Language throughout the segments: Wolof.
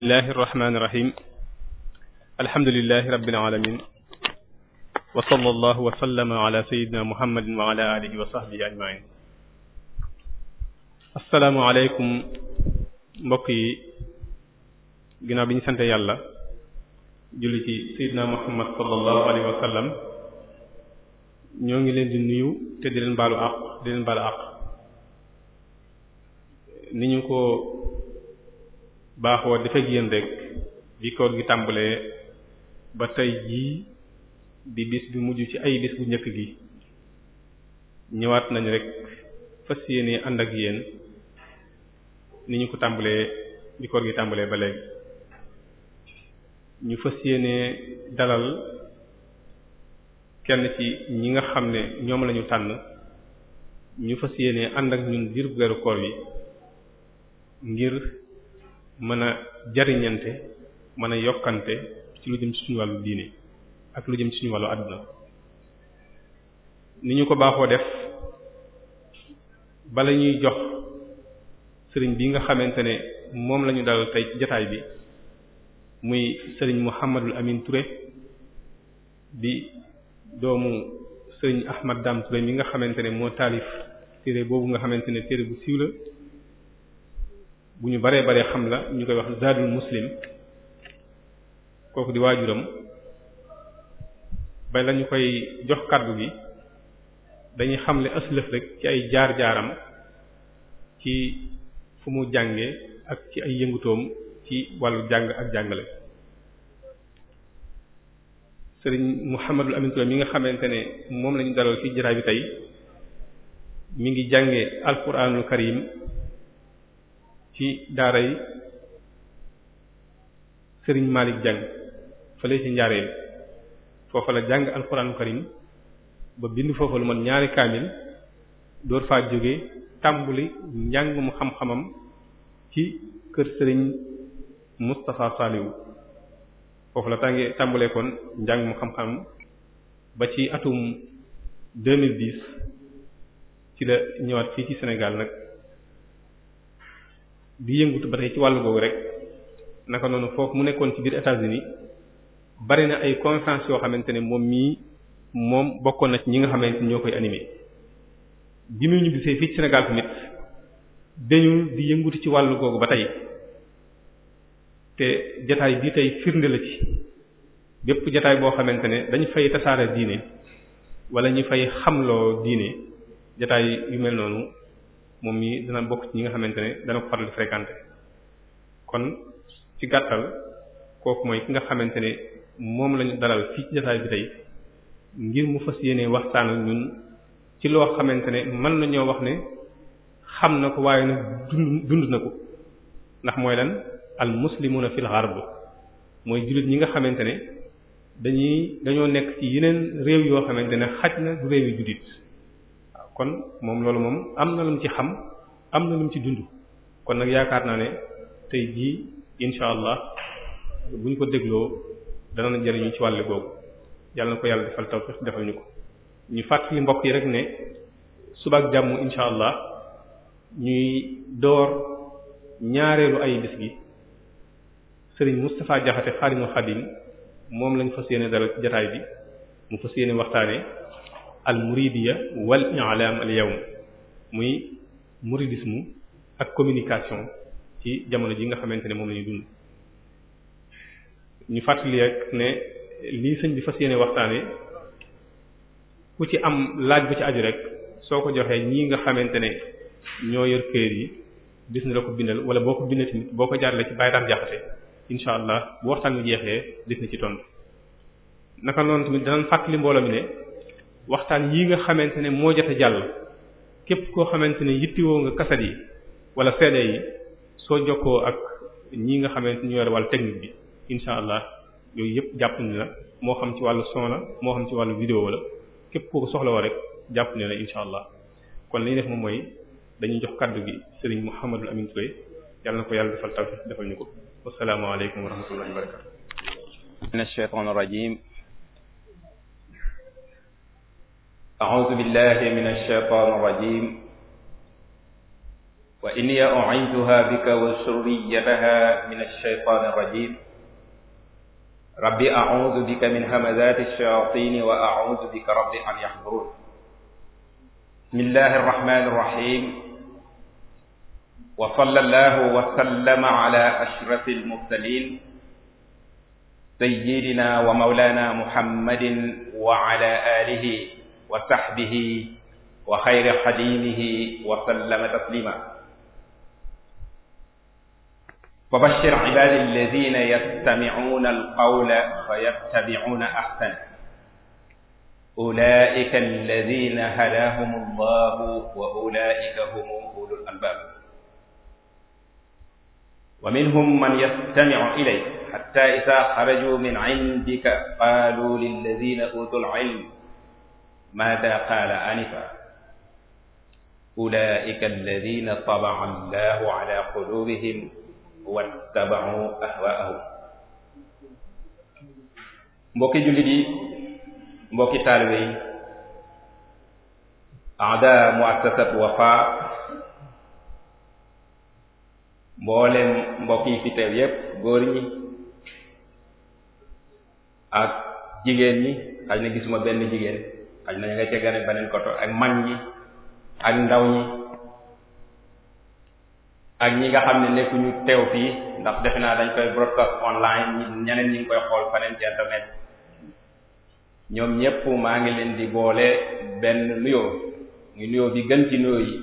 bismillahi irrahmani irahim alhamdulilahi rabilalamin wa sala allahu wa sallama ala sayidina muhammadin wa ala alihi wa sahbihi ajmain asalaamualeykum mbokk yi ginnaaw bi ñu sant yàlla julli ci sayidina muhammad salallahu alayhi wa sallam ñoo ngi leen di nuyu te di leen baalu àq di leen baalu àq ni ñu ko baaxoo dafay yéen rek bi koor gi tàmbalee ba tey jii di bis bi mujj ci ay bis bu njëkk gi ñëwaat nañ rek fas yéenee ànd ak yéen ni ñu ko tàmbalee bi koor gi tàmbalee ba léegi ñu fës yéenee dalal kenn ci ñi nga xam ne ñoom lañu tànn ñu fës yéenee ànd ak ñun diiru weeru koor yi ngir mën a jariñante mën a yokkante ci lu jëm ci suñu wàllu diine ak lu jëm ci suñu wàllu àdduna ni ñu ko baaxoo def bala ñuy jox sëriñ bi nga xamante ne moom la ñu dalal tey jataay bi muy sëriñ Mouhamadul Amine Touré di doomu sëriñ Ahmad Dam Touré mi nga xamante ne moo taalif téere boobu nga xamante ne téere bu siiw la bu ñu baree baree xam la ñu koy wax zadul muslim kooku di waajuram ba la ñu koy jox kàddu gi dañuy xamle aslëf rek ci ay jaar-jaaram ci fu mu jànge ak ci ay yëngutoom ci wàllu jàng ak jàngale sëriñ Mouhamadul Amin Touré mi nga xamante ne moom lañu dalal fi bi tey mu ngi jànge alquranul karim ci daara yi sëriñ Malick Dieng fële ci njaareel foofa la jàng alxuraanu karim ba bind foofa lu man ñaari kaamil door faa jóge tàmbuli njàngum xam-xamam ci kër sëriñ Moustapha Saliou foofu la tàngee tàmbulee kon njàngum xam-xam ba ci atum 2010 ci la ñëwaat fii ci senegal nag di yëngutu ba tey ci wàllu googu rek naka noonu foofu mu nekkoon ci biir États-Unis bari na ay conférence yoo xamante ne moom mii moom bokkoon na ci ñi nga xamante ñoo koy animé bi muy ñibbisee fii ci Sénégal tamit dañu di yëngutu ci wàll googu ba tey te jataay bii tey firnde la ci bépp jataay boo xamante ne dañu fay tasaare diine walla ñu fay xamloo diine jataay yu mel noonu moom mii dana bokk ci ñi nga xamante ne dana ko faral di fréquenter kon ci gàttal kooku mooy ki nga xamante ne moom lañu daral fii ci jotaay bi tey ngir mu fas yéene waxtaan ak ñun ci loo xamante ne man lañoo wax ne xam na ko waaye nag dund dund na ko ndax mooy lan al muslimuna fil gharb mooy jullit ñi nga xamante ne dañuy dañoo nekk ci yeneen réew yoo xamante ne xaj na du réew yu jullit kon moom loolu moom am na lu ci xam am na lu ci dund kon nag yaakaar naa ne tey jii incha allah bu ñu ko dégloo dana la jëriñu ci wàll boobu yàlla na ko yàlla defal taw defal ñu ko ñu fàttali mbokk yi rek ne ak jàmm incha allah ñuy door ñaareelu ay bis gi sëriñ Jaxate xaadimu xadim moom lañ fas yéene dara jataay bi mu fas yéene waxtaane al muridiya wal i'lam al yawm muy muridisme ak communication ci jamono ji nga xamante ne moom la ñu dund ñu fàttali rek ne lii sëñ bi fas yéene waxtaane ku ci am laaj bu ci aju rek soo ko joxee ñii nga xamante ne ñoo yor kër yi bis na la ko bindal wala boo ko bindal tamit boo ko jaarale ci bàyyi daan jaxate insha allah bu waxtaan bi jeexee dis na ci tontu naka noonu tamit danañ fàttali mbooloo mi ne waxtaan yi nga xamante ne moo joxe a jàll képp koo xamante ne yittewoo nga kaset yi wala CD yi soo jokkoo ak ñi nga xamante ni ñoo yore wàllu technique bi incha allah yooyu yëpp jàpp ne la moo xam ci wàllu son la moo xam ci wàllu vidéo la képp koo soxla soxlawoo rek jàpp ne la incha allah kon li def moom mooy dañuy jox kaddu gi Serigne Mouhamadul Amine Touré yàlla na ko yàlla defal tawfiq defal ñu ko wassalaamu aleykum wa rahmatullahi wa barakatuh. mina أعوذ بالله من الشيطان الرجيم وإني أعيذها بك وسريتها من الشيطان الرجيم ربي أعوذ بك من همزات الشياطين وأعوذ بك ربي أن يحضرون بسم الله الرحمن الرحيم وصلى الله وسلم على أشرف المرسلين سيدنا ومولانا محمد وعلى آله wa sahbihi wa xayri xadimihi wa sallama taslima fa bashir ibadi alladina yastamicuuna alqawla fa yattabicuuna axsana ulaika alladina hadahum allahu wa ulaika hum ulul albab wa minhum man yastamicu ilayk xatta ida xaraju min cindika qaalu lilladina utu alcilm maada qaala anifa ulaika alladina tabaa allahu ala qulubihim wattabau ahwaahum mbokki jullit yi mbokki taalibe yi ada muassasat wafa mboolem mbokk yi fi teew yépp góor ñi ak jigéen ñi xaj na gisuma benn jigéen aj na koto ak mag ñi ak ndaw ñi ak ñi nga xam ne nekkuñu teew fii ndax defe naa dañ koy broadcast online ñeneen ñi ngi koy xool faneen ci internet ñoom ñépp maa ngi leen di boole benn nuyoo ngi nuyoo bi gën ci nuyoo yi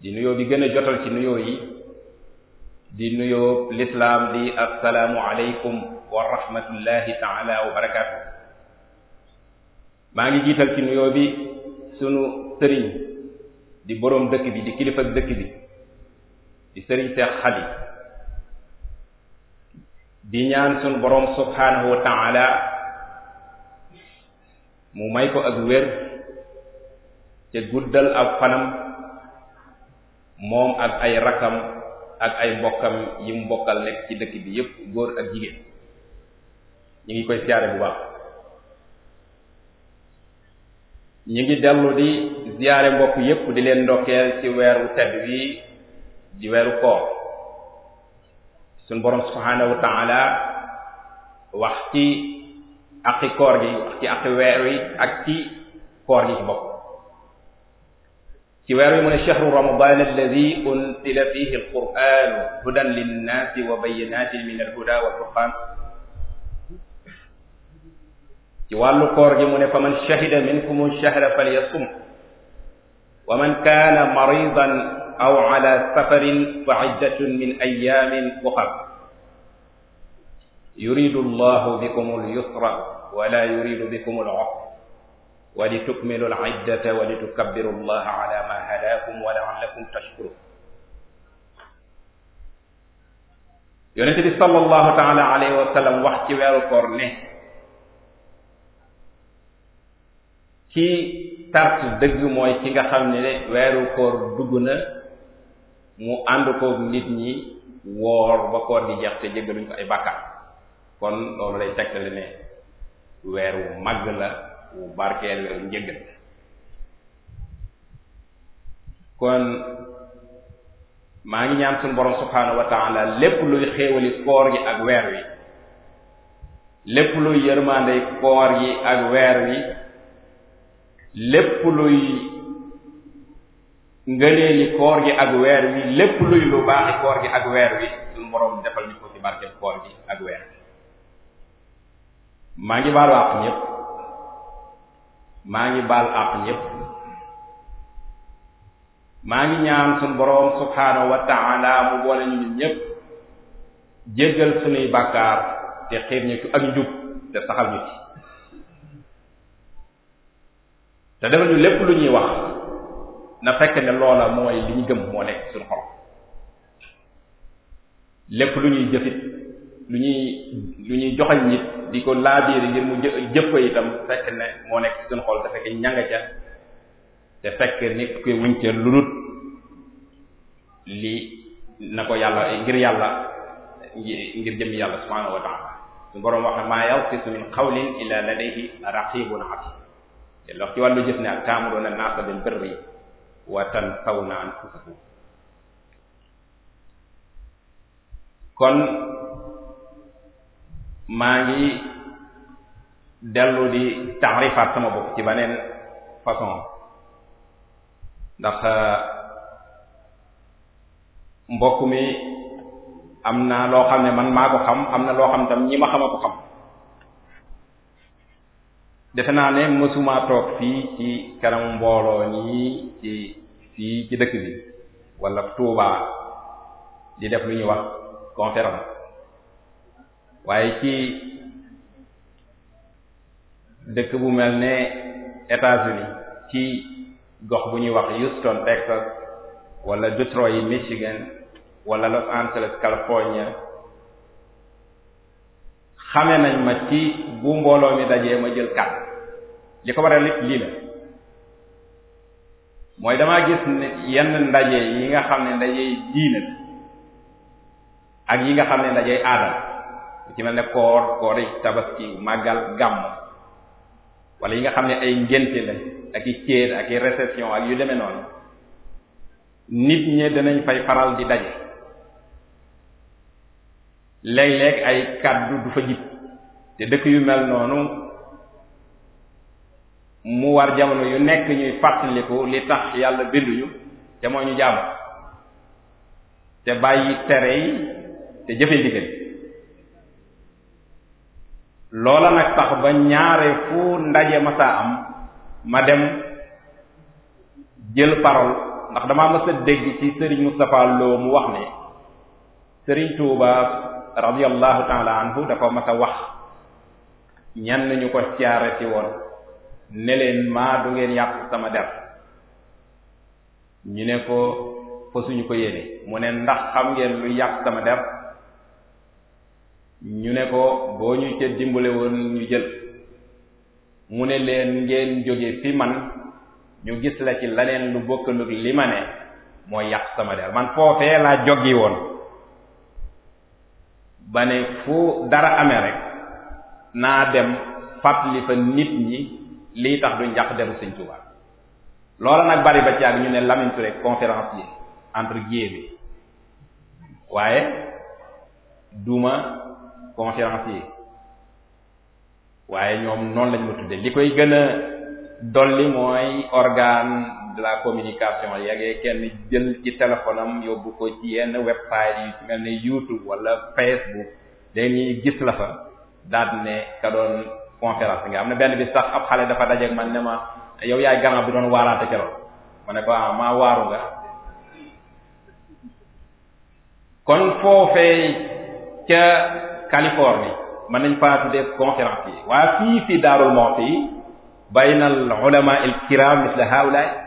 di nuyoo bi gën a jotal ci nuyo yi di nuyoo lislaam li assalaamu aleykum wa rahmatullahi wa barakaatu maa ngi jiital ci nuyoo bi sunu sëriñ di boroom dëkk bi di kilifa dëkk bi di sëriñ Seex Xadi di ñaan sunu boroom subhaanahu wa mu may ko ak wér te guddal ak fanam moom ak ay rakkam ak ay mbokkam yi mu mbokkal nekk ci dëkk bi yépp góor ak jigéen ñu ngi koy siyaare bu baax ñu ngi dellu di ziyaare mbokk yépp di leen ndokkeel ci weeru tedd wi di weeru koor suñ boroom subhaanahu wa taala wax ci aqi koor gi wax ci aqi weer wi ak ci koor gi ci bopp ci weer wi mu ne shahru ramadan alladi unzila fihi ci wàllu koor gi mu ne fa man shahida minkumu shahra falyasum wa man kaana maridan aw ala safarin fa iddatun min ayamin uxar yuridu allahu bikum alyusra wala yuridu bikum al'usra wa litukmilu al'iddata wa litukabbiru allaha ala ma hadakum wa la'allakum tashkurun yonente bi sallallahu taala alayhi wa sallam wax ci weeru koor ne ci tart dëgg mooy ci nga xam ne weeru koor dugg na mu ànd koog nit ñi woor ba koor di jeex te jéggaluñ ko ay bàkkaar kon loolu lay tegtale ne weer wu màgg la wu barkeel weeru njëggal kon maa ngi ñaan suñu borom subhaanahu wa lépp luy xéewali koor gi ak weer wi lépp luy yërmaande koor gi ak weer wi lépp luy ngëneeli koor gi ak weer wi lépp luy lu baaxi koor gi ak weer wi suñu boroom defal ñu ko ci barkeb koor gi ak weer maa ngi baal àq ñépp maa ngi baal àq ñépp maa ngi ñaan suñu boroom subhaanahu wa mu boole ñu ñun ñépp jéggal suñuy bàkkaar te xiir ñu ak njub te saxal ñu ci te defal ñu lépp lu ñuy wax na fekk ne loola mooy li ñu gëm moo nekk suñu xol lépp lu ñuy jëfit lu ñuy lu ñuy joxañ nit di ko laabiir ngir mu jëf ko itam fekk ne moo nekk suñu xol te fekk ñanga ca te fekk nit koy wuñ ca lu dul li na ko yàlla ngir yàlla ngir jëm yàlla subhanahu wa ta'ala su boroom wax min qawlin illa ladayhi raqibun atid te ci wàllu jëf ne ak taamuroona naasa bil birri wa tansawna anfusakum kon maa ngi dellu di taarifaat sama bopp ci beneen façon ndax euh, mbokk mi am na loo xam ne man maa ko xam am na loo xam tam ñi ma xama ko xam defe naa ne mësuma toog fii ci kanam mbooloo nii ci fii ci dëkk bi wala Touba di def lu ñuy wax conférence waaye ci dëkk bu mel ne États-Unis ci gox bu ñuy wax Houston Texas wala Detroit Michigan wala Los Angeles California xame nañ ma ci bu mbooloo mi dajee ma jël kàddu li ko waral lii la mooy damaa gis ne yenn ndaje yi nga xam ne ndajey diine ak yi nga xam ne ndajey aadal ci mel ne koor koor yi tabaski màggal gàmm wala yi nga xam ne ay ngénte la ak i céet ak i réception ak yu demee noonu nit ñi danañ fay faral di daje léeg-léeg ay kàddu du fa jib te dëkk yu mel noonu mu war jamono yu nekk ñuy fàttaliku li tax yàlla binduñu te moo ñu jaamu te bàyyi tere yi te jëfe ndigal loola nag tax ba ñaare fu ndaje masaa am ma dem jël parole ndax damaa mësa dégg ci sëriñ Moustapha Lo mu wax ne sëriñ Touba radiyallahu taala anhu dafa mas a wax ñan ñu ko siyaare ci woon ne leen maa du ngeen yàq sama der ñu ne ko fasuñu ko yéene mu ne ndax xam ngeen lu yàq sama der ñu ne ko boo ñu ca dimbale woon ñu jël mu ne leen ngeen jóge fi man ñu gis la ci leneen lu bokkalug li ma ne mooy yàq sama der man foofee laa joggi woon ba ne fu dara ame rek naa dem fàttali fa nit ñi lii tax duñ jàpp deru Sëriñ Tuubaa loola nag bari ba ci yàgg ñu ne Lamine Touré conférencier entre guillemets waaye duma conférencier waaye ñoom noonu lañ ma tudde li koy gën a dolli mooy organe de la communication yeggee kenn jël ci téléphone am yóbbu ko ci yenn website yi mel ni YouTube wala Facebook dañuy gis la fa daal ne ka doon conférence nga am na benn bi sax ab xale dafa dajeeg man ne ma yow yaay garant bi doon waaraate keroog ma ne ko ah maa waaru nga kon foofee ca Californie mën nañ faa tuddee conférence yi waaye fii fi Darou Moukhty bayna al ulama al kiram misla haula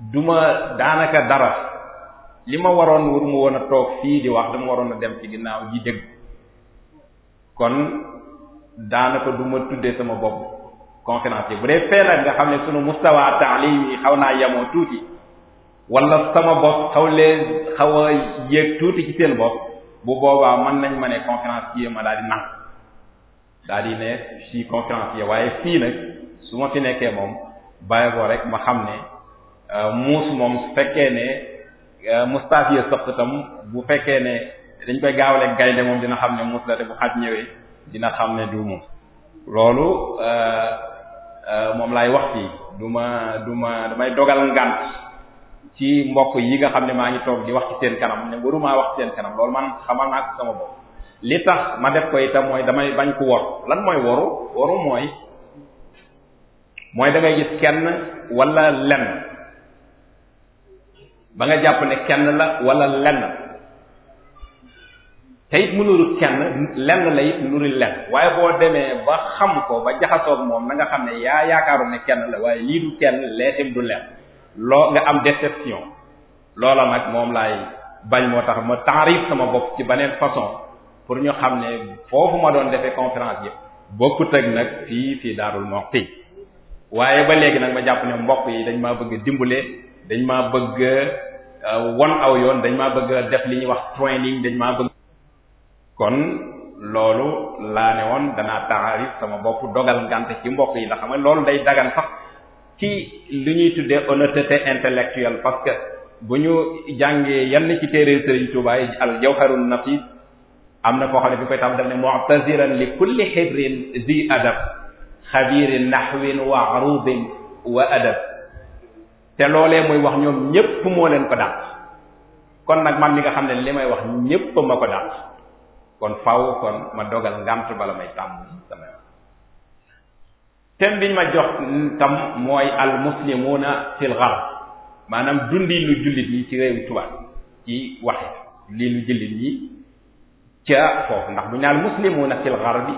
duma daanaka dara li ma waroon wur mu woon a toog fii di wax dama waroon a dem ci ginnaaw ji dégg kon daanaka du ma tuddee sama bopp conférencier bu dee fee nag nga xam ne sunu mustawa taalim xaw naa yemoo tuuti wala sama bopp xaw lee xaw a yéeg tuuti ci seen bopp bu boobaa mën nañ ma ne conférencier ma daal di nang daal di ne fii conférencier waaye fii nag su ma fi nekkee moom bàyyi boo rek ma xam ne Euh, muus moom su fekkee ne euh, mustaafiya sëq tam bu fekkee ne dañ koy gaawale gaynde moom dina xam ne muus la te bu dina xam ne du muus loolu euh, moom laay wax fii du ma du ma damay dogal ngant ci mbokk yi nga xam ne maa ngi toog di wax ci seen kanam ne warumaa wax ci seen kanam loolu man xamal naa ko sama bopp li tax ma def ko itam mooy damay bañ ko wor lan mooy woru woru mooy mooy da gis kenn wala lenn ba nga jàpp ne kenn la walla lenn te it mu nuru kenn lenn la it nuri lenn waaye boo demee ba xam ko ba jaxasoog moom na nga xam ne yaa yaakaaru ne kenn la waaye lii du kenn leetim du lenn loo nga am déception loola nag moom lay bañ moo tax ma taarif sama bopp ci beneen façon pour ñu xam ne foofu ma doon defee conférence yëpp bokku ak nag fii fii Daarul Muxti waaye ba léegi nag ma jàpp ne mbokk yi dañ ma bëgg dimbale dañ ma bëgg euh, won aw yoon dañ ma bëgg def li ñuy wax training dañ maa bëgg kon loolu laa ne woon danaa taarif sama bopp dogal ngante ci mbokk yi ndax xam nga day dagan sax ci li ñuy tuddee honnêteté intellectuelle parce que bu ñu jàngee yenn ci téere Serigne Touba yi al jawharun nafis am na koo xam ne bi koy tax daf ne mu'taziran li kulli xibrin di adab xabirin nahwin wa arudin wa adab te loolee muy wax ñoom ñépp moo leen ko dàq kon nag man mi nga xam ne li may wax ñépp ma ko dàq kon faaw kon ma dogal ngàmt bala may tàmm sama thème biñ ma jox tam mooy al muslimuna fil gharb maanaam dundi lu jullit ñi ci réewu tubaab ci waxe lii lu jullit ñi ca foofu ndax bu ñaal muslimuna fil bi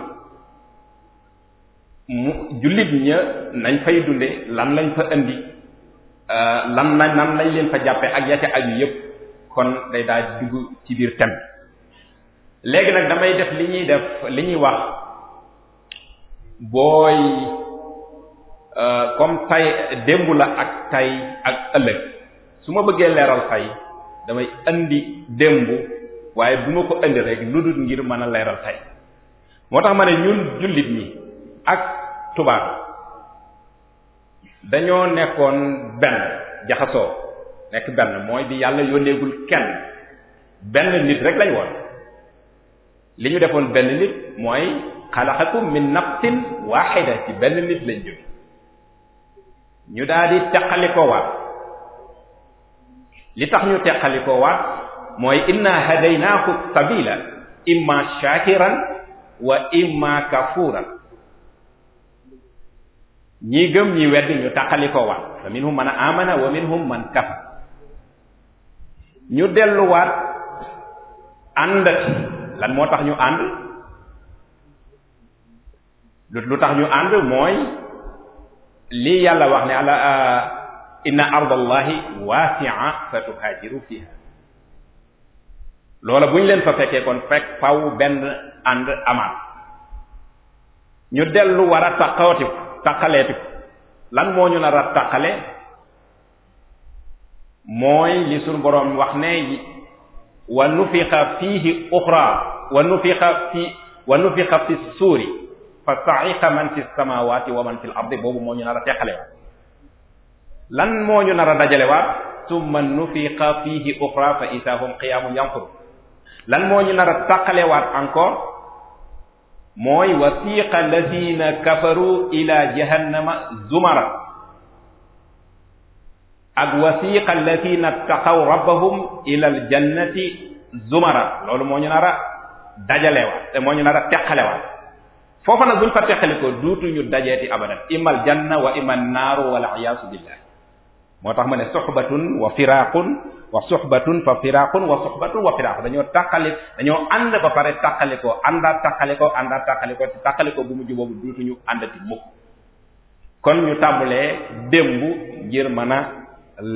mu jullit ña nañ fay dunde lan lañ fa indi Euh, lan la nan lañ leen fa jàppee ak ya ca aju yëpp kon day daal dugg ci biir thème léegi nag damay def li ñuy def li ñuy wax booy euh, comme tay démb la ak tay ak ëllëg su ma bëggee leeral tay damay indi démb waaye bu ma ko indi rek lu dul ngir mën a leeral tay moo tax ma ne ñun jullit ñi ak tubaab dañoo nekkoon benn jaxasoo nekk benn mooy bi yàlla yónneegul kenn benn nit rek lañ woon li ñu defoon benn nit mooy xalaxakum min nafsin waaxida ci benn nit lañ jóge ñu daal di teqalikoo waat li tax ñu teqalikoo waat mooy inna hadaynaaku sabila imma shakiran wa imma kafuran ñi gëm ñi weddi ñu tàqali ko waat fa minhum man amana wa minhum man kafa ñu delluwaat ànd lan moo tax ñu ànd lu tax ñu ànd mooy lii yàlla wax ne ala inna ardallahi wasi'a fa tuhajiru fiha loola bu ñu leen fa fekkee kon fekk faw benn ànd amaat ñu dellu war a tàqaleeti lan moo ñu nar a tàqale mooy li suñu boroom wax ne wa nufixa fiihi uxra wa nufixa fi wa nufixa fi suuri fa saxiqa man fi samawati wa man fi l ardi boobu moo ñu nar a teqalewaat lan moo ñu nar a dajalewaat summa nufiqa fiihi uxra fa isa hum qiyaamun yanfuru lan moo ñu nar a tàqalewaat encore mooy wasiqa alladina kafaru ila jahannama zumara ak wasiqa alladina taqaw rabbahum ila aljannati zumara loolu moo ñu nar a dajalewaat te moo ñu nar a teqalewaat foofa nag buñ fa teqale ko duutuñu dajeeti abadan imal janna wa imal naaru wal iyaasu billah moo tax ma ne suhbatun wa firaaqun wa suhbatun fa firaqun wa suhbatun wa firaq dañoo tàqali dañoo ànd ba pare tàqali ko àndaat tàqali ko àndaat tàqali ko te tàqali ko bu mujj boobu duutuñu àndati mukk kon ñu tàmbalee démb ngir mën a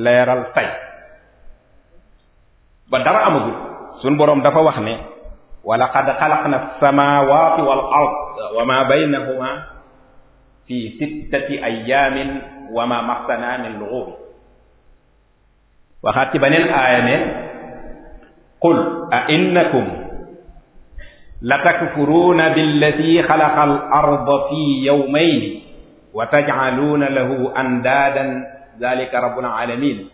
leeral tay ba dara amagul suñ boroom dafa wax ne wa laqad xalaqna as-samawati wal ard wa ma baynahuma fi sittati ayyamin wa ma massana min lughub waxaat ci beneen aaya ne qul a innakum la takfuruuna billadi xalaqa al arda fi yawmayni wa tajcaluuna lahu andaadan dalika rabbul alamin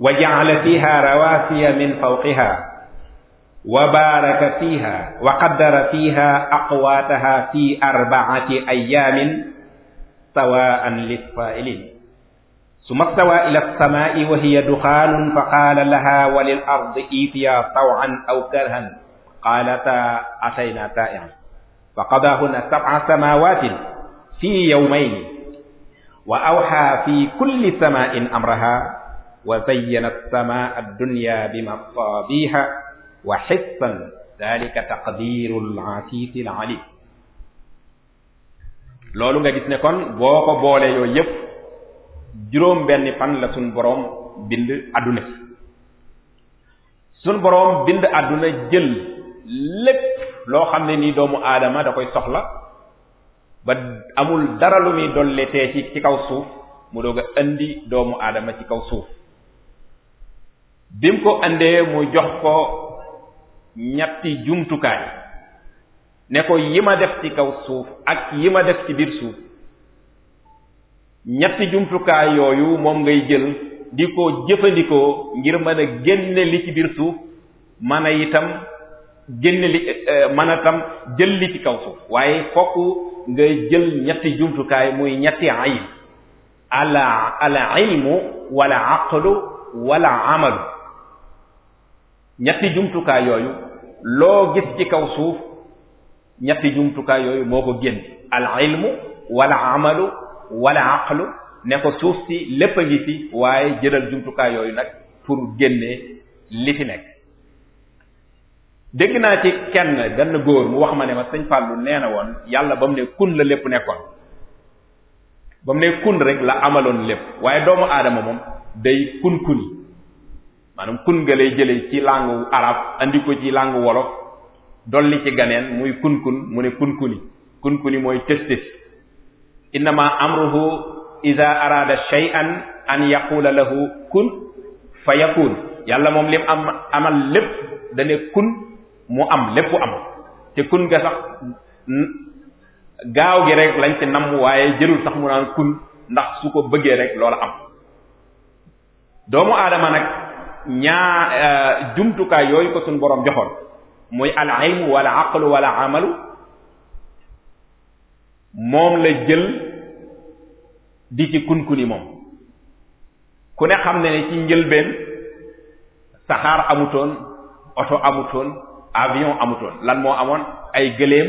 wa jacala fiha rawaasiya min fawqiha wa baaraka fiha wa qaddara fiha aqwaataha fi arbaati ayaamin sawaan lissaa'iliin summa stawaa ila samaai wa hiya duxaanun fa qaala laha wa lil ardi itiya tawan aw karhan qaalata atayna taa'i'an fa qadaahunna sab'a samaawatin fi yawmayni wa awxaa fi kulli samaa'in amraha wa zayyana as-samaa'a ad-dunyaa bimasaabiiha wa hissan daalika taqdiirul asiisil aliim loolu nga gis ne kon boo ko boole yooyu yëpp juróom benni fan la suñ boroom bind àdduna si suñ boroom bind àdduna jël lépp loo xam ne nii doomu aadama da koy soxla ba amul dara lu muy dolletee ci ci kaw suuf mu doog a indi doomu aadama ci kaw suuf bi mu ko indee mu jox ko ñetti jumtukaay ne ko yi ma def ci kaw suuf ak yi ma def ci biir suuf ñetti jumtukaay yooyu moom ngay jël di ko jëfandikoo ngir mën a génne li ci biir suuf mën a itam génne li eh, eh, mën a tam jël li ci kaw suuf waaye fokk ngay jël ñetti jumtukaay muy ñetti ayib ala ala ilmu wala aqlu amalu ñetti jumtukaay yooyu loo gis ci kaw suuf ñetti jumtukaay yooyu moo ko génn al ilmu wala amalu wala aqlu ne ko suuf si lépp a ngi fi waaye jëlal jumtukaay yooyu nag pour génnee li fi nekk dégg naa ci kenn benn góor mu wax ma ne ma sëñ Fallou nee na woon yàlla ba mu ne kun la lépp nekkoon ba mu ne kun rek la amaloon lépp waaye doomu aadama moom day kun kuni maanaam kun nga lay jëlee ci langue arab andi ko ci langue wolof dolli ci ganeen muy kun kun mu ne kun kuni kun kuni mooy tës tës innama amruhu ida arada shay'an an yaqula lahu kun fa yakun yàlla moom lim am amal lépp dane kun mu am lépp am te kun nga sax gaaw gi rek lañ ci namm waaye jërul sax mu naan kun ndax su ko bëggee rek loola am doomu aadama nag ñaa jumtukaay yooyu ko suñ boroom joxoon muy al ilmu wala aqlu wala amalu moom la jël di ci kunkuni moom ku ne xam ne ne ci njëlbeen saxaar amutoon oto amutoon avion amutoon lan moo amoon ay gëléem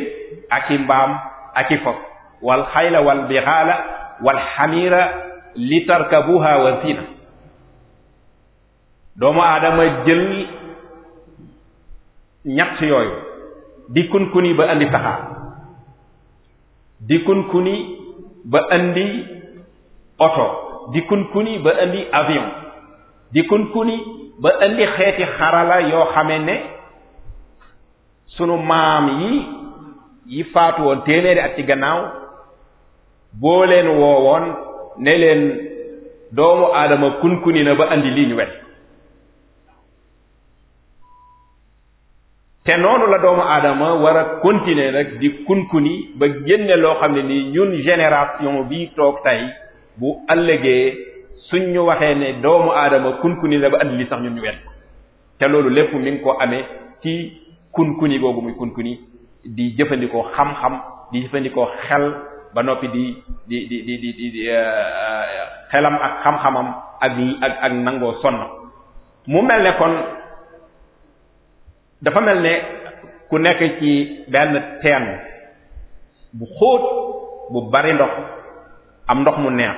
ak i mbaam ak i fop wal xayla wal bixaala wal xamira doomu aadama jël ñett yooyu di kunkuni ba andi saxaar di kunkuni ba indi oto di kunkuni ba andi avion di kunkuni ba indi xeeti xarala yoo xame ne sunu maam yi yi faatu woon téeméeri at ci gannaaw boo leen woowoon ne leen doomu aadama kunkuni na ba indi lii ñu wet te noonu la doomu aadama war a continuer rek di kunkuni ba génne loo xam ne ni ñun génération bi toog tey bu ëllëgee suñ ñu waxee ne doomu aadama kunkuni la ba andi li sax ñun ñu wet ko te loolu lépp mi ngi ko amee ci kunkuni googu muy kunkuni di jëfandikoo xam-xam di jëfandikoo xel ba noppi di di di di di euh, xelam ak xam-xamam ak ak ak nangoo sonn mu mel ne kon dafa mel ne ku nekk ci benn teen bu xóot bu bari ndox am ndox mu neex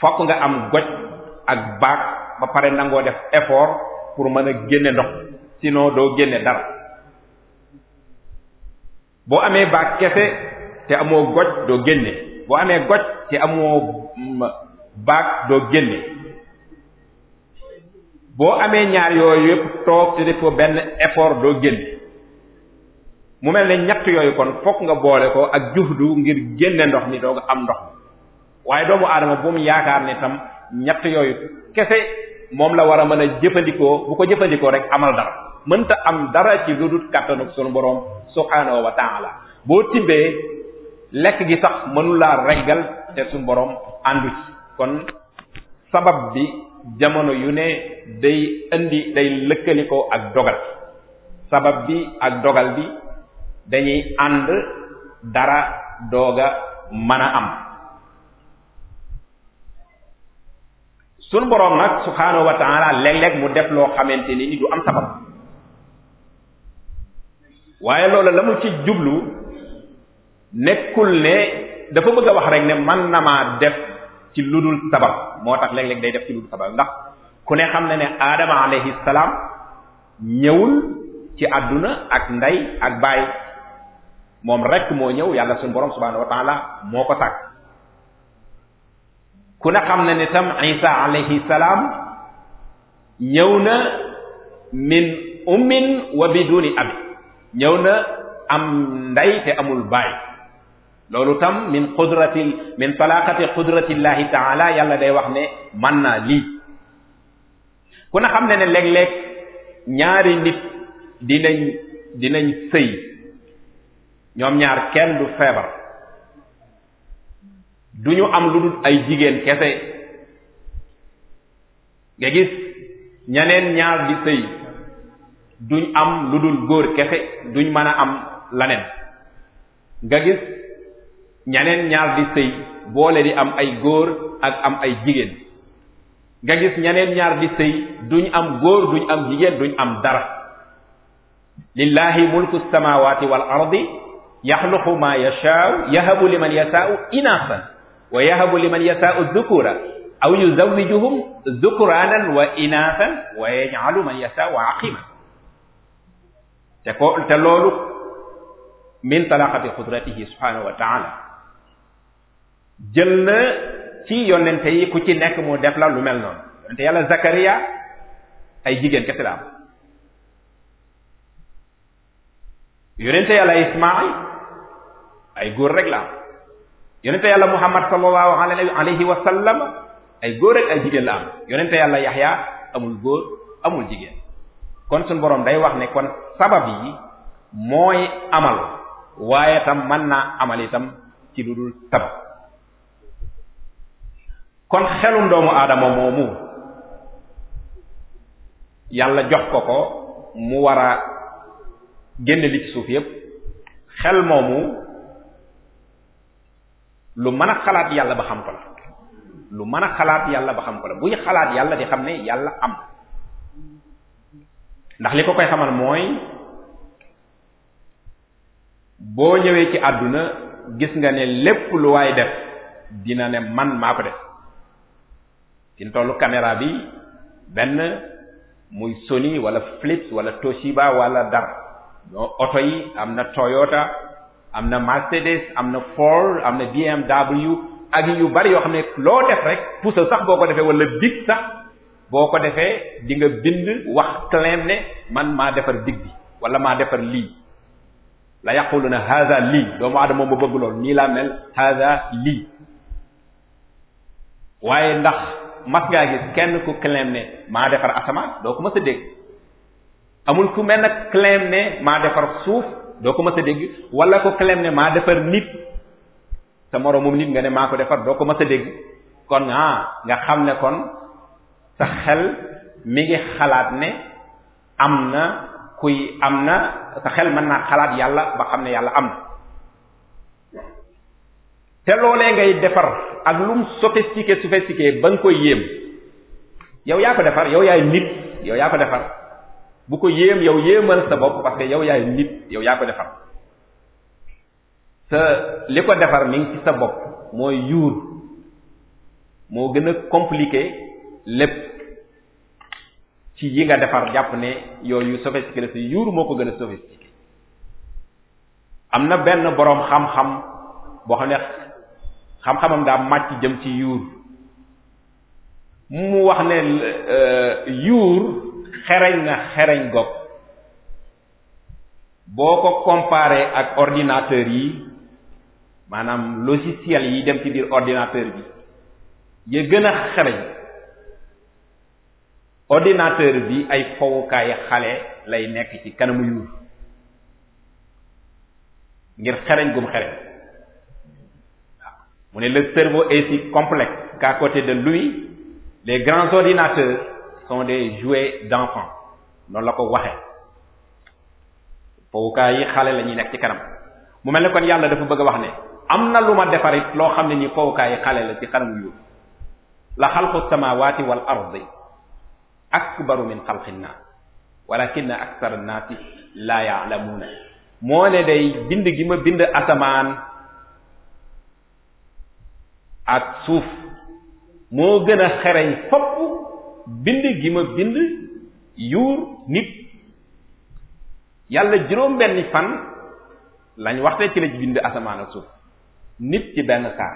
fokk nga am goj ak baag ba pare nangoo def effort pour mën a génne ndox sinon doo génne dara boo amee baag kese te amoo goj doo génne boo amee goj te amoo baag doo génne boo amee ñaar yooyu yëpp toog te defoo benn effort doo génne mu mel ne ñett yooyu kon fokk nga boole ko ak juhdu ngir génne ndox mi doo nga am ndox waaye doomu aadama bu yaakaar ne itam ñett yooyu kese moom la war a mën a jëfandikoo bu ko jëfandikoo rek amal dara mënta am dara ci lu dul kàttanu sunu boroom subhaanahu wa ta'ala boo timbee lekk gi sax mënulaa reggal te sunu boroom àndu ci kon sabab bi jamono yu ne day indi day lëkkalikoo ak dogal sabab bi ak dogal bi dañuy ànd dara dooga mën a am sunu boroom nag subhaanahu wa ta'ala léeg mu def loo xamante ni ni du am sabab waaye loolu la mu ci jublu nekkul ne dafa bëgg a wax rek ne man na maa def ci lu dul sabab moo tax léeg-léeg day def ci ludul sabab ndax ku ne xam na ne aadama alayhi salaam ñëwul ci àdduna ak ndey ak baay moom rek moo ñëw yàlla suñu borom subhanahu wa moo ko sàkk ku ne xam na ne tam isa alayhi salaam ñëw na min ummin wa biduni abi ñëw na am ndey te amul baay loolu tam min qudratil min talaqati qudratillahi taala yàlla day wax ne man naa lii ku na xam ne ne léeg-léeg ñaari nit dinañ dinañ sëy ñoom ñaar kenn du feebar du ñu am lu dul ay jigéen kese nga gis ñeneen ñaar di sëy duñ am lu dul góor kese duñ mën a am laneen nga gis ñaneen ñaar di sëy boole di am ay góor ak am ay jigéen nga gis ñaneen ñaar di sëy duñ am góor duñ am jigéen duñ am dara lillahi mulku samawati wal ardi yaxluqu ma yashaau yahabu liman yashaau inasan wa yahabu liman yashaau dhukura aw yuzawijuhum dhukranan wa inasan wa yaj'alu man yashaau aqima te ko te loolu min talaqati qudratihi subhanahu wa ta'ala jël na ci yonente yi ku ci nekk mu def la lu mel noonu yonente yàlla Zakaria ay jigéen kese la am yonente yàlla Ismaïl ay góor rek la am yonente yàlla Muhammad sallallahu alayhi wa sallam ay góor rek ay jigéen la am yonente yàlla Yaxya amul góor amul jigéen kon suñu boroom day wax ne kon sabab yi mooy amal waaye tam mën naa amal itam ci lu dul sabab kon xelu ndoomu aadama moomu yàlla jox ko ko mu war a génne li ci suuf yépp xel moomu lu mën a xalaat yàlla ba xam ko la mën a xalaat yàlla ba xam ko la buy xalaat yàlla di xam ne yàlla am ndax li ko koy xamal mooy boo ñëwee ci àdduna gis nga ne lépp lu waay def dina ne man maa ko def ci tollu caméra bi benn muy Sony wala Philips wala Toshiba wala dar oto yi am na Toyota am na Mercedes am na Ford am na BMW ak yu bari yoo xam ne loo def rek puusal sax boo ko defee wala big sax boo ko defee dinga bind wax claim ne man maa defar digg bi wala maa defar lii la yaquluna haza lii doomu adama ma bëgg lool nii laa mel haza lii waaye ndax mat ngaa gis kenn ku claim ne maa defar asamaan doo ko mës a dégg amul ku mel nag claim ne maa defar suuf doo ko mës a dégg wala ko claim ne maa defar nit sa moroomum nit nga ne maa ko defar doo ko mës a dégg kon ah nga xam ne kon sa xel mi ngi xalaat ne am na kuy am na sa xel mën naa xalaat yàlla ba xam ne yàlla am na te loolee ngay defar ak lum sophistiqué sophistiqué ba nga koy yéem yow yaa ko defar yow yaay nit yow yaa ko defar bu ko yéem yow yéemal sa bopp parce que yow yaay nit yow yaa ko defar li ko defar mi ngi ci sa bopp mooy yuur moo gën a complike lépp ci yi nga defar jàpp ne yooyu sophistiqué la si yuur moo ko gën a sophistiqué am na benn boroom xam-xam boo xam ne xam-xamam daa màcc jëm ci yuur mu wax ne euh, yuur xereñ na xereñ goog boo ko comparé ak ordinateur yi maanaam logiciel yi dem ci biir ordinateur bi ya gën a xereñ ordinateur bi ay fowukaay xale lay nekk ci kanamu yuur ngir xereñ gum xereñ mu ne le cerveau est si complexe qu'à côté de lui les grands ordinateurs sont des jouets d'enfants noonu la ko waxee fowukaay yi xale lañuy nekk ci kanam mu mel ne kon yàlla dafa bëgg a wax ne am na lu ma defarit loo xam ne ni fowukaay yi xale la ci kanam yu la xalqu samawati wal ardi akbaru min xalqin naas walakinna aksara naasi la yaalamuuna moo ne day bind gi ma bind asamaan ak suuf moo gën a xereñ fopp bind gi ma bind yuur nit yàlla juróom benn fan lañ waxte ci la bind asamaan ak suuf nit ci benn saa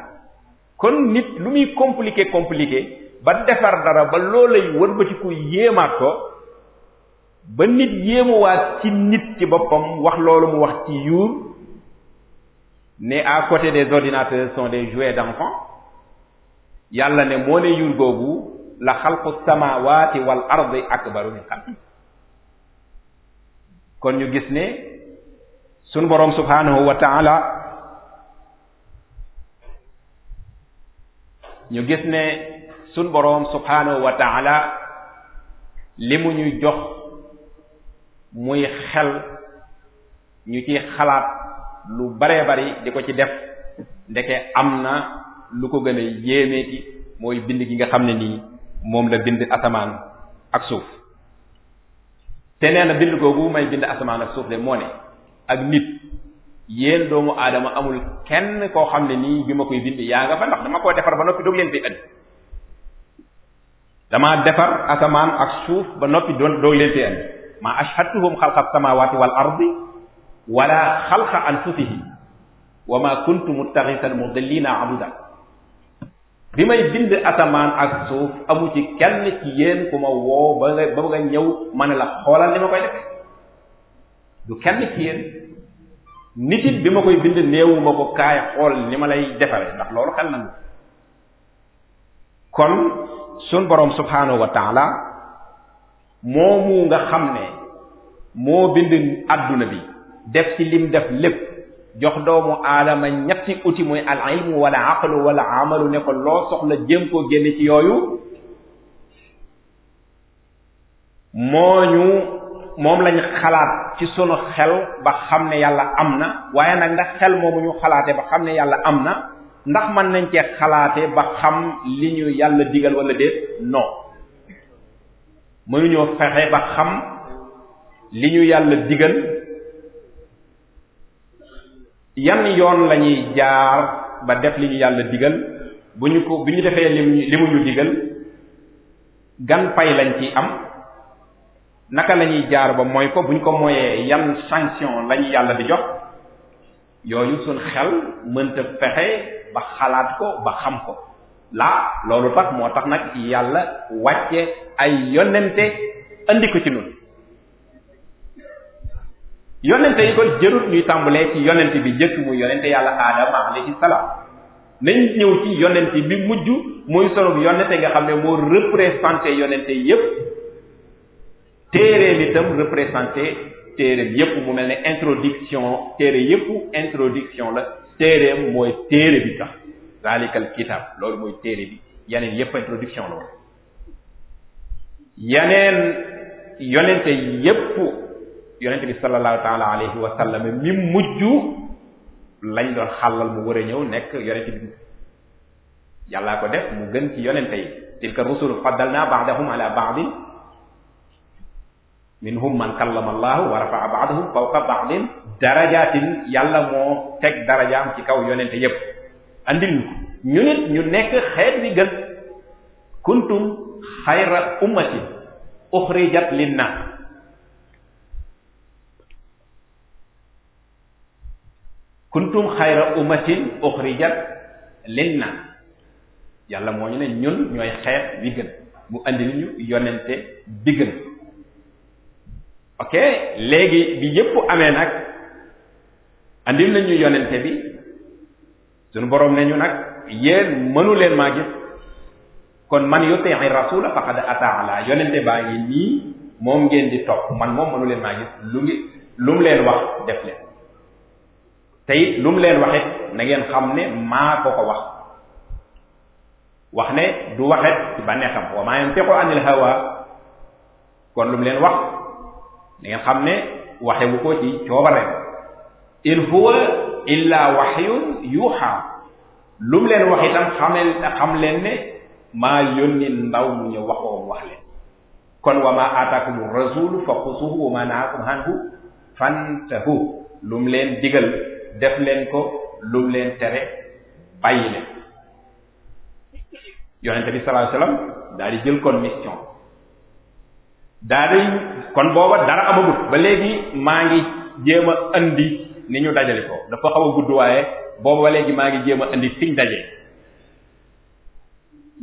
kon nit lu muy compliqué compliqué ba defar dara ba loolay wër ba ci yéemaat ko ba nit yéemuwaat ci nit ci boppam wax loolu mu wax ci yuur ne à côté des ordinateurs sont des jouets d'enfants yàlla ne moo ne yur googu la xalqu samawati wal ardi akbaru kon ñu gis ne sunu boroom subhanahu wa ñu gis ne suñ boroom subhanahu wa taala li mu ñu jox muy xel ñu ci xalaat lu bare bari di ko ci def ndeke am na lu ko gën a yéemeeti mooy bind gi nga xam ne nii moom la bind asamaan ak suuf te nee na bind googu may bind asamaan ak suuf de moo ak nit yéen doomu aadama amul kenn koo xam ne nii bi ma koy bind yaa nga fa ndax dama koo defar ba noppi doog leen fi andi damaa defar asamaan ak suuf ba noppi doon doog leen fi andi maa ashhadtuhum xalqa samawati wal ardi wala xalqa anfusihim wa ma kuntu muttaxisan mudillina abuda bi may bind asamaan ak suuf amu ci kenn ci yéen ku ma woo ba nga ba nga ñëw ma ne la xoolal ni ma koy def du kenn ci yéen nit bi ma koy bind néewu ma ko kaay xool ni ma lay defare ndax loolu xel na kon sun borom subhaanahu wa taala moomu nga xam ne moo bind àdduna bi def ci lim def lépp jox doomu aadama ñetti uti muy al ilmu wala aqlu wala amalu ne ko loo soxla jéem koo génne ci yooyu moo ñu moom lañ xalaat ci sunu xel ba xam ne yàlla am na waaye nag ndax xel moomu ñu ba xam ne yàlla am na ndax mën nañ cee xalaate ba xam li ñu yàlla digal wala déet non mënuñoo fexe ba xam li ñu yàlla digal yan yoon la ñuy jaar ba def li ñu yàlla digal bu ñu ko bu ñu defee li mu ñu digal gan pay lañ ci am naka la ñuy jaar ba mooy ko bu ñu ko moyee yan sanction la ñu yàlla di jox yooyu suñ xel mënta fexe ba xalaat ko ba xam ko laa loolu tax moo tax nag yàlla wàcce ay yonente andi ko ci nun yonente yi ko jërul ñuy tàmbalee ci yonente bi jëkk muy yonente yàlla aadama alayhi salaam nañ ñëw ci yonente bi mujj muy solo yonente nga xam ne moo représenté yonente yépp téere bi tam représenté téere bi yépp mu mel ne introduction téere yépp introduction la téereem mooy téere bi sax zalikal kitab loolu mooy téere bi yeneen yépp introduction la woon yeneen yonente yépp yonent bi sallallahu taala alayhi wa sallam mi mujj lañ doon xàllal mu war a ñëw nekk yonent bi yàllaa ko def mu gën ci yonente yi tilka rusul faddalna ba'dahum ala ba'din minhum man kallama allahu wa rafa'a ba'dahum fawqa ba'din darajatin yàlla moo teg darajaam ci kaw yonente yépp andil ñu nit ñu nekk xeet bi gën kuntum xayra ummatin uxrijat linnas kuntum xayra ummatin uxrijat lin nas yàlla moo ñu ne ñun ñooy xeet bi gën mu andi ñu yonente bi gën ok léegi bi yépp amee nag andil nañ ñu yonente bi suñu boroom ne ñu nag yéen mënu leen maa kon man yuti'i rasula faqad ata ala yonente baa ngi nii moom ngeen di topp man moom mënu leen maa gis lu mu leen wax def leen te it leen waxit na xam ne maa ko ko wax wax ne du waxet ci bànneexam wa maa yantiqu anil hawa kon lu mu wax na xam ne waxewu ko ci coobareem in huwa illa wahyun yuha lu mu leen wax itam xamel leen ne maa yónni ndaw mu ñu waxoom wax leen kon wa ma aataakumu rasulu fa xusuhu wa ma nahaakum anhu fantahu lu leen digal def leen ko lum leen tere bàyyi leen yonente bi sallallahu alayhi wasallam daal di jël kon mission daa di kon booba dara amagut ba léegi maa ngi jéem a ni ñu dajale ko dafa xaw a gudd waaye booba léegi maa ngi jéem a andi fiñ daje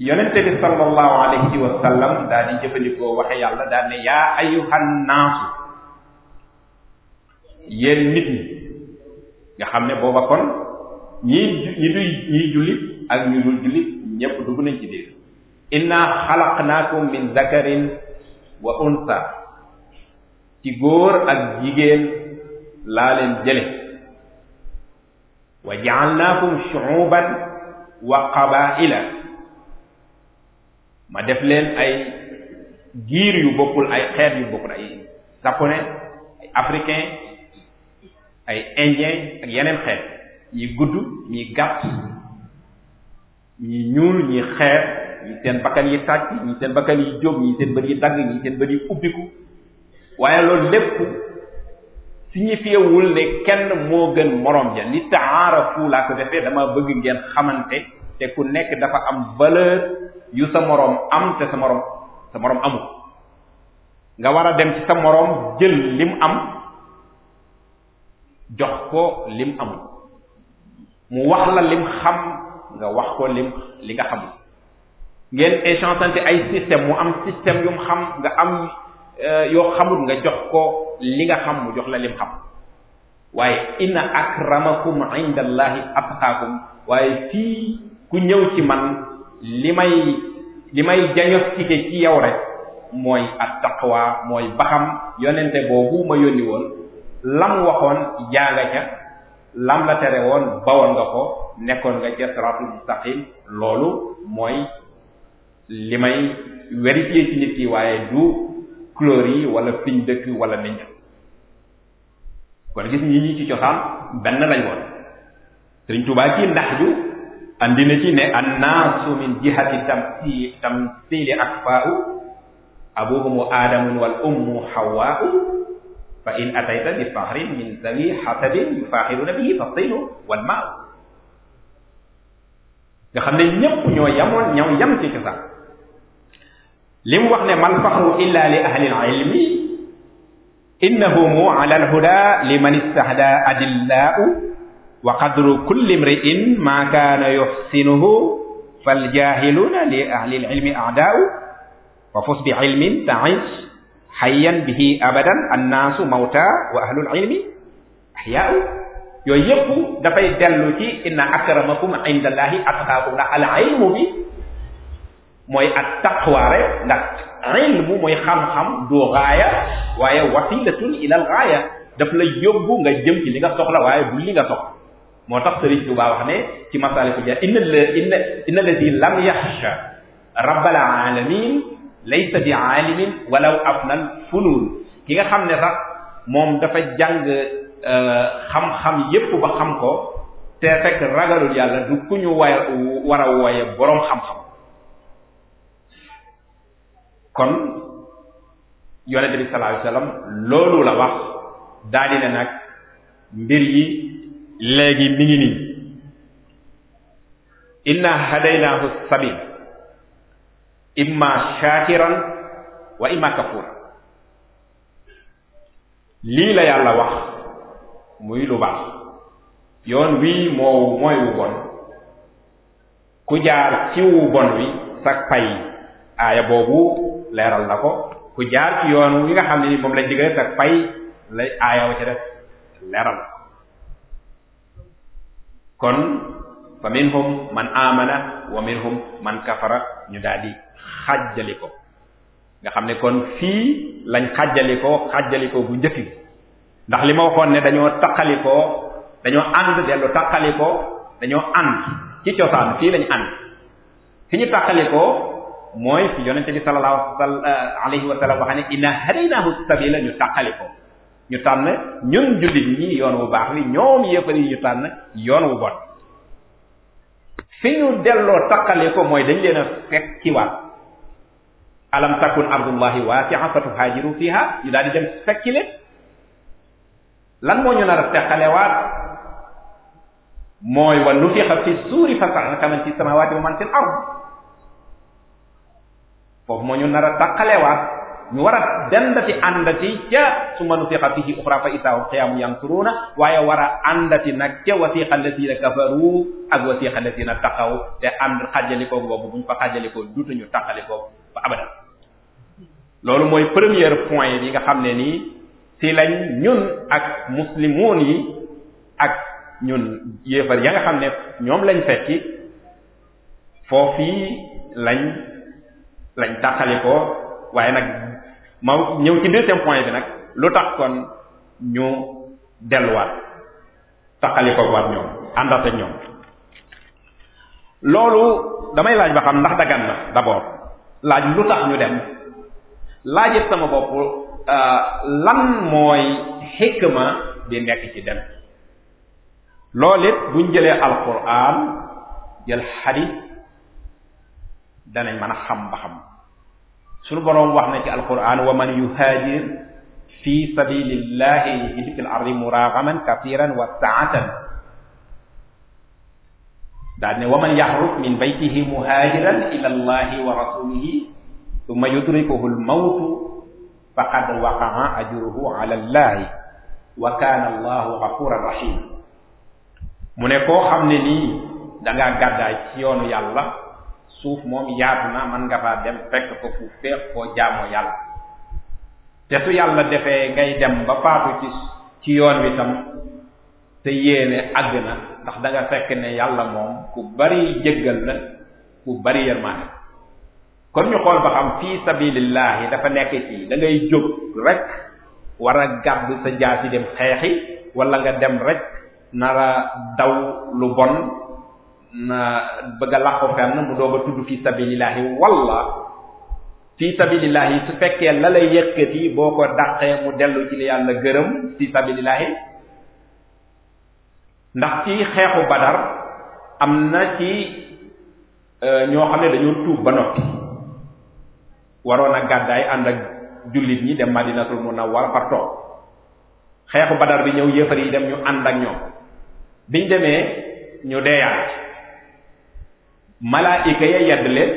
yonente bi sallallahu alayhi wa sallam daa jëfandikoo waxe yàlla daa ne yaa ayyuhan naasu yéen nit ñi nga xam ne booba kon ñii ñi duy ñiy jullit ak ñu dul jullit ñépp dugg nañ ci biir inna xalaqnaakum min zakarin wa unsa ci góor ak jigéen laa leen jële wa ja'alnaakum shu'uban wa qabaa'ila ma def leen ay giir yu bokkul ay xeet yu bokkul ay japonais ay africain ay indien ak yeneen xeet yi gudd ñi gàtt ñi ñuul ñi xeer ñi seen bakkan yi tàcc ñi seen bakkan yi jóg ñi seen bët yi dagg ñi seen bët yi ubbiku waaye loolu lépp signifié wul ne kenn moo gën moroom ja li taarafu laa ko defee dama bëgg ngeen xamante te ku nekk dafa am valeur yu sa moroom am te sa moroom sa moroom amul nga war a dem ci sa moroom jël li am jox ko lim amul mu wax la lim xam nga wax ko lim li nga xamul ngeen échangeante ay système mu am système yu xam nga am euh, yoo xamul nga jox ko li nga xam mu jox la lim xam waaye inna akramakum inda allahi atqaakum waaye fii ku ñëw ci man li may li may diagnostiqué ci yow rek mooy at taqwa mooy baxam yonente boobu ma yónni woon lam waxoon jaa ca lam la tere woon bawoon nga ko nekkoon nga ca siratul mustaqim loolu mooy li may vérifier ci nit ki waaye du couleur yi wala fiñ dëkk wala niñ kon gis ñi ñi ci cosaan benn lañ woon Sëriñ Tuubaa ci ndax ju andi na ci ne annaasu min jihati tamsi tamsili akfaa'u abuhumu aadamun wal ummu hawaa'u fa in atayta bi fahrin min zawi hasabin yufaxiruna bihi fa silu wal maaw nga xam ne ñépp ñoo yamoon ñoo yam ci cosaan li mu wax ne mal faxru illa li ahli ilmi innahumu ala alhuda liman istahda adillau wa qadru kulli imri'in ma kaana yuxsinuhu faljahiluna li ahli alilmi a'daa'u wa fus bi ilmin ta'ish hayyan bihi abadan annaasu mawta wa ahlul ilmi ahyaa'u yooyu yëpp dafay dellu ci inna akramakum indallahi atqaakum ndax al ilmu bi mooy at taqwa rek ndax ilmu mooy xam-xam du gaaya waaye wasilatun ila al gaaya daf la yóbbu nga jëm ci li nga soxla waaye du li nga soxla moo tax Sëriñ Tuubaa wax ne ci masaliku ja inna inna inna alladi lam yaxsha rabbal alamin laysa bi alimin walaw afnal funun ki nga xam ne sax moom dafa jàng euh, xam-xam yépp ba xam ko te fekk ragalul yàlla du ku ñu way war a wooye boroom xam-xam kon yonente bi sallallahu alayhi loolu la wax daldi nag mbir yi léegi mi ngi nii inna hadaynahu sabil imma shakiran wa imma kafura lii la yàlla wax muy lu baax yoon wii moo mooy wu bon ku jaar ci wu bon wi sag pay aaya boobu leeral na ko ku jaar ci yoon wi nga xam ne ni moom lañ digale sag pay la aaya wa leeral kon fa minhum man amana wa minhum man kafara ñu daal xàjjali ko nga xam ne kon fii lañ xàjjali ko xàjjali ko bu njëkk ndax li ma waxoon ne dañoo taqali dañoo ànd dellu taqali ko dañoo ànd ci cosaan fii lañ ànd fi ñu taqali ko mooy fi yonente bi sallallahu eh, alayhi wa sallam wax ne inna hadaynahu sabila ñu taqali tànn ñun jullit ñi yoon wu baax wi ñoom yéefar yi ñu tànn yoon wu bon fi ñu delloo taqali mooy dañ leen a fekkiwaat alam takun ardullahi waasi'a fatuhaajiru fiha ñu daal di dem fekki leen lan moo ñu nar a teqalewaat mooy wa nufixa fi suuri fa sa'iqa man fi samaawaati wa man fi al-ard foofu moo ñu nar a teqalewaat ñu war a dendati àndati ca summa nufixa fihi uxra fa isaahum qiyaamun yansuruuna waaye war a àndati nag ca wasiqa alladina kafaru ak wasiqa alladina taqaw te ànd xàjjalikoo boobu bu ñu fa xàjjalikoo duutuñu taqalikoo ba abadan loolu mooy premier point yi nga xam ne nii ci lañ ñun ak muslimoon yi ak ñun yéefar yaa nga xam ne ñoom lañ fekki foofii lañ lañ tàqali ko waaye nag ma ñëw ci deuxième point bi nag lu tax kon ñu delluwaat tàqali ko waat ñoom àndata ñoom loolu damay laaj ba xam ndax dagan na d'abord laaj lu tax ñu dem laajit sama bopp euh, lan mooy xikma bi nekk ci dem loolu it buñ jëlee alquran jël xadis danañ mën a xam ba xam suñu wax na ci alquran wa man yuhaajir fi sabilillahi yajid fil ardi muraagaman kasiran wa saatan daal ne wa min baytihi muhaajiran ila allahi wa summa yudrikuhu almawtu faqad waqaa ajruhu wa kaana allahu gafuran rahim mu ne koo xam ne nii danga ngaa gàddaay ci yoonu yàlla suuf moom yaatu na man nga faa dem fekk ko fu feex koo jaamoo yàlla te su yàlla defee ngay dem ba faatu ci ci yoon wi tam te yéene àgg na ndax da nga fekk ne yàlla moom ku bari jéggal la ku bari yërmaane kon ñu xool ba xam fii sabilillahi dafa nekk ci dangay jóg rek war a gàbb sa jaasi dem xeexi walla nga dem rekk nara daw lu bon na bëgg a làqu fenn mu doog a tudd fii sabilillahi wala fii sabilillahi su fekkee lala lay yëkkati boo ko dàqee mu dellu ci li yàlla gërëm fii sabilillahi ndax ci xeexu badar am na ci euh, ñoo xam ne dañoo tuub ba noppi waroon a gàddaay ànd ak jullit ñi dem madinatul munawwara par toog xeexu badar bi ñëw yéefar yi dem ñu ànd ak ñoom biñ demee ñu deeyaat malaayika ya yedd leen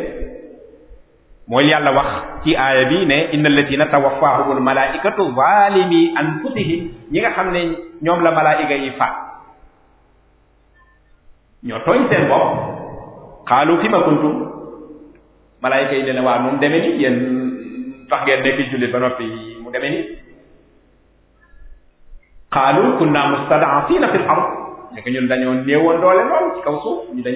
mooy yàlla wax ci aaya bi ne innal ladina tawaffahumul malaikatu zalimi anfusihim ñi nga xam ne ñoom la malaayika yi faat ñoo tooñ seen bopp xaalu fi ma kuntum malaayka yi ne waa moom deme ni yéen tax ngeen nekk jullit ba noppi mu deme ni qaalu kunna mustad'afina fil ard nekk ñun dañoo néewoon doole lool ci lu tax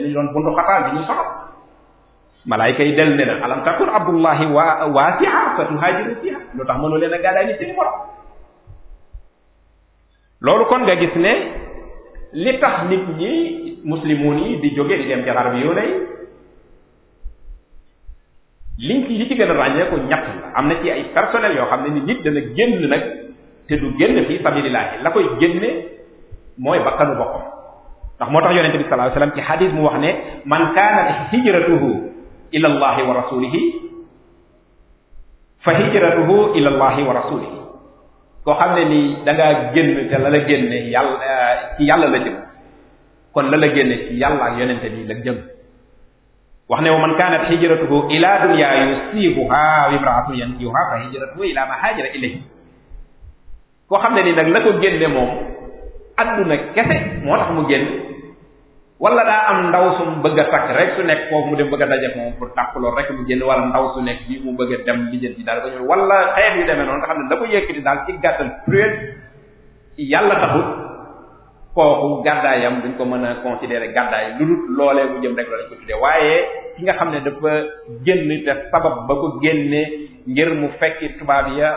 mënu loolu kon nga gis ne li tax nit ñi muslimun yi di jóge di dem ci arab yu nay liñ ci li ci gën a ràññeeku ñett la am na ci ay personnel yoo xam ne ni nit dana génn nag te du génn fii sabilillahi la koy génne mooy bakkanu boppam ndax moo tax yonente bi sallallahu alayhi ci xadis mu wax ne man kaanat hijratuhu ila allahi wa rasulihi fa hijratuhu ila allahi wa rasulihi koo xam ne nii da ngaa génn te la la génne yàlla ci yàlla la jëm kon la la génne ci yàlla ak yonente bi la jëm wax ne wa man kanat hijratuhu ila dunya yusibuha wa imra'atun yankihuha fa hijratuhu ila ma hajara ilayhi koo xam ne ni nag la ko génne moom adduna kese moo tax mu génn walla daa am ndaw su mu bëgg a takk rek su nekk foofu mu dem bëgg a daje moom bu tàpp loolu rek mu génn wala ndaw su nekk bi mu bëgg dem lijjën ci daal ba ñëw wala xeet yu demee noonu nga xam ne la ko yëkkati daal ci gàttal pruet yàlla taxut kooku gàddaayam duñ ko mën a considérer gàddaay lu dul loolee mu jëm rek la lañ ko tuddee ki nga xam ne dafa génn te sabab ba ko génnee ngir mu fekki tubaab ya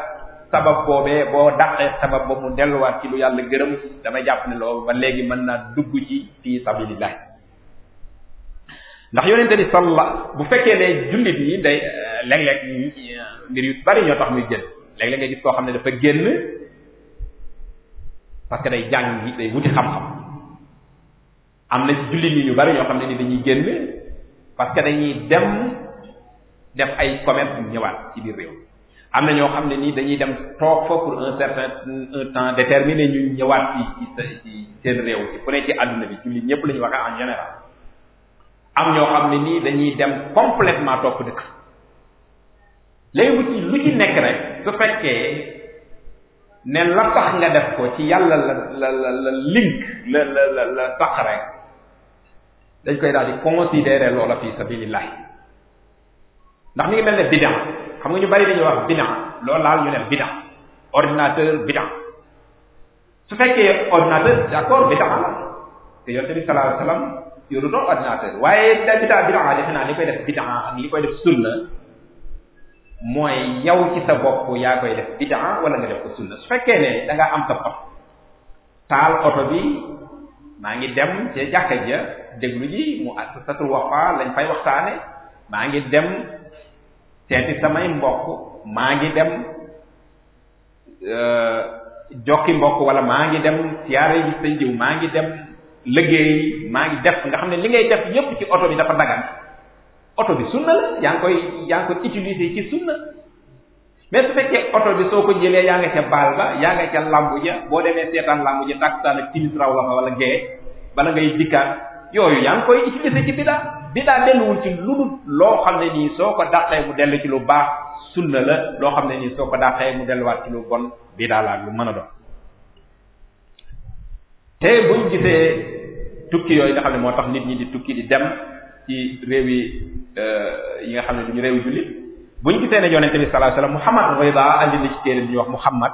sabab boobee boo dàqee sabab ba mu delluwaat ci lu yàlla gërëm damay jàpp ne loolu ba léegi mën naa dugg ci fii sabilillah ndax yonente bi salla bu fekkee ne jullit yi day euh, léeg-léeg euh, mbir yu bari ñoo tax muy génn léeg-léeg nga gis koo xam ne dafa génn parce que day jàng day wuti xam-xam am na ci jullit yi ñu bari ñoo xam ne ni dañuy génn parce que dañuy dem def ay commerce yu ñëwaat ci biir réew am na ñoo xam ne nii dañuy dem toog fa pour un certain un temps déterminé ñu ñëwaat ci ci seen réew ci fu ne ci àdduna bi jullit ñëpp la ñu wax en général am ñoo xam ne nii dañuy dem complètement topp dëkk léegi ci lu ci nekk rek su fekkee ne la tax nga def ko ci yàlla la la la link la la la sax rek dañ koy daal di considérer loola fi sabilillah ndax mi ngi mel ne bidan xam nga ñu bari dañuy wax bidan loolu laal ñu ne bidan ordinateur bidan su fekkee ordinateur d'accord bidan la te yonte bi sallallahu alayhi wasallam waaye da bidan naa ni koy def bidan ak li koy def sunna mooy yow ci sa bopp yaa koy def bidan wala nga def ko sunna su fekkee ne da am sa taal oto bi maa ngi dem ca jàkka ja déglu ji mu asasatul wafa lañ fay waxtaane maa ngi dem seeti samay mbokk maa ngi dem e, jokki mbokk wala maa ngi dem siyaare ji sëñ diw maa ngi dem liggéey maa ngi def nga xam ne li ngay def yépp ci oto bi dafa dagan oto bi sunna la yaa ngi koy yaa ngi koy utiliser ci sunna mais su fekkee oto bi soo ko jëlee yaa nga ca baal ba yaa nga ca lambu ja boo demee seetaan lambu ja tàkkusaan ak timis raw la fa wala gee bala ngay dikkaat yooyu yaa ngi koy utilisé ci bidaa ci lu dul loo xam ne nii soo ko dàqee mu dellu ci lu baax sunna la loo xam ne nii soo ko dàqee mu delluwaat ci lu bon bidaa la lu mën a doon te buñ gisee tukki yooyu nga xam ne moo tax nit ñi di tukki di dem ci réew yi euh, nga xam ne duñu réew jullit bu ñu gisee ne yonente bi sallallahu alayhi wasallam Muhammad Rida andi na ci téere bi ñuy wax Muhammad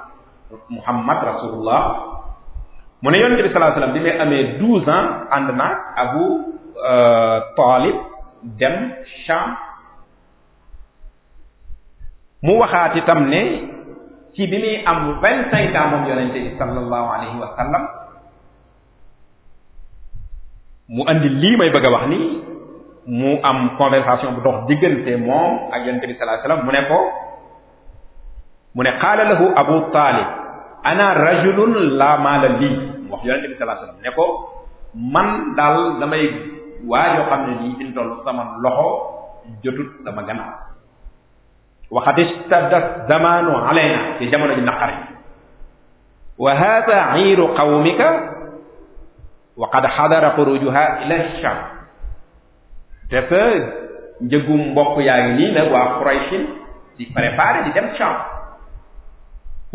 Muhammad rasulullah mu ne yonente bi sallallahu alayhi wasallam bi muy amee douze ans Abu euh, Talib dem Sham mu waxaat itam ne ci bi muy am vingt cinq ans moom yonente bi sallallahu alayhi mu andi lii may bëgg a wax nii mu am conversation bu dox diggante moom ak yonent bi sallallahu alayhi wasallam mu ne ko mu ne qaala lahu abu taalib ana rajulun la maala lii mu wax yonent bi sallallahu alayhi wasallam ne ko man daal damay waajoo xam ne nii fi toll sama loxo jotut sama gannaaw waxat istadda zamanu alayna ci jamono ji naqari wa hada iiru qawmika wa qad xadara xurujuha ila sham te que njëgum mbokk yaa ngi nii la waa Quraysh di préparer di dem Sham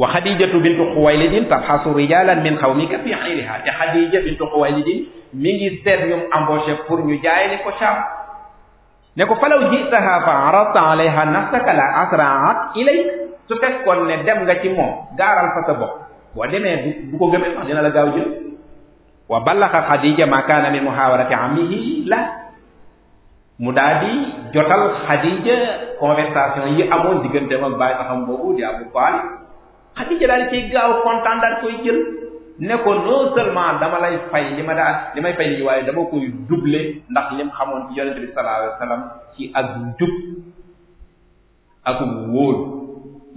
wa Xadijatu bintu Xuwaylidin tabxasu rijalan min xawmika fi xayliha te Xadija bintu Xuwaylidin mi ngi seet ñum embauché pour ñu jaay ni ko Sham ne ko falaw jitaha fa aradta alayha nafsaka la asraat ilayk su fekkoon ne dem nga ci moom gaaral fa sa bopp boo demee du la gaaw jël wa ballaxa Xadija ma kaana min muhaawarati amihi la mu daal di jotal Xadija conversation yi amoon diggante ak bàyyi xam boobu di Abu Taalib Xadija daal di ciy gaaw kontaan daal koy jël ne ko non seulement dama lay fay li ma daa li may fay nii waaye dama koy doubler ndax lim xamoon ci yonente bi sallallahu alayhi wasallam ci ak jub ak wóol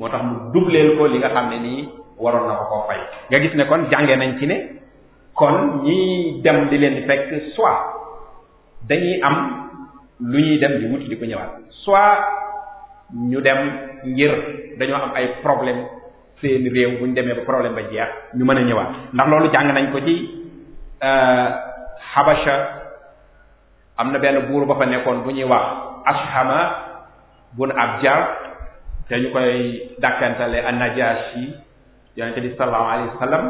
moo tax mu doubleel ko li nga xam ne nii waroon na ko koo fay nga gis ne kon jàngee nañ ci ne kon ñi dem di leen fekk soit dañuy am lu ñuy dem di wuti di ko ñëwaat soit ñu dem ngir dañoo am ay problème seen réew bu ñu demee ba problème ba jeex ñu mën a ñëwaat ndax loolu jàng nañ ko ci euh, Habasha am na benn buur ba fa nekkoon bu ñuy wax Ashama bun Abjar te ñu koy dàkkantale an-Najashi yonente bi sallallahu alayhi wa sallam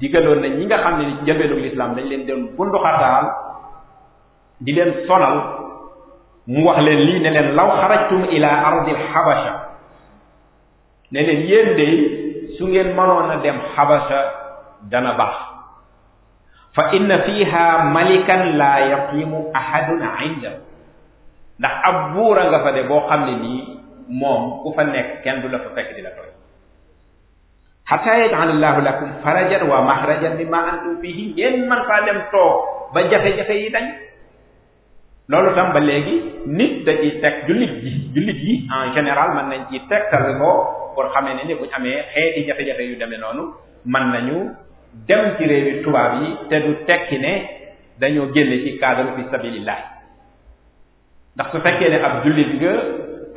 digaloon na ñi nga xam ne ni ci njëlbeenug lislaam dañ leen doon bunduxataal di leen sonal mu wax leen lii ne leen law xarajtum ila ardil xabasha ne leen yéen de su ngeen mënoon a dem xabasha dana baax fa inna fiha malikan la yaqimu ahadun inda ndax ab buura nga fa de boo xam ne nii moom ku fa nekk kenn du la fa fekk di la tooy xataa yaj'ala allahu lakum farajan wa mahrajan mimma antum fihi ngeen man faa dem toog ba jafe-jafe yi dañ loolu tam ba léegi nit da ciy teg jullit yi jullit yi en général mën nañ ci tegtal ko pour xamee ne ni buñ amee xeeti jafe-jafe yu demee noonu mën nañu dem ci réewi tubaab yi te du tekki ne dañoo génne ci cadre fi sabilillah ndax su fekkee ne ab jullit nga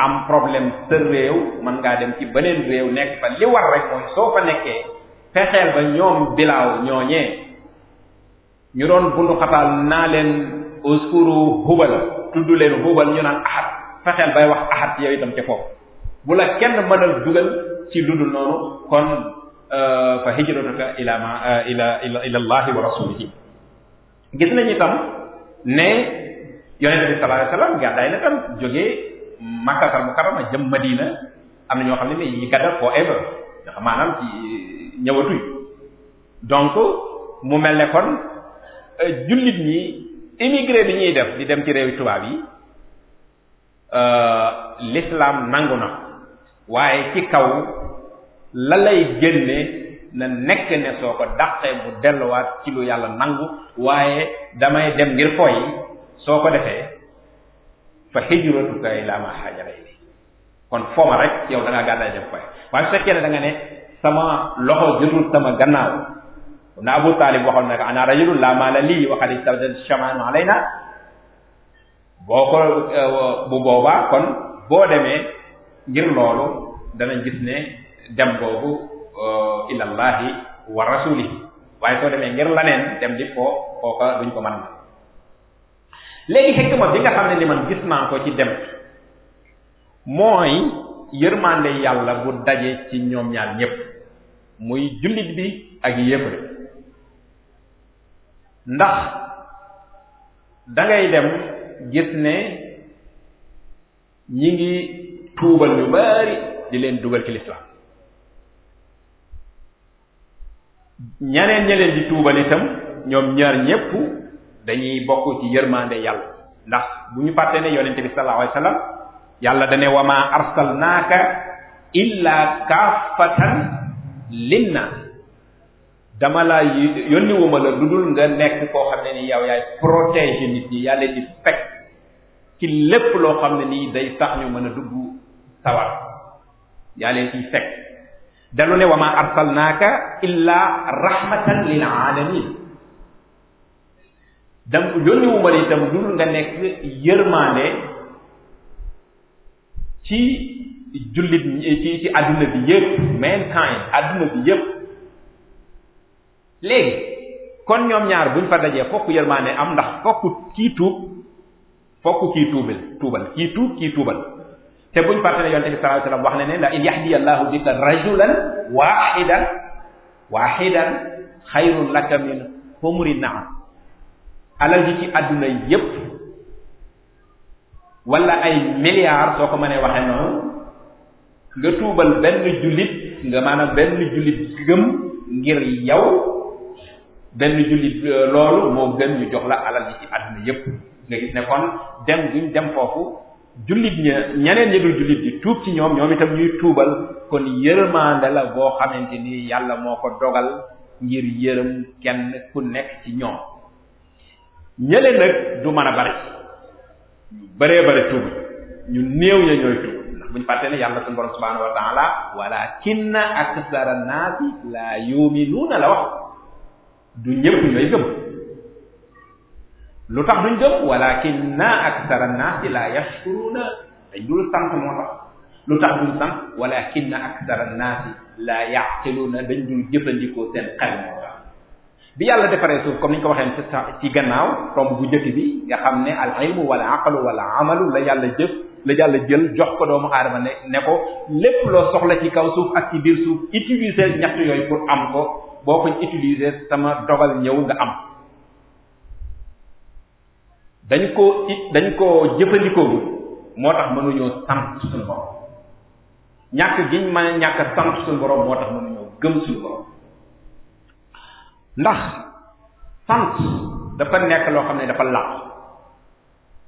am problème sa réew mën ngaa dem ci beneen réew nekk fa li war rek mooy soo fa nekkee fexeel ba ñoom bilaaw ñooñee ñu doon bundu xataal naa leen uskuru hubal tudd leen hubal ñu naan ahad fexeel bay wax ahad yow itam ca foofu bu la kenn mënal dugal ci ludul noonu kon euh, fa hijratuka ila ma euh, ila ila ila allahi wa rasulihi gis nañu itam ne yonente bi sallallahu alayhi wasallam gàddaay la tam jógee makkatal mukarrama jëm madina am na ñoo xam ne ni yi gàdda forever maanaam ci euh, ñëwatuñ donc mu mel ne kon jullit ñi immigré bi ñuy def di dem ci réewi tubaab yi euh, l'islam nangu na waaye ci kaw la lay génne na nekk ne soo ko dàqee mu delluwaat ci lu yàlla nangu waaye damay dem ngir foy soo ko defee fa hijratuka ila ma hajara ilayhi kon fooma rek yow da gàddaay dem foy waaye fekkee ne da ne sama loxo jotul sama gannaaw na Abu Talib waxoon na ko ana rajulun la lii wa qad istawjada shamaanu alayna boo ko eh, bu boobaa kon boo demee ngir loolu danañ gis ne dem boobu eh, ilallahi wa rasulihi waaye soo demee ngir laneen dem di foo kooka duñ ko mën na léegi xikma bi nga xam ne ni man gis naa ko ci dem mooy yërmande yàlla bu daje ci ñoom ñaan ñépp muy jullit bi ak yéefar ndax dangay dem gis ne ñi ngi tuubal ñu bari di leen dugal ci lislaam ñaneen ña di tuubal itam ñoom ñaar ñépp dañuy bokk ci yërmande yàlla ndax bu ñu fàtte ne yonente bi sallallahu alayhi yàlla dane wa ma arsalnaaka illa kaafatan linnaas dama laa yónni wuma la lu dul nga nekk koo xam ne ni yow yaay protéger nit ñi yaa leen di fekk ci lépp loo xam ne nii day tax ñu mën a dugg sawar yaa leen ciy fekk dalu ne wa arsalnaaka illa rahmatan lil alamin dam yónni la itam lu dul nga nekk yërmaande ci jullit ci ci bi yëpp mankind adduna bi yëpp léegi kon ñoom ñaar buñ fa dajee fokk yërmaane am ndax fokk kii tuub fokk kii tuubil tuubal kii tuub kii tuubal te buñ fàtte ne yonte bi sallallahu alayhi wasallam wax na ne la in yahdiya allahu bika rajulan wahidan wahidan xayrun laka min humri naam alal ji ci àdduna yépp wala ay milliards soo ko mënee waxee noonu nga tuubal benn jullit nga maanaam benn jullit gëm ngir yow benn julli euh, loolu moo gën ñu jox la alal yi ci àdduna yépp nga gis ne kon dem duñ dem foofu jullit ña ñeneen ñi dul jullit di tuub ci ñoom ñoom itam ñuy tuubal kon yërmaande la boo xamante ni yàlla moo ko dogal ngir yërëm kenn ku nekk ci ñoom ñële nag du mën a bari ñu bëree bëri tuub ñu néew ña ñooy tuub ndax bu ñu fàttee yàlla suñu borom subhaanahu wa taala walakinna aksara naasi la yuminuuna la wax du ñëpp ñooy gëm lu tax duñ gëm walakinna aksara naasi la yashkuruna dañ dul sant moo tax lu tax duñ sant walakinna aksara naasi la yaqiluna dañ dul jëfandikoo seen xel moo tax bi yàlla defaree suuf comme ni ñu ko waxee ci ci gannaaw tomb bu njëkk bi nga xam ne al ilmu wala aqlu wala amalu la yàlla jëf la yàlla jël jox ko doomu aadama ne ne ko lépp loo soxla ci kaw suuf ak ci biir suuf utiliser ñett yooyu pour am ko boo ko utiliser sama dogal ñëw nga am dañ ko it dañ ko jëfandikoo moo tax mënuñoo sant suñu borom ñàkk giñ mën a ñàkk sant suñu borom moo tax mënuñoo gëm suñu borom ndax sant dafa nekk loo xam ne dafa làq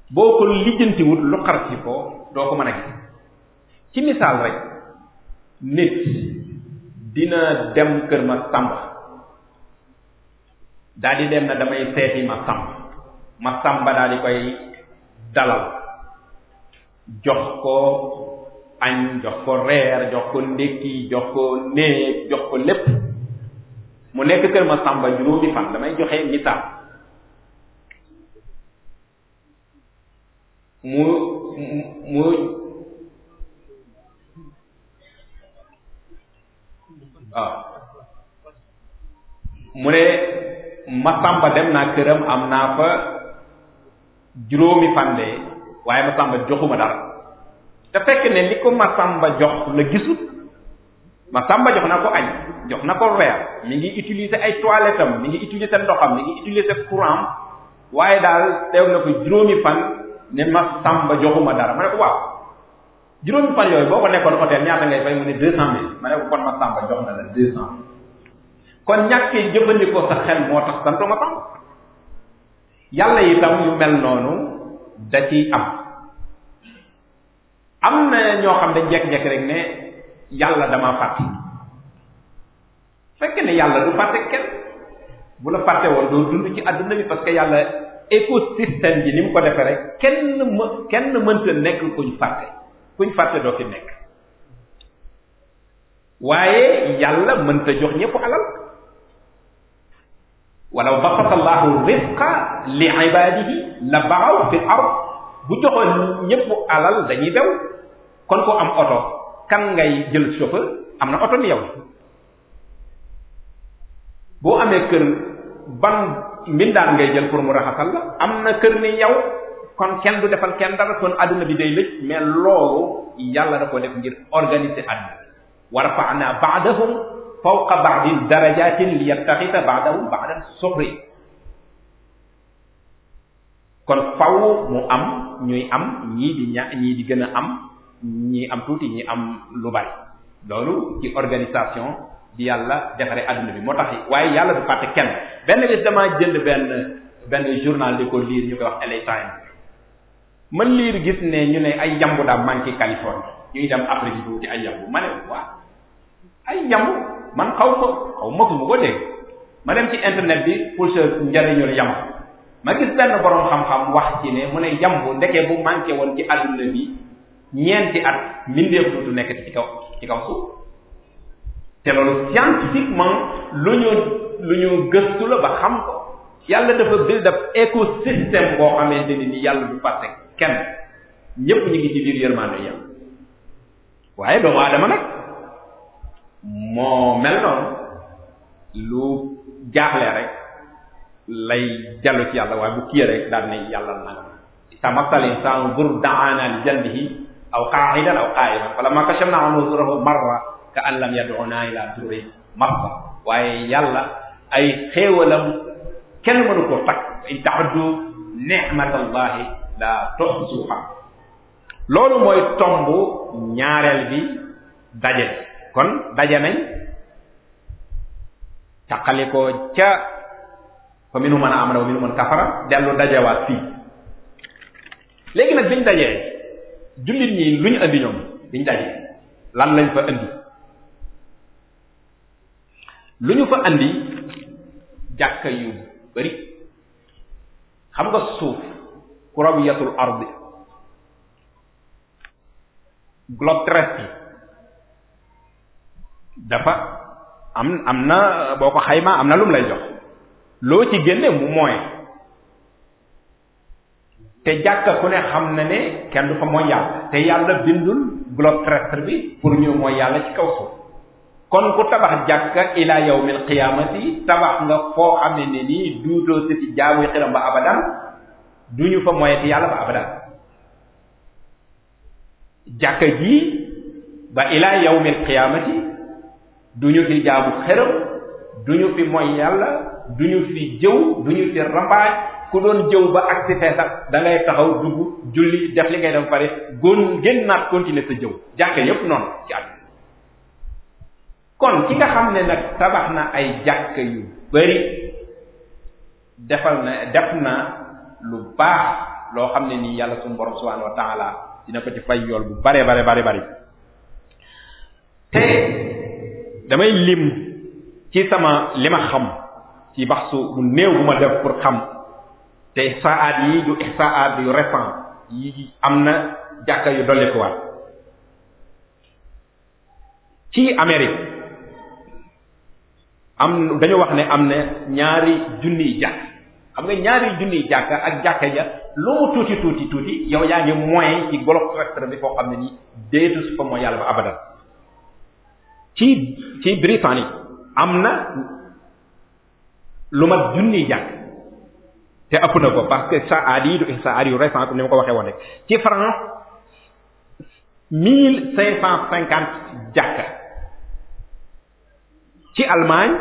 boo ko lijjantiwut lu xar ci ko doo ko ma a gis ci misaal rek nit dina dem kër ma sàmba daa di dem na damay seeti ma sàmba ma sàmba daa di koy dalal jox ko añ jox ko reer jox ko ndékki jox ko néeg jox ko lépp mu nekk kër ma sàmba juróomi fan damay joxe misaal mu moo waaw mu ne Masamba dem naa këram am naa fa juróomi fan de waaye Masamba joxuma dara te fekk ne li ko Masamba jox la gisut Masamba jox na ko añ jox na ko reer mi ngi utiliser ay toilettes am mi ngi utiliser ndoxam mi ngi utiliser courant waaye daal teew na ko juróomi fan. ne ma sàmba joxuma dara ma ne ko waaw juróomi fan yooyu boo ko nekkoon hôtel ñaata ngay fay mu ne deux cent mille ma ne ko kon ma sàmba jox na la deux cent kon ñàkkee jëfandikoo sa xel moo tax santoo ma sàmba yàlla itam yu mel noonu da ciy am am na ñoo xam dañ jekk-jekk rek ne yàlla dama fàtte fekk ne yàlla du fàtte kenn bu la fàtte woon doo dund ci àdduna bi parce yàlla écosystème bi ni mu ko defee kenn më kenn mënta nekk kuñ fàtte kuñ fàtte doo fi nekk waaye yàlla mënta jox ñépp alal walaw basata llahu rizqa li ibadihi la baxaw fi ard bu joxoon ñépp alal dañuy dew kon ko am oto kan ngay jël chauffeur am na oto ni yow boo amee kër ban mbindaan ngay jël pour mu raxasal la am na kër ni yow kon kenn du defal kenn dara kon adduna bi day lëj mais loolu yàlla da ko def ngir organiser adduna wa rafa'na ba'dahum fawqa ba'din darajatin liyattaxita ba'dahum ba'dan suxri kon faw mu am ñuy am ñii di ña ñii di gën a am ñii am tuuti ñii am lu bari loolu ci organisation bi yàlla defaree adduna bi moo tax waaye yàlla du fàtte kenn benn bis damaa jënd benn benn journal di ko liir ñu koy wax LA Times man liir gis ne ñu ne ay njambu daa manqué Californie ñuy dem Afrique bi di ay njambu ma ne waa ay njambu man xaw ko xaw ma ko ma ko dégg ma dem ci internet bi pour se njëriñul yamb ma gis benn borom xam-xam wax ci ne mu ne yambu ndeke bu manqué woon ci adduna bi ñeenti at mbindeef du nekk ci kaw ci kaw suuf te loolu scientifiquement lu ñu lu ñu gëstu la ba xam ko yàlla dafa build up écosystème boo xamante ni ni yàlla du fàtte kenn ñépp ñu ngi ci biir yërmaande yàlla waaye doomu aadama nag moo mel noonu lu jaaxle rek lay jallu ci yàlla waaye bu kii rek daal ne yàlla nag sa masal insan bur daana li jalbihi aw qaa'idan aw qaa'iman falamma kashafna anhu durrahu marra ka allam yad'una ila turri mahba waaye yàlla ay xéewalam kenn mënu koo takk in ta'uddu ni'matallahi la tuhsuha loolu mooy tomb ñaareel bi daje kon daje nañ taqalikoo ca fa minu man amana wa minu man kafara dellu dajewaat fii léegi nag biñ dajee jullit ñi luñ andi ñoom biñ daje lan lañ fa andi lu ñu fa andi jàkka yu bari xam nga suuf kurawiyatul ardi globe terrestre dafa am am na boo ko xaymaa am na lum lay jox loo ci génne mu mooy te jàkka ku ne xam na ne kenn du fa mooy yàlla te yàlla bindul globe bi pour ñu mooy yàlla ci kaw suuf kon ku tabax jàkka ila yawmil qiyamati tabax nga foo xam ne nii duutoo si ci jaamu xiram ba abadan du ñu fa moyeti yàlla ba abadan jàkka ji ba ila yawmil qiyamati du ñu fi jaamu xiram du ñu fi moy yàlla du ñu fi jëw du ñu fi rambaaj ku doon jëw ba ak si fee sax taxaw dugg julli def li ngay def pare gon génn naat continuer sa jëw jàkka yépp noonu ci at kon ki nga xam ne nag tabax na ay jàkk yu bari defal na def na lu baax loo xam ne nii yàlla suñu borom subhanahu wa dina ko ci fay yool bu bare bare bare bari te damay lim ci sama li ma xam ci baxsu bu néew bu ma def pour xam te ihsaat yi yu ihsaat yu récent yi am na jàkka yu dolli ko ci Amérique am dañu wax ne am na ñaari junniy jàkk xam nga ñaari junniy jàkk ak jàkka ja loo tuuti tuuti tuuti yow yaa ngi moyen ci golof terrestre bi foo xam ne nii déetu su yàlla ba abadan ci ci Britannique am na lu ma junniy jàkk te ëpp na ko parce que sa aad yi sa aad yu ni ma ko waxee woon rek ci France mille cinq cent cinquante jàkka ci Allemagne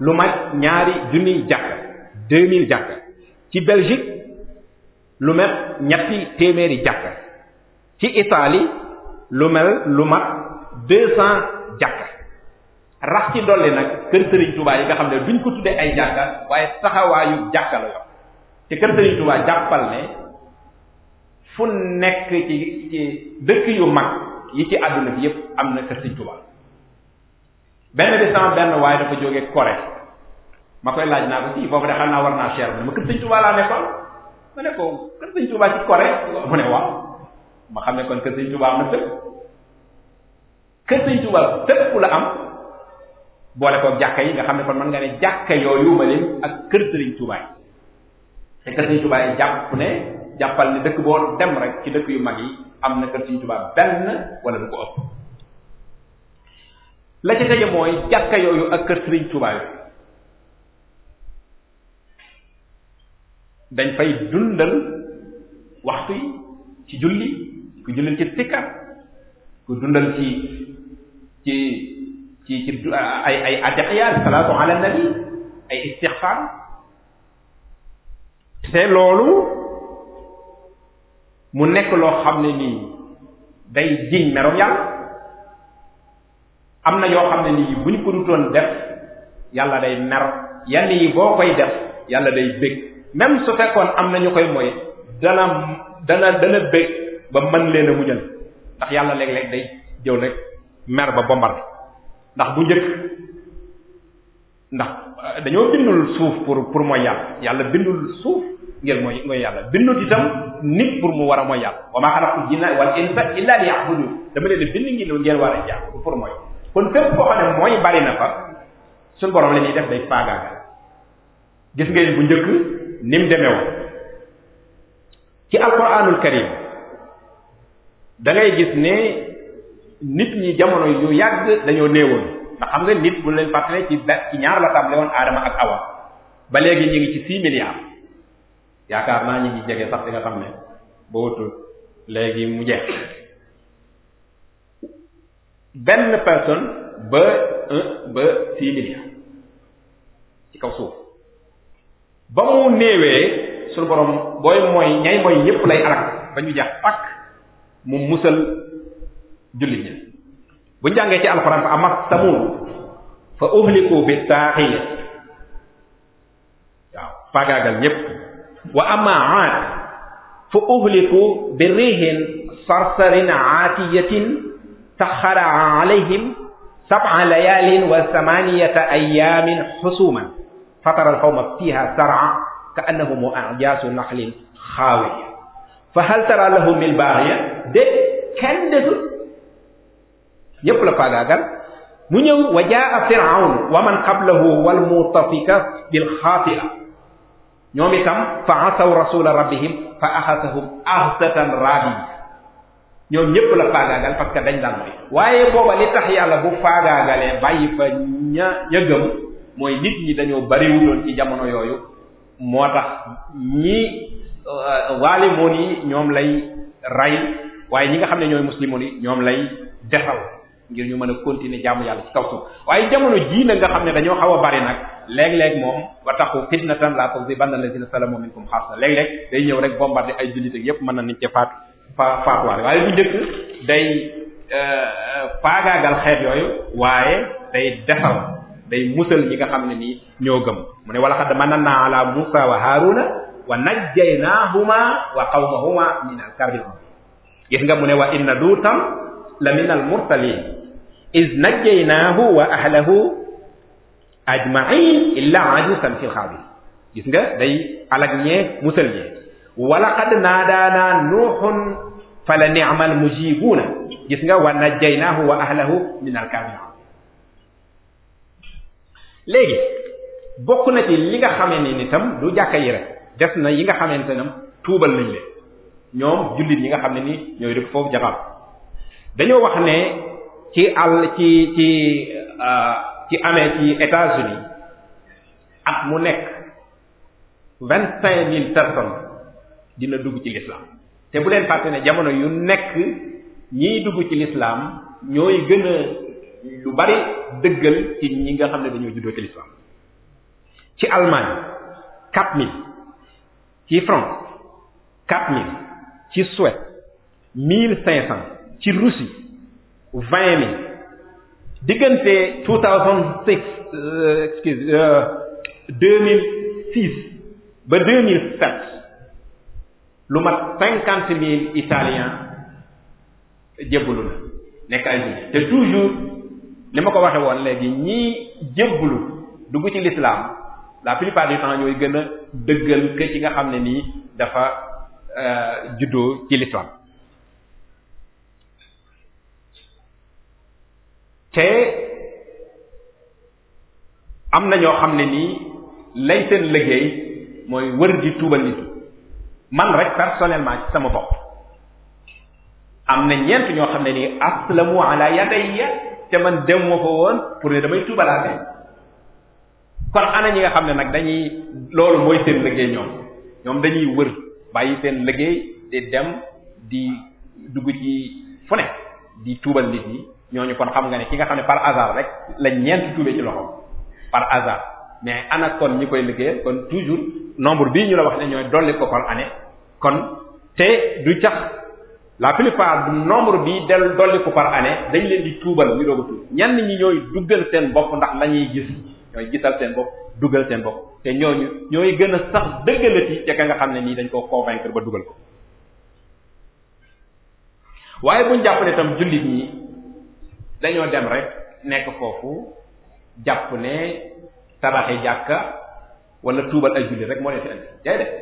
lu mag ñaari junniy jàkka jàkka ci Belgique lu mel ñetti téeméeri jàkka ci itali lu mel lu mat deux cent jàkka rax ci dolli nag kër Serigne Touba yi nga xam ne duñ ko tuddee ay jàkka waaye taxawaayu jàkka la yor te kër Serigne Touba jàppal ne fu nekk ci ci dëkk yu mag yi ci àdduna bi yépp am na kër Serigne Touba. benn bi sama benn waaye dafa jógee Corée ma koy laaj naa ko ci boobu de xam naa war naa cher ma kër sëñ Touba laa nekkoon ma ne kër sëñ Touba ci Corée ma xam ne kon kër sëñ Touba am na fépp kër sëñ la am boole ko jàkka yi nga xam ne kon mën nga ne jàkka yooyu ma ak kër sëriñ Touba yi te kër sëñ Touba jàpp ne jàppal ne dëkk boo dem rek ci dëkk yu mag yi am na kër sëñ Touba benn wala du ëpp la ca daje mooy jàkka yooyu ak kër Sëriñ Tuubaa yi dañ fay dundal waxtu yi ci julli ku julli ci sikkar ku dundal ci ci ci ci ay ay atixiyaat salaatu ay istixfaar te loolu mu nekk loo xam ne nii day jiñ merom yàlla am na yoo xam ne nii bu ñu ko dutoon def yàlla day mer yenn yi boo koy def yàlla day bég même su fekkoon am na ñu koy mooy dana dana dana bég ba mën leen a muñal ndax yàlla léeg-léeg day jëw rek mer ba bombal ndax bu njëkk ndax euh, dañoo bindul suuf pour pour mooy yàlla yàlla bindul suuf ngir mooy mooy yàlla bindut itam nit pour mu war a mooy yàlla wa maa xalaqtu jinna wal insa illa liya'budun dama leen bind ngi ngeen war a jaamu pour mooy kon fépp koo xam mooy bari na fa suñu borom li ñuy def day faagaagal gis ngeen bu njëkk ni mu demee woon ci alquranul karim da gis ni nit ñi jamono yu yàgg dañoo néewoon ndax xam nga nit bu leen fàttalee ci ñaar la tàmbale woon aadama ak awa ba léegi ñu ngi ci six milliards yaakaar naa ñu ngi jege sax di nga ne boo wutul léegi mu jeex benn personne ba un ba six millions ci kaw suuf ba mu néewee suñu borom booy mooy ñay mooy ñépp lay alak ba ñu jax pakk mu musal jullit ñi bu ñu jàngee ci alxuraan fa amat samud fa uhliku bi saaxiya waaw faagaagal ñépp wa ama aad fa uhliku bi rihin sarsarin aatiyatin saxara alayhim sab'a layaalin wa samaniyata ayaamin xusuman fataral xawma fiha saraa ka annahum ajaasu naxlin xaawiya fa hal tara lahum min baaxiya de kenn desul ñépp la faagaagal mu ñëw wa jaa firaun wa man qablahu wal mutafika bil xaatia ñoom itam fa asaw rasula rabbihim fa axasahum axsatan raabia ñoom ñëpp la faagaagal parce que dañ daan mooy waaye booba li tax yàlla bu faagaagalee bàyyi fa ña ña mooy nit ñi dañoo bariwuloon ci jamono yooyu moo tax ñi euh, waalimoon yi ñoom lay rey waaye ñi nga xam ne ñooy muslimoon yi ñoom lay defal ngir ñu mën a continuer jaamu yàlla ci kaw suuf waaye jamono jii na nga xam ne dañoo xaw a bari nag léeg-léeg moom wa taxu fitnatan la tusibanna allazina salamu minkum xaasa léeg-léeg day ñëw rek bombardé ay jullit ak yépp mën na niñ ci faatu fa faatuwaale waaye bu njëkk day euh, euh, faagaagal xeet yooyu waaye day defal day musal ñi nga xam ne nii ñoo gëm mu ne wala xad mananna ala Musa wa Haruna wa najjaynahuma wa qawmahuma min al gis nga mu ne wa inna Luutan la min al-mursalin iz wa ahlahu ajma'in illa ajusan fil xaabi gis nga day alag ñee musal ñee wala walaqad naadana nuuhun fala ni'mal mujibuuna gis nga wa najjaynaahu wa ahlahu min alkaabi léegi bokk na ci li nga xamee ni nitam du jàkka yi rek des na yi nga xamante ne tuubal nañ leen ñoom jullit yi nga xam ne ni ñooy rek foofu jaxal dañoo wax ne ci àll ci ci euh, ci ame ci États-Unis at mu nekk vingt cinq dina dugg ci lislaam te bu leen fàtte ne jamono yu nekk ñiy dugg ci lislaam ñooy gën a lu bari dëggal ci ñi nga xam ne dañoo juddoo ci lislaam ci Allemagne quatre mille ci France quatre mille ci Suède mille cinq cent ci Russie vingt mille diggante euh, euh, ba deux mille lu ma cinquante mille italiens jébbalu na nekk ay te toujours li ma ko waxe woon léegi ñii jébbalu dugg ci l'islam la plupart du temps ñooy gën a dëggal que ci nga xam ne nii dafa euh, juddoo ci l'islam te am na ñoo xam ne nii lay seen liggéey mooy wër di tuubal nit man rek personnellement ci sama bopp am na ñeent ñoo xam ne nii aslamu ala yadayya te man dem ma ko woon pour ne damay tuubalaate kon ana ñi nga xam ne nag dañuy loolu mooy seen liggéey ñoom ñoom dañuy wër bàyyi seen liggéey di dem di dugg ci fu ne di tuubal nit ñi ñooñu kon xam nga ne ki nga xam ne par hasard rek la ñeent tuube ci loxoom par hasard mais ana kon ñi koy liggéeyal kon toujours nombre bii ñu la wax ne ñooy dolli ko par année kon te du tax la plupart du nombre bi del dolliku par année dañ leen di tuubal ñu doog a tuub ñenn ñi ñooy duggal seen bopp ndax lañuy gis ñooy gisal seen bopp duggal seen bopp te ñu ñooy gën a sax dëggalati ca ka nga xam ne nii dañ koo convaincre ba dugal ko waaye buñ jàpp ne tam jullit ñi dañoo dem rek nekk foofu jàpp ne tabaxe jàkka wala tuubal ay jullit rek moo leen fi andi day def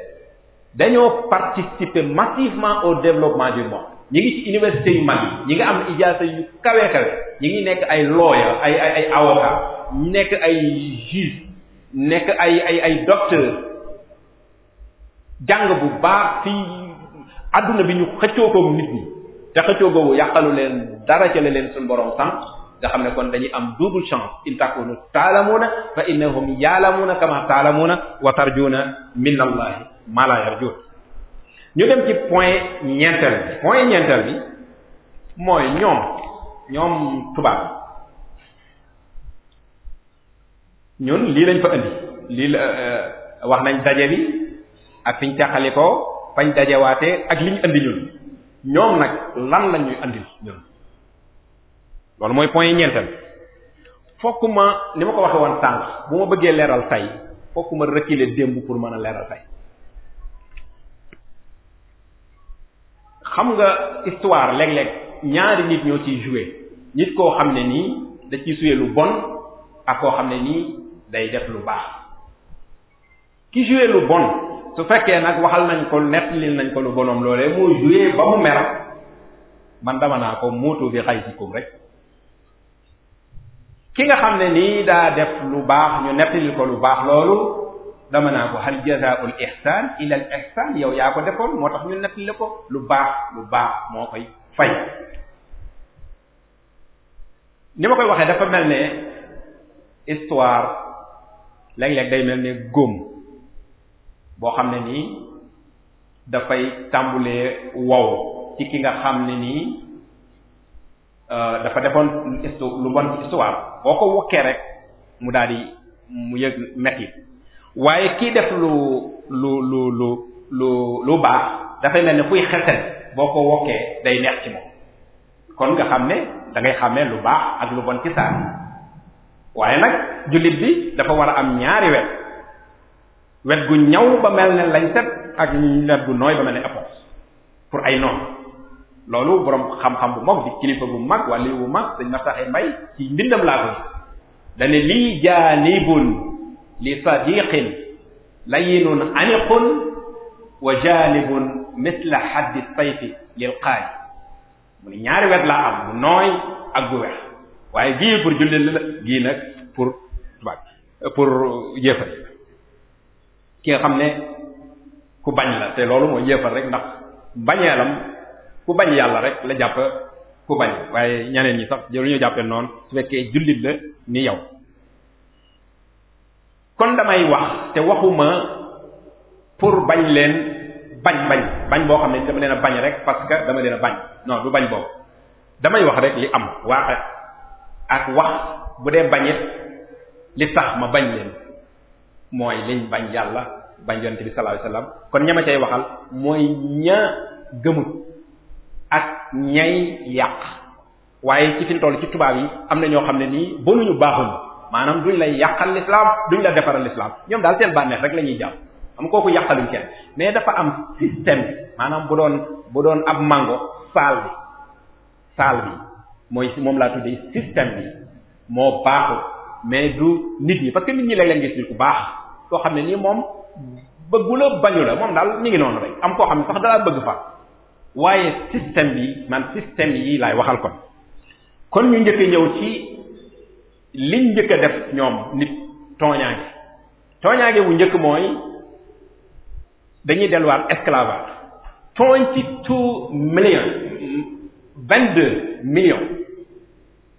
dañoo participer massivement au développement du monde ñi ngi ci université yu mag yi ñi ngi am ijaasa yu kawe kawe ñi ngi nekk ay lawyer ay ay ay avocat ñu nekk ay juge nekk ay ay ay docteur jàng bu baax fi àdduna bi ñu xëccoo koog nit ñi te xëccoo googu yàqalu leen dara ca la leen suñu boroom sànq nga xam ne kon dañuy am double chance in takunu taalamuuna fa innahum yaalamuuna kama taalamuuna wa tarjuuna min allahi ma la yarjuun ñu dem ci point ñeenteel bi point ñeenteel bi mooy ñoom ñoom tubaab ñun lii lañ fa indi lii la euh, wax nañ daje bi ak fiñ taxali ko fañ dajewaatee ak liñ indi ñun ñoom nag lan lañ ñuy andil ñun loolu mooy point ñeenteel fokk ma ni ma ko waxee woon sànq bu ma bëggee leeral tey fokk ma reculer démb pour mën a leeral tey xam nga histoire léeg-léeg ñaari nit ñoo ciy jouer nit koo xam ne nii da ciy jouer lu bon ak koo xam ne nii day def lu baax ki jouer lu bon su fekkee nag waxal nañ ko nettalil nañ ko lu bonom loolee moo jouer ba mu mer man dama naa ko muutu bi xay si rek ki nga xam ne nii daa def lu baax ñu nettalil ko lu baax loolu dama naa ko hal jazaa'ul ihsaan illa al ihsaan yow yaa ko defoon moo tax ñu nettalil ko lu baax lu baax moo koy fay ni ma koy waxee dafa mel ne histoire léeg-léeg day mel ne góom boo xam ne nii dafay tàmbulee wow ci ki nga xam ne nii Euh, dafa defoon lu bon ci histoire boo ko wokkee rek mu daal di mu yëg metti waaye kii def lu lu lu lu lu lu baax dafay mel ne kuy xelten boo ko wokkee day neex ci moom kon nga xam ne dangay ngay xàmmee lu baax ak lu bon ci saa waaye nag jullit bi dafa war a am ñaari wet wet gu ñaw ba mel ne lañ set ak wet gu nooy ba mel ne appos pour ay noonu loolu borom xam-xam bu mag di kilifa bu mag wala bu mag dañ ma saxee mbay ci mbindam laa ko dane lii jaanibun li sadiqin layinun aniqun wa jaanibun misla xaddi sayfi mu ne ñaari wet laa am bu nooy ak bu weex waaye gii pour jullit la gii nag pour tubaab ki nga xam ne ku bañ la te loolu mooy yéefar rek ndax bañeelam ku bañ yàlla rek la jàpp ku bañ waaye ñeneen ñi sax lu ñu jàppee noonu su fekkee jullit la ni yow kon damay wax te waxuma pour bañ leen bañ bañ bañ boo xam ne dama leen bañ rek parce que dama leen a bañ non du bañ boobu damay wax rek li am waaxe ak wax bu dee bañit li tax ma bañ leen mooy liñ bañ yàlla bañ yonent bi sallallahu alayhi wasallam kon ña cay waxal mooy ña gëmut ñay yàq waaye ci fi ñu ci tubaab yi am na ñoo xam ne nii ñu baaxuñu maanaam duñ lay yàqal du duñ la defaral l'islam ñoom daal seen bànneex rek la ñuy jàpp am koo kooku yàqaluñ kenn mais dafa am système maanaam bu doon bu doon ab mango saal bi saal bi moom laa tuddee système bi moo baaxul mais du nit ñi parce que nit ñi léeg-léeg gis ku baax koo xam ne nii moom bëggu la bañu la moom daal ñu ngi noonu rek am koo xam ne sax dalaa bëgg fa waaye système yi man système yi laay waxal kon kon ñu njëkk ñëw ci liñ njëkk def ñoom nit tooñaange tooñaange bu njëkk mooy dañuy delluwaat esclavage twenty two million vingt deux millions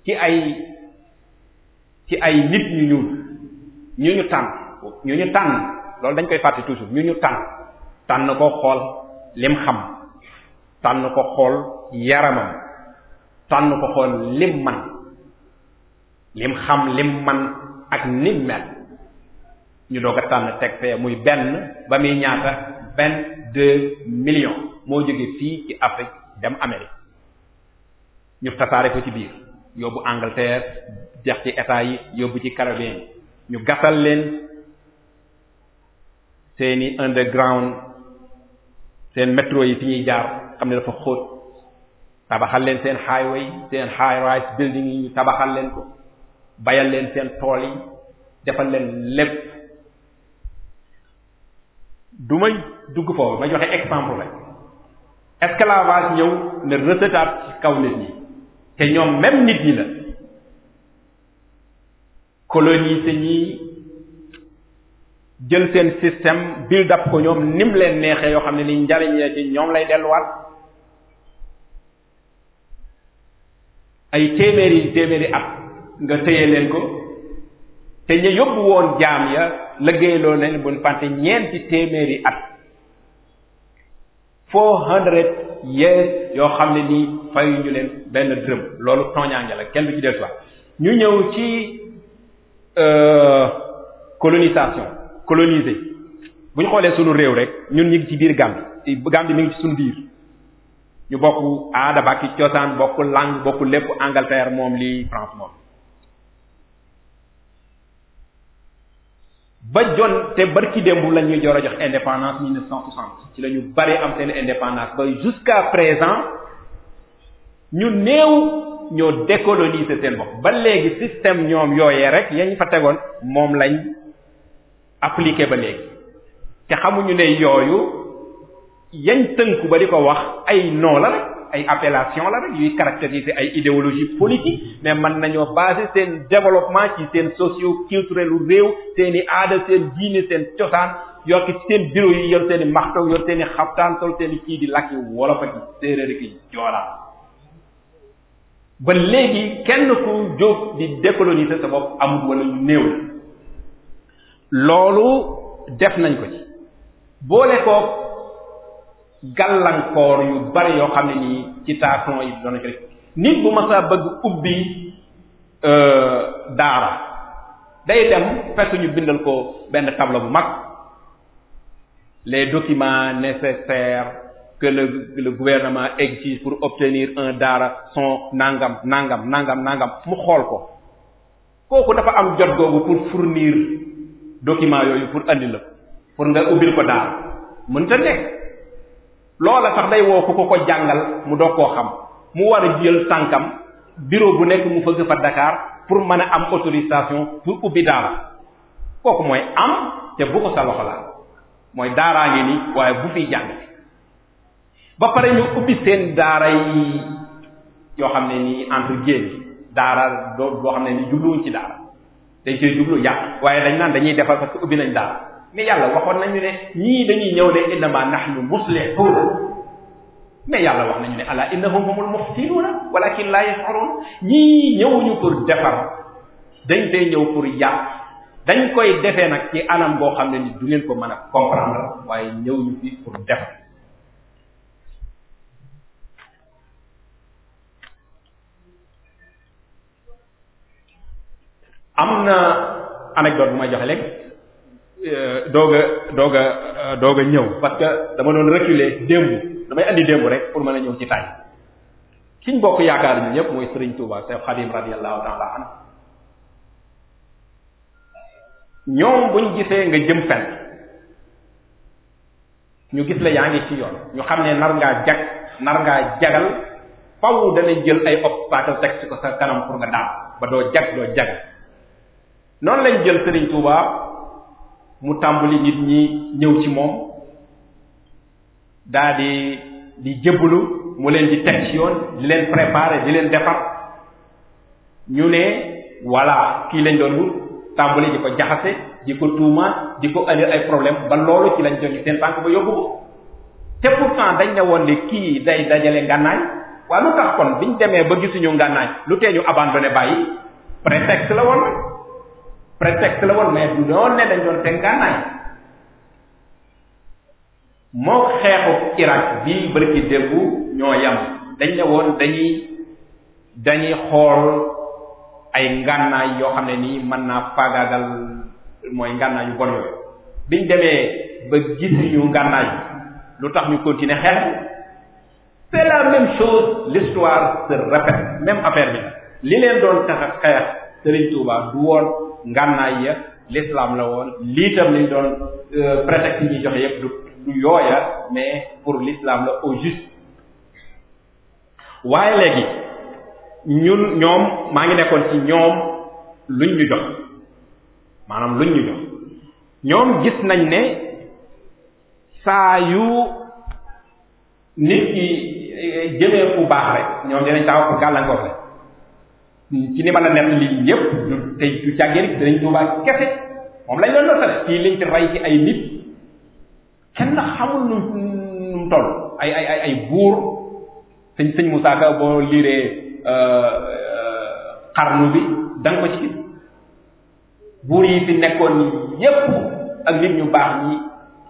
ci ay ci ay nit ñu ñuul ñu ñu tànn ñu ñu tànn loolu dañ koy fàtte toujours ñu ñu tànn tànn ko xool lim xam tànn ko xool yaramam tànn ko xool lim man lim xam lim man ak nim mel ñu doo a tànn teg fee muy benn ba muy ñaata vingt deux millions moo jóge fii ci Afrique dem Amérique ñu tasaare ko ci biir yóbbu Angleterre jeex ci état yi yóbbu ci Caribbean ñu gasal leen seeni underground seen métro yi fi ñuy jaar xam ne dafa xóot tabaxal leen seen highway seen high rise building yi tabaxal leen ko bayal leen seen tool yi defal leen lépp du may dugg foofu ma joxe exemple rek esclavage ñëw na resetaat ci kaw nit ñi te ñoom même nit ñi la colonise ñi jël seen système build up ko ñoom nim leen neexee yoo xam ne ni njariñ la ci ñoom lay delluwaat ay téeméeri téeméeri at nga téye leen ko te ñu yóbbu woon jaam ya liggéeyloo leen buñ fàtte ñeenti téeméeri at four hundred years yoo xam ne nii ñu leen benn dërëm loolu tooñaange la kenn du ci delluwaat ñu ñëw ci euh, colonisation colonisé bu ñu xoolee sunu réew rek ñun ñu ngi ci biir Gambie Gambie mi ngi ci sunu biir ñu bokk aada bàkki cosaan bokk langue bokk lépp Angleterre moom lii France moom ba jon te barki démb lañ ñu jor a jox indépendance 1960 ci la bari am seen indépendance ba jusqu'à présent ñu néew ñoo décoloniser seen bopp ba léegi système ñoom yooyee rek yañ fa tegoon moom lañ appliqué ba léegi te xamuñu ne yooyu yañ tënku ba di ko wax ay noo la rek ay appellation la rek yuy caractériser ay idéologie politique mais mën nañoo basé seen développement ci seen socio culturel u réew seen i aada seen diine seen cosaan yor ci seen bureau yi yor seen i marto yor seen i xabtaan sol seen i kii di lakki wolof ak séeréer ak joolaa ba léegi kenn ku jóg di décoloniser sa bopp amul wala ñu néew loolu def nañ ko ci boole koog gàllankoor yu bari yoo xam ne nii ci taason yi doon na ci rek nit bu masaa bëgg ubbi euh, daara day dem fekk ñu bindal ko benn tableau bu mag les documents nécessaires que le le exige pour obtenir un daara sont nangam nangam nangam nangam mu xool ko kooku dafa am jot googu pour fournir document yooyu pour andi la pour nga ubbil ko daal mënta nekk loola sax day woo ku ko ko jàngal mu doog koo xam mu war a jël tànkam bureau bu nekk mu fëgg fa Dakar pour mën a am autorisation pour ubbi daara kooku mooy am te bu ko sa loxo la mooy daaraa ngi ni waaye bu fiy jàng ba pare ñu ubbi seen daara yi yoo xam ne nii entre guillemets daara doo doo xam ne ni jubluwuñ ci daara dañ koy jublu yàq waaye dañ naan dañuy defar parce que ubbi nañ daal mais yàlla waxoon nañu ne ñii dañuy ñëw ne innama nahnu muslihun mais yàlla wax nañu ne ala innahum humul muftinuuna walakin la yash'urun ñii ñëwuñu pour defar dañ fee ñëw pour yàq dañ koy defee nag ci anam boo xam ne ni du ngeen ko mën a comprendre waaye ñëw ñu fi pour defar am na anecdote bu may joxe léegi euh, doog a doog a euh, doog a ñëw parce que dama doon reculer démb damay andi démb rek pour mën a ñëw ci tay kiñ bokk yaakaar ñu ñëpp mooy Serigne Touba Cheikh Khadim radiyallahu ta'ala anhu ñoom buñ gisee nga jëm fenn ñu gis la yaa ngi ci yoon ñu xam ne nar ngaa jag nar ngaa jagal faw dana jël ay obstacle teg ci ko sa kanam pour nga daal ba doo jag doo jagal noonu lañ jël Serigne Touba mu tàmbali nit ñi ñëw ci moom daadi di di jëbbalu mu leen di teg yoon di leen préparer di leen defar ñu ne voilà kii lañ doon wut tàmbali di ko jaxase di ko tuuma di ko andi ay problème ba loolu ci lañ jogi seen tànk ba yóbbu ko te pourtant dañ ne woon ne kii day dajale ngànnaay waaye lu tax kon biñ demee ba gisuñu ngànnaay lu tee ñu abandonné bàyyi prétexte la woon prétexte la woon mais du doon ne dañ doon teg gànnaay moo xeexu Irak bii bërki déggu ñoo yam dañ ne woon dañuy dañuy xool ay ngànnaay yoo xam ne nii mën naa faagaagal mooy ngànnaay bon yooyu biñ demee ba gis ñu ngànnaay lu tax ñu continuer xeex c'est la même chose l'histoire se répète même affaire bi li leen doon tax a xeex Serigne Touba du woon ngànnaay ya l'islam la woon lii tam liñ doon euh, prétexte ñuy joxe yépp du du yooya mais pour lislaam la au juste waaye léegi ñun ñoom maa ngi nekkoon ci ñoom luñ ñu jox maanaam luñ ñu jox ñoom gis nañ ne saa yu nit ki euh, jëmee fu baax rek ñoom dinañ taxaw ko gàllankoor rek ci ni mën a nett lii yépp du tey du càggee rek danañ tuubaa kese moom lañ doon notale kii liñ ci rey ci ay nit kenn xamul nu nu mu toll ay ay ay ay buur sëñ euh, euh, yi fi nekkoon yépp ak nit ñu baax ñi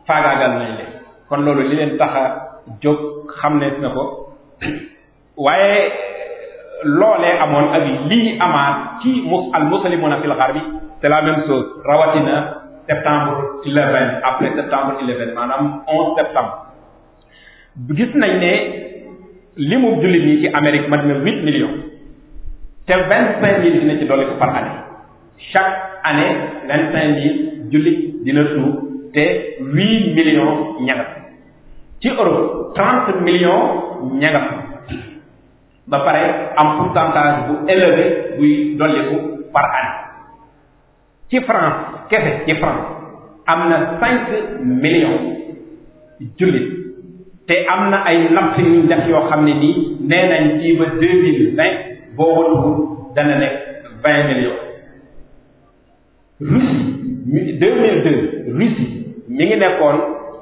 faagaagal nañ leen kon loolu li leen tax a jóg xam ne na ko waaye loole amoon ak lii amaat ci mus al muslimuna fil gharbi c'est la même rawatina septembre 11 après septembre 11 maanaam 11 septembre gis nañ ne li mu jullit ñi ci Amérique mat na 8 millions te 25000 dina ci dolli ko année chaque année jullit dina tuub te 8 millions ña ci Europe 30 millions ña ba pare am pourcentage bu élevé buy dolliku par année ci France kese ci France am na cinq millions jullit te am na ay napp yu ñu yoo xam ne nii nee nañ fii ba deux mille vingt boo wëlbu dana nekk vingt millions Russie deux mille deux Russie mi ngi nekkoon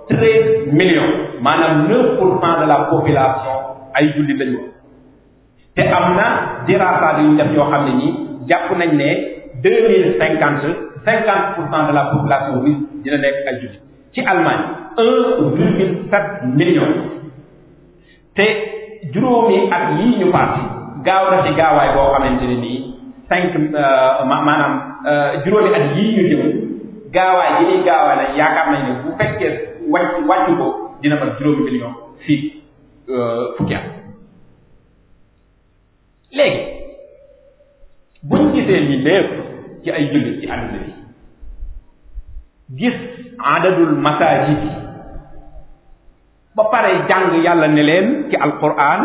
treize millions maanaam neuf pour la population ay jullit lañu te am na diraasaat yu ñu def yoo xam ne nii jàpp nañ ne deux mille cinquante cinquante pour cent de la population russe dina nekk ay jullit ci Allemagne un virgule sept million te juróomi at yii ñu paase gaaw na ci gaawaay boo xamante ne nii cinq euh, maanaam euh, juróomi at yii ñu jëm gaawaay yi ñuy gaawaay nag yaakaar nañ ne bu fekkee wàcc wàccu ko dina mat juróomi million fii euh, fukki at léegi buñ gisee li lépp ci ay jullit ci àdduna bi gis adadul masajid ba pare jàng yàlla ne leen ci alquran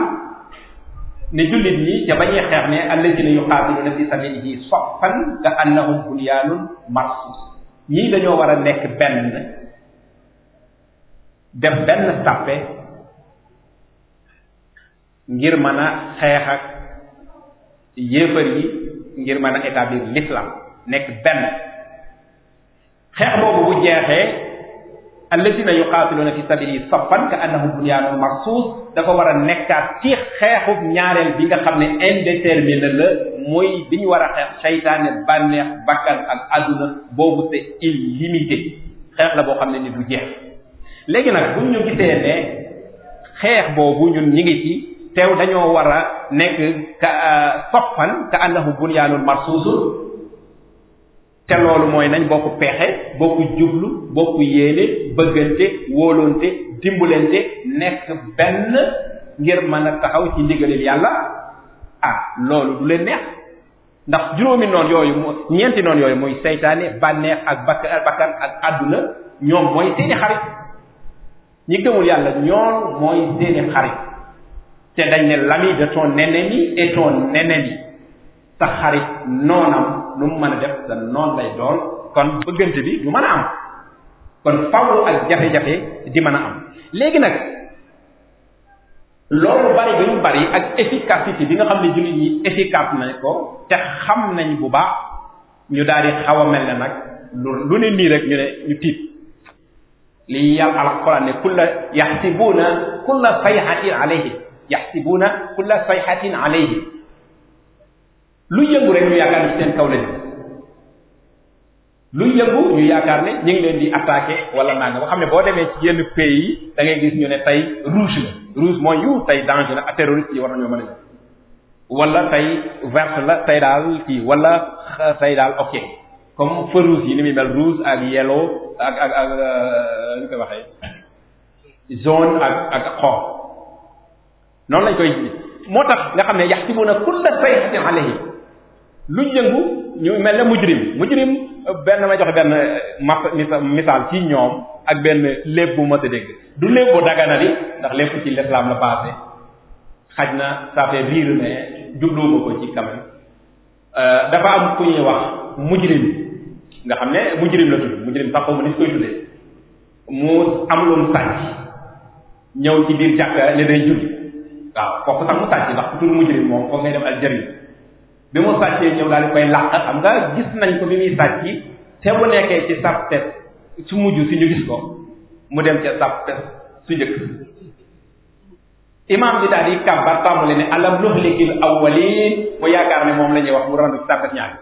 ne jullit ñi ca bañuy xeex ne allazina yuqatiluna fi sabilihi saffan ka annahum bunyanun marsus ñii dañoo war a nekk benn def benn sàppe ngir mën a xeex ak yéefar yi ngir mën a établir l'islam nekk benn xeex boobu bu jeexee alladina yuqaatiluuna fi sabilihi saffan ka annahum bunyaanun marsuus dafa war a nekkaat ci xeexub ñaareel bi nga xam ne indéterminé la mooy bi ñu war a xeex seytaane bànneex bakkan ak adduna boobu c'est illimité xeex la boo xam ne ni du jeex léegi nag bu ñu gisee ne xeex boobu ñun ñi ngi ci teew dañoo war a nekk ka euh, soppal ka annahu bunyaanul marsuusul te loolu mooy nañ bokk pexe bokk jublu bokk yéene bëggante wóolonte dimbalante nekk benn ngir mën a taxaw ci ndigalil yàlla ah loolu du leen neex ndax juróomi noon yooyu mu ñeenti noonu yooyu muy seytaane bànneex ak bakkan ak àdduna ñoom mooy seeni xarit ñi gëmul yàlla ñoom mooy seeni xarit te dañ ne l'ami de ton ennemi est ton ennemi sa xarit noonam lu mu mën a def sa noon lay doon kon bëggante bi du mën a am kon fawlu ak jafe-jafe di mën a am léegi nag loolu bari bi ñu bari ak efficacité bi nga xam ne jullit ñi efficace nañ ko te xam nañ bu baax ñu daal di xaw mel ne nag lu lu ne nii rek ñu ne ñu tiit li yàlla alquran ne kulla yaxsibuuna kulla sayhatin alayhi yaxsibuuna kulla sayxatin alayhi lu yëngu rek ñu yaakaar ne seen kaw lañ lu yëngu ñu yaakaar ne ñu ngi leen di attaqué wala naan nga xam ne boo demee ci yenn pays yi da gis ñu ne tay rouge la rouge mooy yu tey danger la terroriste yi war nañoo mën a wala tey verte la tey daal kii wala tey daal ok comme feu rouge yi ni muy mel rouge ak yellow ak ak ak euh, ak ak noonu lañ koy moo tax nga xam ne yaxsibuuna kulla sayhatin alayhi luñ yëngu ñu mel ne mujrim mujrim benn ma joxe benn eh, ma misaal ci ñoom ak benn léeb bu ma sa dégg du léeb bu dagana li ndax lépp ci l'islam la passé xaj na ça fait rire mais jubluuma ko ci quand euh, dafa am ku ñuy wax mujrim nga xam ne mujrim la tudd mujrim sax xawma ni koy tuddee mu am lu mu sàcc ñëw ci biir jàkka ne day julli waaw kooku sax mu sàcc ndax ku tudd mujrim moom foog ngay dem aljarim bi mu sàccee ñëw daal di koy làq xam nga gis nañ ko bi muy sàcc te bu nekkee ci sàppe su mujj si ñu gis ko mu dem ca sàppe su njëkk imaam bi daal di kàbbar tàmbali ne alam nuhlikil awwalin mu yaakaar ne moom la ñuy wax mu randu ci sàppe ñaari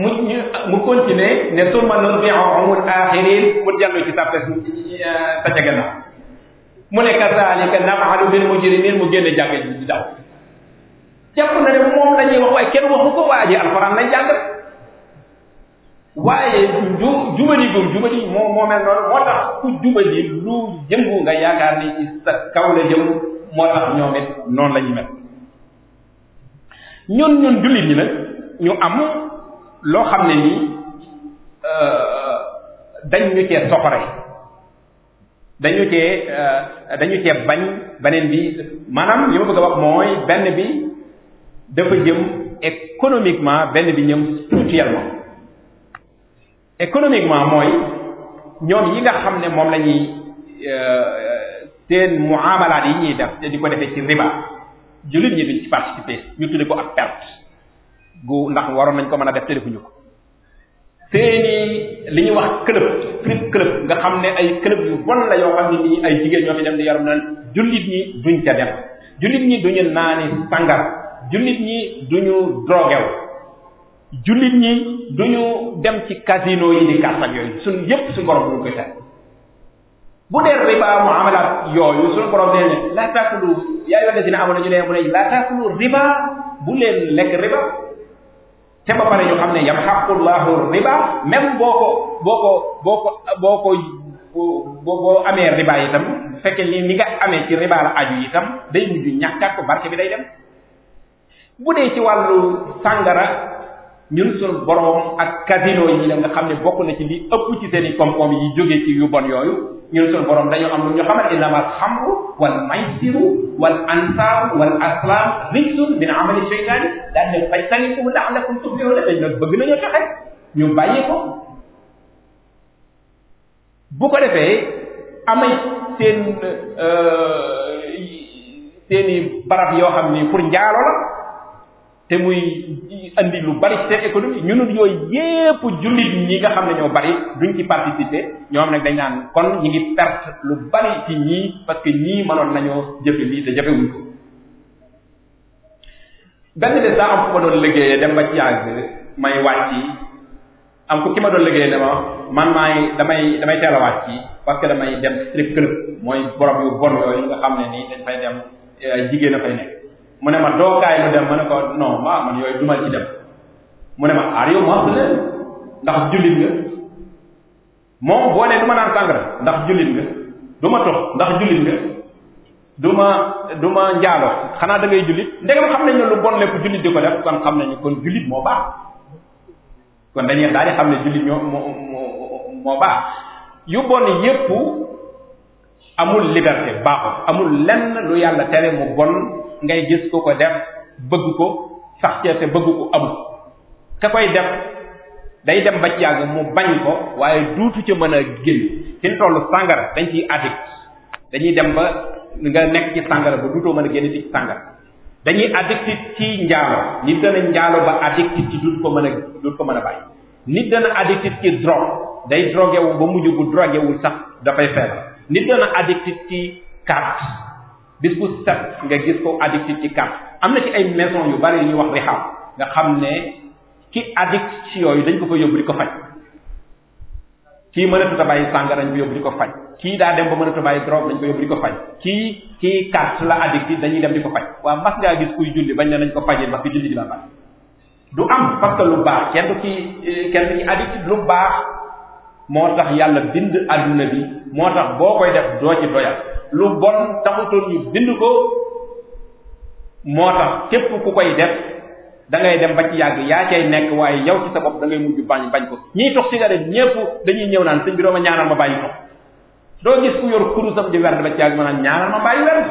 mu ñu mu continuer ne summa nutbi'uhumul aaxirin mu dellu ci sàppe eh, sa ca gannaaw mu ne naa naf'alu bil mujrimiin mu génne jàkka ji di daw jàpp na ne moom la ñuy wax waaye kenn waxu ko waa ji alxuraan lañ jàng waaye ju jubali gum moom moo mel noonu moo tax yaakaar ni ci ñoom la ñu mel ñun ñun jullit ñi nag ñu am loo xam ne nii euh, dañ ñu cee soxore dañu cee euh, dañu cee bañ beneen bi maanaam li ma bëgg a wax mooy benn bi dafa jëm économiquement benn bi ñëm spirituellement économiquement mooy ñoom yi nga xam ne moom la ñuy euh, seen muamalaat yi ñuy def te di ko defee ci riba jullit ñi duñ ci participer ñu tudde ko ak perte gu ndax waroon nañ ko mën a def te ko seeni li ñu wax club strip club nga xam ne ay club yu bon la yoo xam ne nii ay jigéen ñoo fi dem di yaram naan jullit ñi duñ ca dem jullit ñi duñu naani sangar jullit ñi duñu drogew jullit ñi duñu dem ci casino yi di kàttak yooyu suñ yépp suñu borom duñu koy tere bu dee riba muamalat yooyu suñu borom nee ne laa taakulu yaa ayyuhal lazina amanu ñu ne mu ne laa taakulu riba bu leen lekk riba te ba pare ñu xam ne yamhaqullahu riba même boo ko boo ko boo ko boo ko boo boo amee riba itam bu fekkee ni ni nga amee ci riba la aju itam day mujj ñàkkaat ko barke bi day dem bu dee ci wàllu sàngara ñun suñu boroom ak casino yi la nga xam ne bokk na ci li ëpp ci seen i koom-koom yi jógee ci yu bon yooyu ñun suñu boroom dañoo am lu ñu xamal innamal xamru wal maysiru wal ansaabu wal aslaam rijsun min amali sheytaani daan ne fajtanibuuhu la'allakum tuflihuun dañ nag bëgg nañoo joxe ñu bàyyi ko bu ko defee amay seen euh, seen barab yoo xam ni pour njaalo la te muy andi lu bari seen économie ñun yooyu yépp jullit ñi nga xam ne ñoo bari duñ ci participer ñoom nag dañ naan kon ñi ngi perte lu bari ci ñii parce que ñii manoon nañoo jëfe lii te jëfewuñ ko benn de saa am fu ma doon liggéeyee dem ba ci yàgg may wàcc am ku ki ma doon liggéeyee dama man maay damay damay teel parce que damay dem strip club mooy borom yu bon yooyu nga xam ne nii dañ fay dem jigéen a fay nekk mu ne ma dookaay lu dem ma ne ko non maa man yooyu duma ci dem mu ne ma are you Muslim ndax jullit nga moom boo ne du ma naan ndax jullit nga du ma ndax jullit nga du ma du ma njaaloo xanaa dangay ngay jullit ndegam xam nañ ne lu bon lépp jullit di ko def kon xam nañu kon jullit moo baax kon dañuy daal di xam ne jullit ñoo moo moo baax yu bon yépp amul liberté baaxul amul lenn lu yàlla tere mu bon ngay gis ko ko def bëgg ko sax ca te bëgg ko amul ko koy def day dem ba ci yàgg mu bañ ko waaye duutu ca mën a génn fi mu toll sàngara dañ ciy addict dañuy dem ba nga nekk ci sàngara ba duutoo mën a génn ci sàngara dañuy addict ci njaalo nit dana njaalo ba addict ci duut ko mën a duut ko mën a bàyyi nit dana addict ci drogue day drogué ba mujj bu drogué wu sax dafay feebar nit dana addict ci carte bis bu set nga gis ko addict ci carte am na ci ay maison yu bari yu ñuy wax rehab nga xam ne ki addict ci yooyu dañ ko fa yóbbu ko faj kii mënatut a bàyyi sàngara dañ ko yóbbu di ko faj kii daa dem ba mënatu a bàyyi drogue dañ ko yóbbu ko faj kii kii carte la addict dañuy dem di ko faj waaw mas ngaa gis kuy julli bañ ne nañ ko fajee ba que julli di la baax du am parce que lu baax kenn ki ci kenn du ci lu baax moo tax yàlla bind àdduna bi moo tax boo koy def doo ci doyal lu bon taxutoon ñu bind ko moo tax képp ku koy def dangay dem ba ci yàgg yaa cay nekk waaye yow ci sa bopp da ngay bañ bañ ko ñiy tox cigarette ñépp dañuy ñëw naan sëñ bi doo ma ñaanal ma bàyyi tox doo gis ku yor kurusam di werd yàgg ma naan ñaanal ma bàyyi werd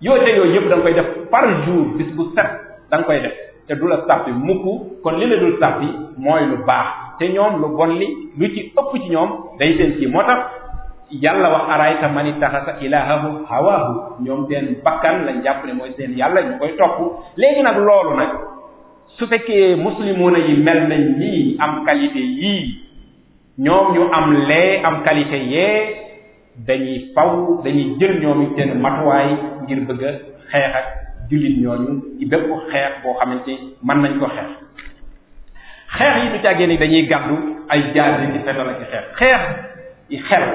yoote yooyu yëpp da nga koy def par jour bis bu set da koy def te du la sàppi mukk kon li la dul sàppi mooy lu baax te ñoom lu bon li lu ci ëpp ci ñoom day seen kii moo tax yàlla wax arayta man ittaxasa ilahahu hawahu ñoom seen bakkan lañ jàpp ne mooy seen yàlla ñu koy topp léegi nag loolu nag su fekkee muslimuna yi mel nañ nii am qualité yii ñoom ñu am lee am qualité yee dañuy faw dañuy jël ñoom seen matuwaay ngir bëgg xeex ak jullit ñooñu ci bépp xeex boo xamante mën nañ ko xeex xeex yi du càggee ni dañuy gàddu ay jaasi di fetal ak xeex xeex i xel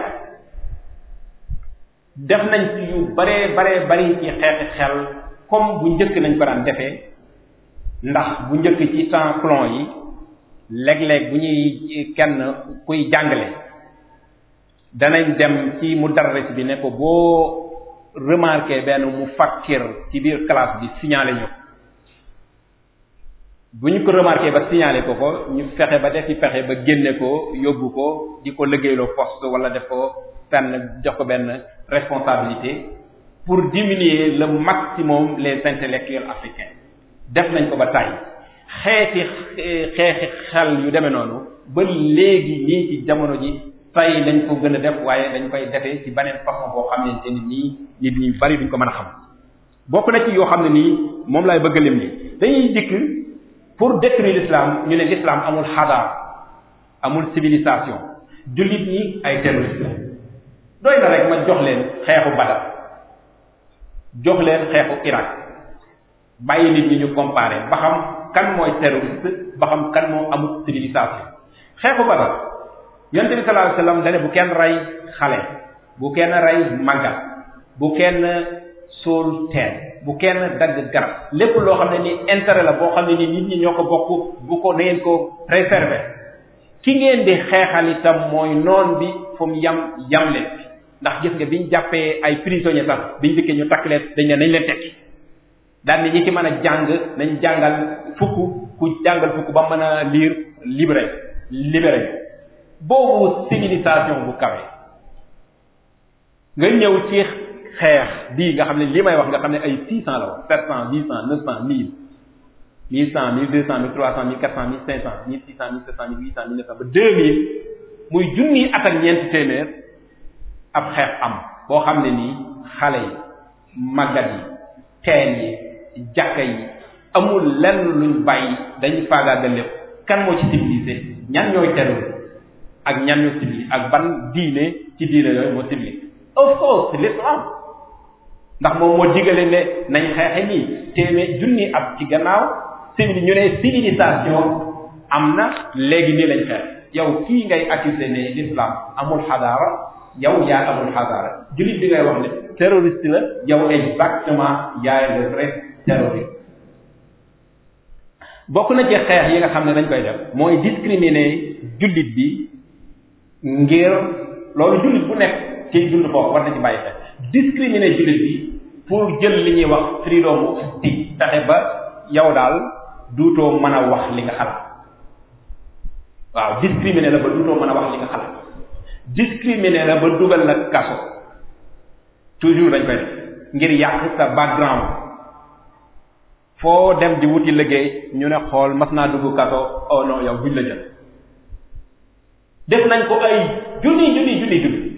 def nañ ci yu baree baree bari ci xeeti xel comme bu njëkk nañ ko daan defee ndax bu njëkk ci temps plomb yi léeg-léeg bu ñuy kenn kuy jàngale danañ dem ci mudarris bi ne ko boo remarqué benn mu fakkir ci biir classe bi signalé ñu bu ñu ko remarqué ba signalé ko ko ñu fexe ba def ci pexe ba génne ko yóbbu ko di ko liggéeyloo poste wala def ko fenn jox ko benn responsabilité pour diminuer le maximum les intellectuels africains def nañ ko ba tàyyi xeeti xeexi xel yu demee noonu ba léegi nii ci jamono ji tey lañ ko gën a def waaye dañ koy defee ci beneen façon boo xam ne ni nii nit ñi bari duñ ko mën a xam bokk na ci yoo xam ne nii moom laay bëgg lim ni dañuy dikk pour détruire l'islam ñu ne l'islam amul xadaar amul civilisation jullit ñi ay terroriste la doy na rek ma jox leen xeexu Badar jox leen xeexu Irak bàyyi nit ñi ñu comparé ba xam kan mooy terroriste ba xam kan moo amul civilisation xeexu Badar yonent bi sallallahu alayhi wasallam dane bu kenn rey xale bu kenn rey màggal bu kenn sóol bu kenn dagg garab lépp loo xam ne ni intere la boo xam ne ni nit ñi ñoo ko bokk bu ko na ngeen ko préserver ki ngeen di xeexal itam mooy noon bi fu mu yam yam leen bi ndax gis nga biñ jàppee ay prisonniers sax biñ dikkee ñu takk leen dañ ne nañ leen tekki daal ñi ci mën a jàng nañ jàngal fukk ku jàngal fukk ba mën a lire libéré libéré boobu civilisation bu kawe nga ñëw ci xeex bii nga xam ne li may wax nga xam ne ay six cent la wax sept cent huit cent neuf cent mille mille cent mille deux cent mille trois cent mille quatre cent mille cinq cent mille six cent mille sept cent mille huit cent mille neuf cent ba deux mille muy junniy at ak ñeenti téeméer ab xeex am boo xam ne nii xale yi màggat yi teen yi jàkka yi amul lenn luñ bàyyi dañuy faagaagal lépp kan moo ci civilisé ñan ñooy terroriste ak ñan ñoo civilisé ak ban diine ci diine yooyu moo civilisé of course l'islam ndax moom moo digale ne nañ xeexe nii téeméer junni ab ci gannaaw civili ñu ne civilisation am na léegi nii lañ xeex yow kii ngay accusé ne l'islam amul xadaara yow yaa amul xadaara jullit bi ngay wax ne terroriste la yow exactement yaay le vrai bokk na ci xeex yi nga xam ne dañ koy def mooy discriminer jullit bi ngir loolu jullit bu nekk ci dund foofu war ci bàyyi xel discriminer jullit bi pour jël li ñuy wax freedom of speech taxe ba yow daal duutoo mën a wax li nga xalaat waaw discriminer la ba duutoo mën a wax li nga xalaat discriminer la ba dugal la kaso toujours dañ koy ngir yàq sa background foo dem di wuti liggéey ñu ne xool mas naa dugg kaso oh non yow buñ la jël def nañ ko ay junni junni junni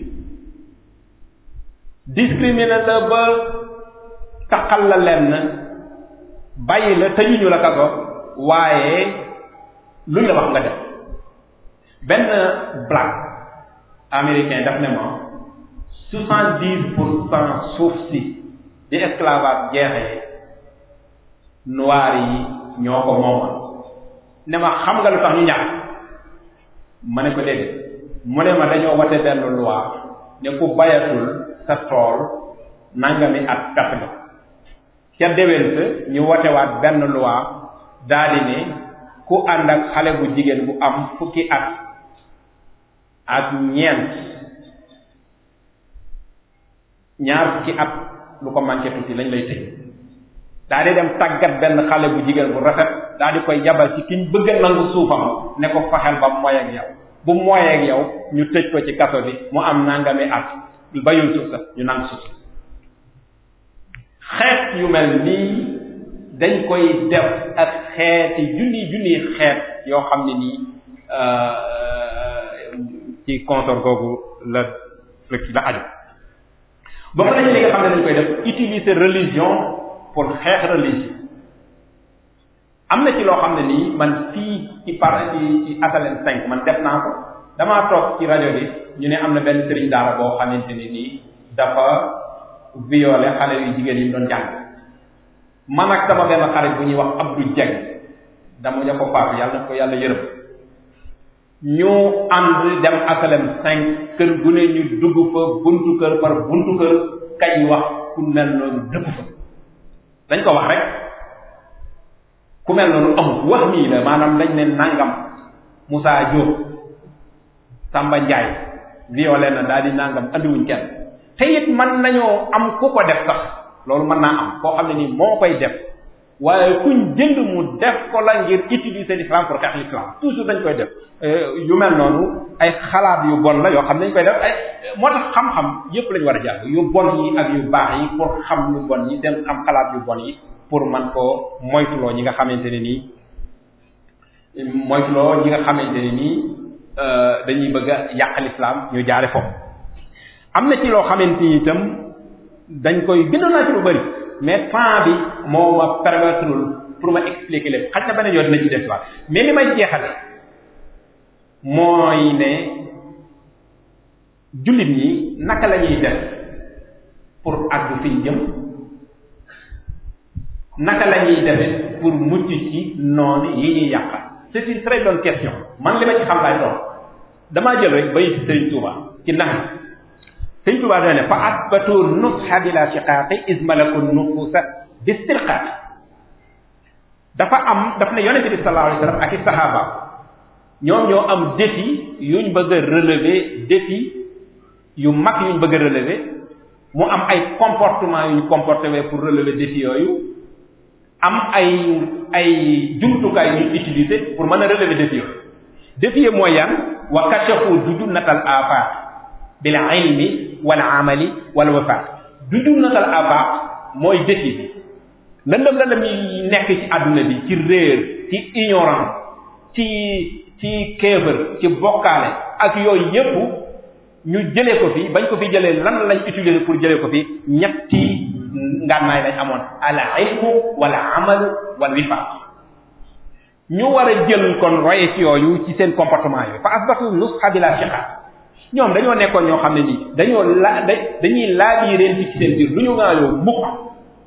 discriminer la ba taxal la lenn bàyyi la tëjuñu la kaso waaye luñ la wax nga def benn black américain daf ne ma soixante dix pour cent suuf si di esclavage jeexee noir yi ñoo ko moomoon ne ma xam nga lu tax ñu ñàkk ma ne ko dégg mu ne ma dañoo wate benn loi ne ku bayatul sa tool nangami at perte nga ca déwén sa ñu wotewaat benn loi daal di ku ànd ak xale bu jigéen bu am fukki at ak ñeent ñaar fukki at lu ko manqué tuuti lañ lay tëj daa dem tàggat benn xale bu jigéen bu rafet daldi koy jabal ci kiñ bëgg a nangu suufam ne ko faxel ba mooy ak bu mooy ak yow ñu tëj ko ci kaso bi mu am nangami at bayul suuf sax ñu naan suuf xeet yu mel nii dañ koy def ak xeeti junni junni xeet yoo xam ne nii euh, ci contour googu la la aju bokk na ci li nga xam ne dañ koy def utiliser religion pour xeex religion am na ci loo xam ne nii man fii ci par ci ci cinq man def naa ko damaa toog ci rajo bi ñu ne am na benn sëriñ daara boo xamante ni nii dafa violé xale yu jigéen yi doon jàng man ak sama benn xarit bu ñuy wax Abdou Dieng dama ña ko faatu yàlla na ko yàlla yërëm ñu ànd dem asalem cinq kër gu ne ñu dugg fa buntu kër par buntu kër kañ wax ku mel noonu dëkk fa dañ ko wax rek ku mel noonu amul wax mii la maanaam dañ ne nangam Moussa Diop Samba Ndiaye violé na daal di nangam andiwuñ kenn te it mën nañoo am ku ko def sax loolu mën naa am koo xam ne nii moo koy def waaye kuñ jënd mu def ko la ngir utiliser l'islam pour xeex l'islam toujours dañ koy def euh, yu mel noonu ay xalaat yu bon la yoo xam ne dañ koy def ay moo tax xam-xam yépp lañu war a jàng yu bon yi ak yu baax yi pour xam yu bon yi dem am xalaat yu bon yi pour man koo moytuloo ñi nga xamante ne nii moytuloo ñi nga xamante ne nii Euh, dañuy bëgg a yàq lislaam ñu jaare foofu am na ci loo xamante ni itam dañ koy bindoon naa ci lu bari mais temps bi moo ma permettre pour ma expliquer lépp xaj na beneen yoon dina ci def mais li may jeexale mooy ne jullit ñi naka la ñuy def pour àgg fiñ jëm naka la ñuy defee pour mucc ci noonu yi ñuy yàqal c'est une très bonne question man li ma xam laay doon damaa jël rek bay ci sëriñ Touba ci nax sëriñ Touba dana ne fa asbatu nusha bila shiqaaqi ismalaku nufusa bi stirqaaqi dafa am daf ne yonente bi sallallahu alayhi ak i sahaaba ñoom ñoo am défi yuñ bëgg a relever défi yu mag yuñ bëgg a relever mu am ay comportement yuñ comporté pour relever défi yooyu am ay ay jumtukaay ñu utiliser pour mën a relever défi yooyu défi mooy yan wa kashafu dujunatal afaq bil ilmi wal amali wal wafaq dujunatal afaq mooy défi bi lëndëm lëndëm yi nekk ci àdduna bi ci réer ci ignorance ci ci kéefër ci bokkaale ak yooyu yépp ñu jëlee ko fi bañ ko fi jëlee lan lañ utiliser pour jële ko fi ñetti ngànnaay lañ amoon al ilmu wal amal wal wifaaq ñu war a jël kon roye ci yooyu ci seen comportement yooyu fa asbatu nusxa bila shiqa ñoom dañoo nekkoon ñoo xam ne nii dañoo la dañuy laabi reen bi ci seen biir lu ñu ngaayoo mukk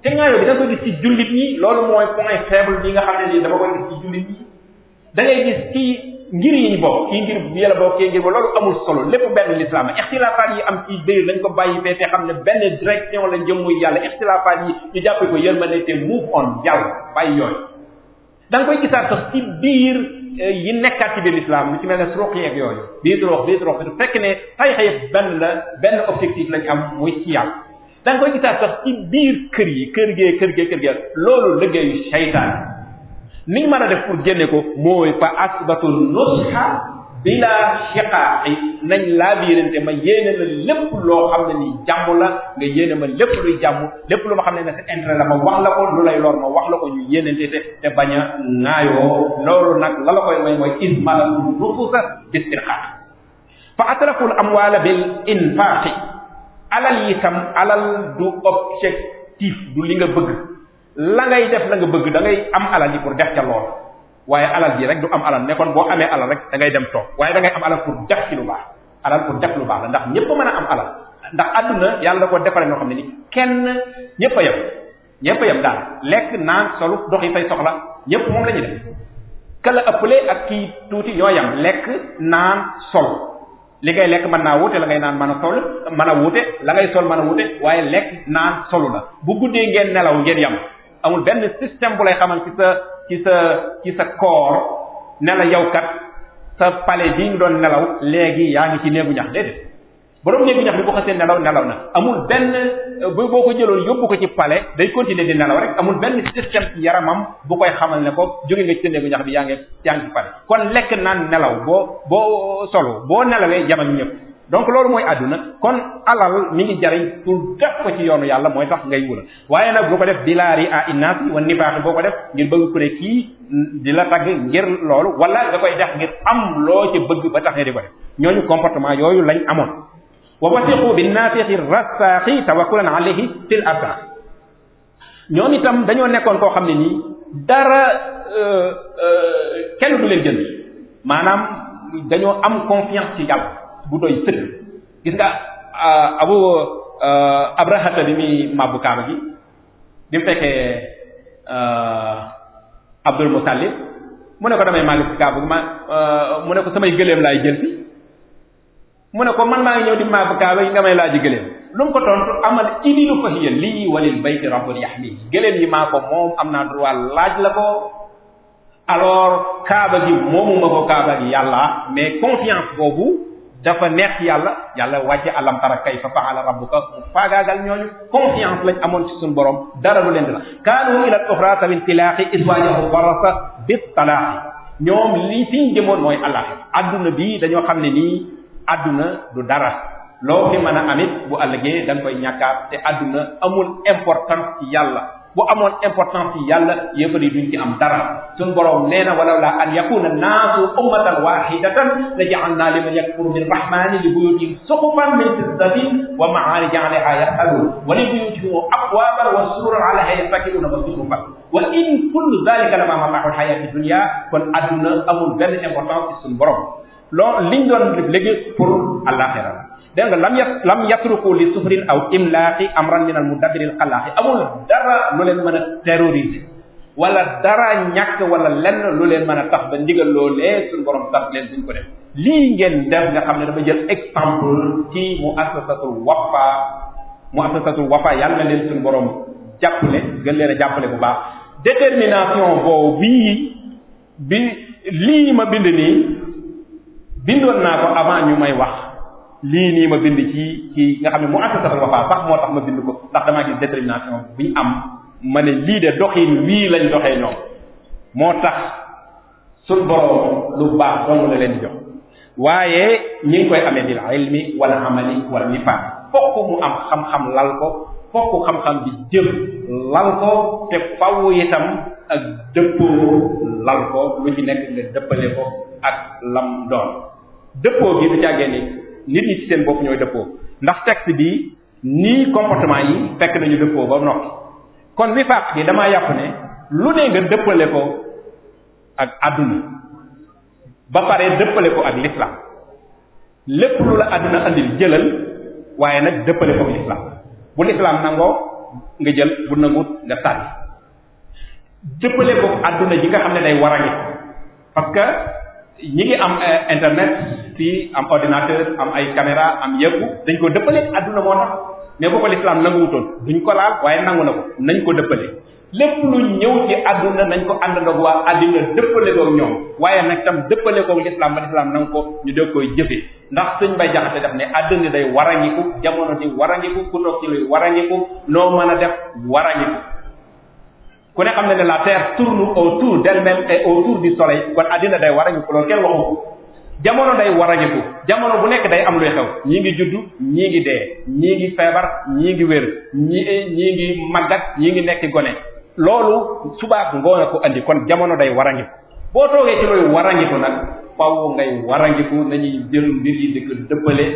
te ngaayoo bi da ko gis ci jullit ñi loolu mooy point faible bi nga xam ne nii dama koy gis ci jullit ñi da gis kii ngir yi ñu bokk kii ngir yàlla bokk kii ngir ba loolu amul solo lépp benn lislaam ixtilaafaat yi am ci biir lañ ko bàyyi fee te xam ne benn direction lañ jëm muy yàlla ixtilaafaat yi ñu jàppee ko yërmande te move on jàll bàyyi yooyu da nga koy gisaat sax ci biir eh, yi nekkaat ci biir lislaam lu ci mel ne suruq yeeg yooyu bii suruq bii suruq fekk ne tarixa yëpp benn la benn objectif lañ am muy ci yàlla da nga koy gisaat sax ci biir kër yi kër gee kër gee kër gee loolu liggéeyu seytaan niñ man a def pour génne ko mooy fa asbatu nusha bila shiqaaqi nañ laa biirante ma yéene la lépp loo xam ne ni jàmm la nga yéene ma lépp luy jàmm lépp lu ma xam ne nag intérêt la ma wax la ko lu lay lor ma wax la ko ñu yéenante te te bañ a naayoo loolu nag la la koy may mooy ismalatu nufusa bistirqaaq fa atraful amwaala bil infaaqi alal itam alal du objectif du li nga bëgg la ngay def la nga bëgg dangay am alal yi pour def ca lool waaye alal ji rek du am alal nekkoon boo amee alal rek dangay dem toog waaye da am alal pour jax ci lu baax alal pour def lu baax la ndax ñépp mën a am alal ndax àdduna yàlla da ko defaree noo xam ne ni kenn ñépp a yem ñépp a yem daal lekk naan solu dox yi fay soxla ñépp moom la ñuy def kala ëppale ak kii tuuti ñoo yem lekk naan sol li ngay lekk man naa wute la ngay naan man a sol mën a wuute la ngay sol mën a wuute waaye lekk naan solu la bu guddee ngeen nelaw ngeen yem amul benn système bu lay xamal ci sa ci sa ci sa corps ne la yow kat sa pale bii ñu doon nelaw léegi yaa ngi ci néegu ñax déedéet boroom néegu ñax bi bu xasee nelaw nelaw na amul benn bu boo ko jëloon yóbbu ko ci pale day continuer di nelaw rek amul benn système ci yaramam bu koy xamal ne ko jóge nga ci sa néegu ñax bi yaa ngi yaa ngi ci palais kon lekk naan nelaw boo boo solo boo nelawee jaman ñépp donc loolu mooy àdduna kon alal mi ngi jariñ pour def ko ci yoonu yàlla mooy tax ngay wula waaye nag boo ko def dilaari a innaasi wa nibaaxi boo ko def ngir bëgg ku ne kii di la tagg ngir loolu wala nga koy def ngir am loo ci bëgg ba tax nga di ñooñu comportement yooyu lañ amoon wa wasiqu bi naatiqi rassaaxi tawakkulan alayhi fil arsax ñoom itam dañoo nekkoon koo xam ne nii dara euh, euh, kenn du leen jënd maanaam dañoo am confiance ci yàlla bu doy sëkk gis nga euh, abu euh, abrahata bi muy màbbu kaaba gi bi mu fekkee euh, abdul muttalib mu ne ko damay màgg ci kaaba gi ma mu ne ko samay gëléem laay jël mu ne ko man maa ngi ñëw di màbbu kaaba gi nga may laaj gëléem lu mu ko tontu amal inilu fa lii walil bayti rabbul yahmi gëléem yi maa ko moom am naa droit laaj la ko alors kaaba gi moomu ma ko kaaba gi yàlla mais confiance boobu dafa neex yàlla yàlla wàcce alam tara kayfa fa'ala rabbuka mu faagaagal ñooñu confiance lañ amoon ci suñu borom dara lu leen di la kaanu ila al-ukhra min tilaqi izwajahu barasa bi talaqi ñoom li fiñ jëmoon mooy allah adduna bii dañoo xam ne nii adduna du dara loo fi mën a amit bu àllëgee da nga koy ñàkkaat te adduna amul important ci yàlla bu amoon importance yi yàlla yéefar yi duñ ci am dara suñ borom nee na walaw laa an yakuna naasu ummatan wahidatan la ja'alna liman yakfuru min rahmani li buyutihim suqufan min fiddatin wa ma'arija alayha yas'alun wa li buyutihim abwaban wa sururan alayha yattaki'una wa zukhrufan wa in kullu dhalika lamma mata'ul hayati dunya kon adduna amul benn importance ci suñ borom loolu liñ doon léegi pour àllaaxira dégg nga lam yat lam yatruku li sufrin aw imlaaqi amran min al mudabbiril xalaaxi amul dara lu leen mën a terroriser wala dara ñàkk walla lenn lu leen mën a tax ba ndigal loolee suñu borom sax leen duñ ko def lii ngeen def nga xam ne dama jël exemple ci mu assasatul wafa mu assasatul wafa yàlla na leen suñu borom jàppale gën leen a jàppale bu baax détermination boobu bii bi lii ma bind nii bindoon naa ko avant ñu may wax lii nii ma bind ci ki nga xam ne mu assasatul Wafa sax moo tax ma bind ko ndax damaa gis détermination bu am ma ne lii de doxin wii lañ doxee ñoom moo tax suñ borom lu baax dong la leen di jox waaye ñi koy amee bil ilmi wala amali wala nifaq fokk mu am xam-xam lal ko fokk xam-xam bi jëf lal ko te faw itam ak dëppoo lal ko lu ci nekk nga dëppale ko ak lam doon dëppoo gi du jàggee ni nit ñi ci seen bopp ñooy dëppoo ndax texte bi nii comportement yi fekk nañu dëppoo ba noppi kon wifaaq bi damaa yàpp ne lu ne nga dëppale ko ak àdduna ba pare dëppale ko ak l'islam lépp lu la àdduna andil jëlal waaye nag dëppale ko ak l'islam bu l'islam nangoo nga jël bu nangut nga sànni dëppale ko àdduna ji nga xam ne lay war a ñi ngi am euh, internet fii am ordinateur am ay caméra am yëpp dañ ko dëppale adduna moo tax mais boo ko lislaam nanguwutoon duñ ko laal waaye nangu na ko nañ ko dëppale lépp lu ñëw ci adduna nañ ko àndandoog waa adduna dëppale koog ñoom waaye nag tam dëppale koog lislaam ba lislaam nangu ko ñu dég koy jëfee ndax suñ bay jaxate def ne adduna day warangiku jamono di warangiku ku toog ci luy warangiku noo mën a def warangiku ku ne xam ne ne la terre tourne autour d'elle-même et autour du soleil kon àddina day war a ñëpp loolu kenn jamono day war a ñëpp jamono bu nekk day am xew ñii ngi juddu ñii ngi dee ñii ngi feebar ñii ngi wér ñii ñii ngi màggat ngi nekk gone loolu subaak ngoon a ko andi kon jamono day war a ñëpp boo toogee ci looy war a ñëpp nag faaw ngay war a ñëpp nañuy jël mbir yi di dëppale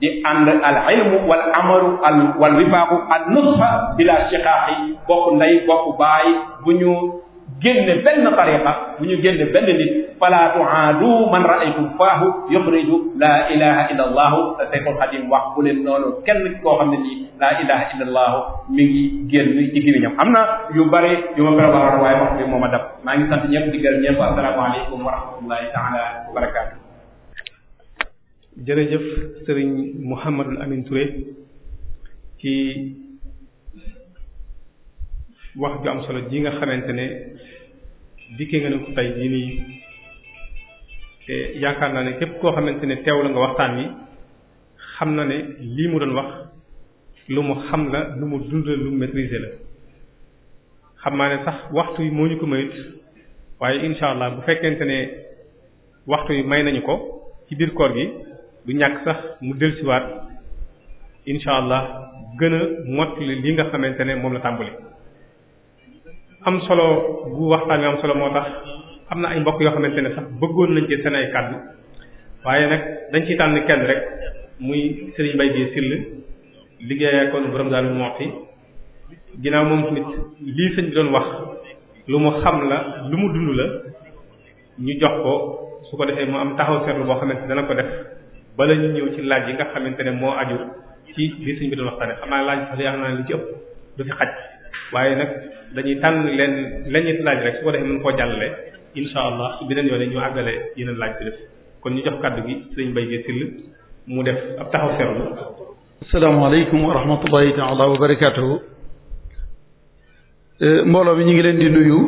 di ànd al ilmu wal amalu al wal rifaaxu al nusfa bila shiqaaqi bokk ndey bokk baay bu ñu génne benn tariqa bu ñu génne benn nit fala tuaadu man raaytum faahu yuxriju laa ilaha illa allahu te Seexul Xadim wax bu leen noonu kenn koo xam ne nii laa ilaha illa allahu mi ngi génn ci gimiñam am na yu bëri yu ma préparoon waaye wax bi moo ma dab maa ngi sant ñëpp di gërëm ñëpp asalaamaaleykum wa rahmatullahi taala wa barakaatu jërëjëf sëriñ Mouhamadul Amin Touré ci wax ju am solo ji nga xamante ne dikkee nga ne ko tey jii nii te yaakaar naa ne képp koo xamante ne teew la nga waxtaan wi xam na ne lii mu doon wax lu mu xam la lu mu dund lu mu la xam naa ne sax waxtu yi moo ñu ko mayut waaye incha allah bu fekkente ne waxtu yi may nañu ko ci biir koor gi. du ñàkk sax mu dellusiwaat incha allah gën a mottali li nga xamante ne moom la tàmbali. am solo bu waxtaan wi am solo moo tax am na ay mbokk yoo xamante ne sax bëggoon nañ ci seen ay kàddu waaye nag dañ ciy tànn kenn rek muy Serigne mbay Guèye Syll liggéeyee kon borom daal mu waxti ginnaaw moom tamit lii sëñ doon wax lu mu xam la lu mu dund la ñu jox ko su ko defee mu am taxaw seetlu boo xamante dana ko def. bala ñu ñëw ci laaj yi nga xamante ne moo aju ci li suñ bi doon waxtaane xam naa laaj sax yaakaar naa lu ci ëpp du fi xaj waaye nag dañuy tànn leen lañuy laaj rek su ko defee mën koo jàllale insha allah su beneen yoon ñu àggale yeneen laaj bi def kon ñu jox kàddu gi sëriñ Bay Gey Sill mu def ab taxaw seetlu asalaamaaleykum wa rahmatullahi taala wa barakatuhu euh, mbooloo mi ñu ngi leen di nuyu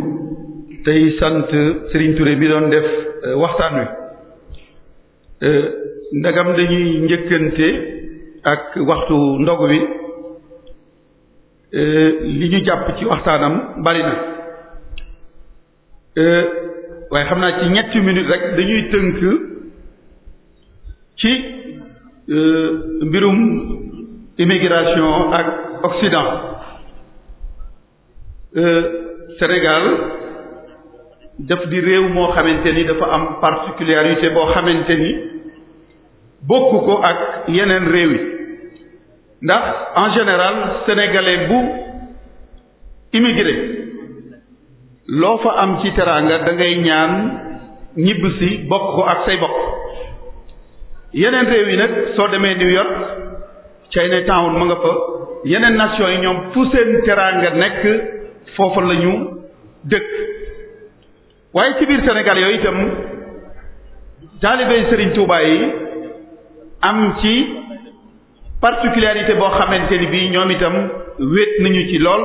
tey sant Serigne Touré bi doon def euh, waxtaan wi euh, ndagam dañuy njëkkante ak waxtu ndog wi euh, li ñu jàpp ci waxtaanam bari na euh, waaye xam naa ci ñetti minutes rek dañuy tënk ci euh, mbirum immigration ak Occident Sénégal daf di réew moo xamante ni dafa am particularité boo xamante ni bokk ko ak yeneen réew yi ndax en général sénégale bu immigré loo fa am ci teraanga da ngay ñaan ñibbisi bokk ko ak say bokk yeneen réew yi nag soo demee New York Chinatown ma nga fa yeneen nation yi ñoom fu seen teraanga nekk foofa la ñu dëkk waaye ci biir Sénégal yooyu itam taalibey Serigne Touba yi am ci particularité boo xamante ni bii ñoom itam wéet nañu ci lool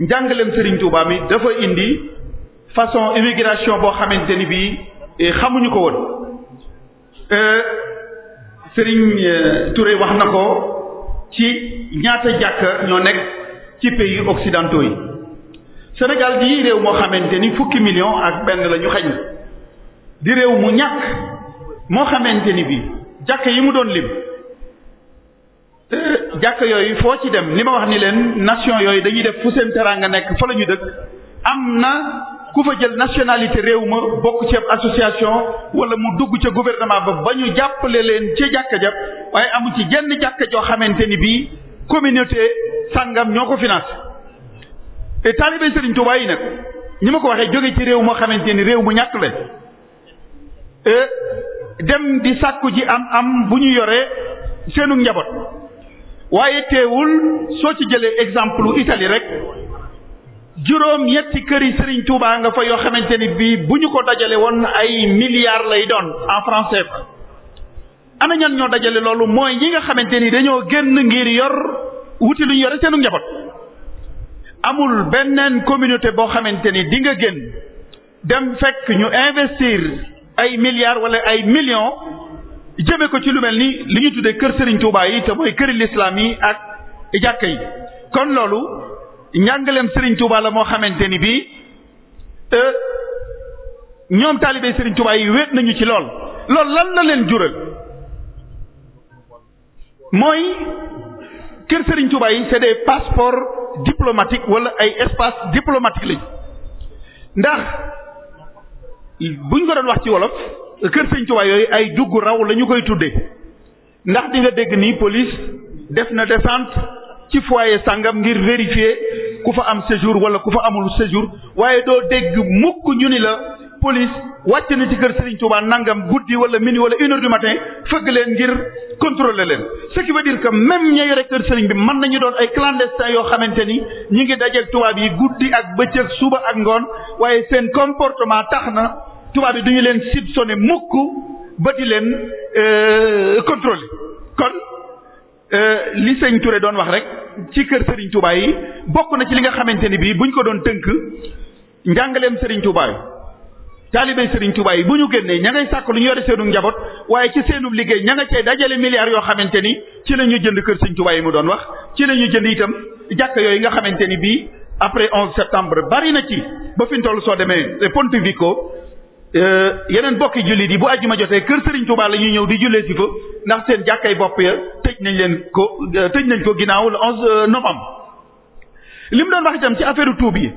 njàngaleem Serigne Touba mi dafa indi façon immigration boo xamante ni bii eh, xamuñu ko woon eh, Serigne eh, Touré wax na ko ci ñaata jàkka ñoo nekk ci pays occidentaux yi Sénégal di réew moo xamante ni fukki million ak benn lañu ñu xañ di réew mu ñàkk moo xamante ni bii jàkk yi mu doon lim jàkk yooyu foo ci dem ni ma wax ni leen nation yooyu dañuy def fu seen teraanga nekk fa la ñu dëkk am na ku fa jël nationalité réew ma bokk ci ab association wala mu dugg ca gouvernement ba ba ñu jàppale leen ca jàkka jàpp waaye amu ci jenn jàkka joo xamante ni bii communauté sàngam ñoo ko financé te taalibe Sëriñ Tuubaa yi nag ñi ma ko waxee jóge ci réew moo xamante ni réew mu ñàkk lañ dem di sàkku ji am am bu ñu yore seenu njaboot waaye teewul soo ci jëlee exemple Italie rek juróom ñetti këri Serigne Touba nga fa yoo xamante ni bii bu ñu ko dajale woon ay milliards lay doon en français ba ana ñan ñoo dajale loolu mooy ñi nga xamante ni dañoo génn ngir yor wuti lu ñu yore seenu njaboot amul benneen communauté boo xamante ni di nga génn dem fekk ñu investir ay milliards wala ay millions jëme ko ci lu mel ni li ñuy tuddee kër Serigne Touba yi te mooy këri lislaam yi ak jàkka yi kon loolu njàngaleem Serigne Touba la moo xamante ni bii e, ñoom taalibe Serigne Touba yi wéet nañu ci lool loolu lan la leen jural mooy kër Serigne Touba yi c'est des passeports diplomatiques wala ay espaces diplomatiques lañ ndax buñ ko doon wax ci wolof kër sëñ Tuubaa yooyu ay dugg raw la ñu koy tuddee ndax di nga dégg nii police def na descente ci foyer sàngam ngir vérifier ku fa am séjour wala ku fa amul séjour waaye doo dégg mukk ñu ni la police wàcc na ci kër Serigne Touba nangam guddi wala minuit wala une heure du matin fëgg leen ngir contrôler leen ce qui veut dire que même ña yore kër Serigne bi mën nañu doon ay clandestins yoo xamante ni ñu ngi dajeeg tubaab yi guddi ak bëccëg suba ak ngoon waaye seen comportement na tubaab yi du ñu leen soupçonné mukk ba di leen euh, contrôler kon euh, li sëñ Touré doon wax rek ci kër Serigne Touba yi bokk na ci li nga xamante ni bii buñ ko doon tënk njàngaleem Serigne Touba yi taalibey Serigne Touba yi bu ñu génnee ña ngay sàkk lu ñu yore seenu njaboot waaye ci seenub liggéey ña nga cay dajale milliards yoo xamante ni ci la ñu jënd kër Serigne Touba yi mu doon wax ci la ñu jënd itam jàkk yooyu nga xamante ni bii après 11 septembre bari na ci ba fi ñu toll soo demee Pontevico Euh, yeneen bokki jullit yi bu ajjuma jotee kër Serigne Touba la ñuy ñëw di jullee si fa ndax seen jàkkay bopp ya tëj nañ leen ko euh, tëj nañ ko ginnaaw le 11 euh, novembre. li mu doon wax ci affaire tuub yi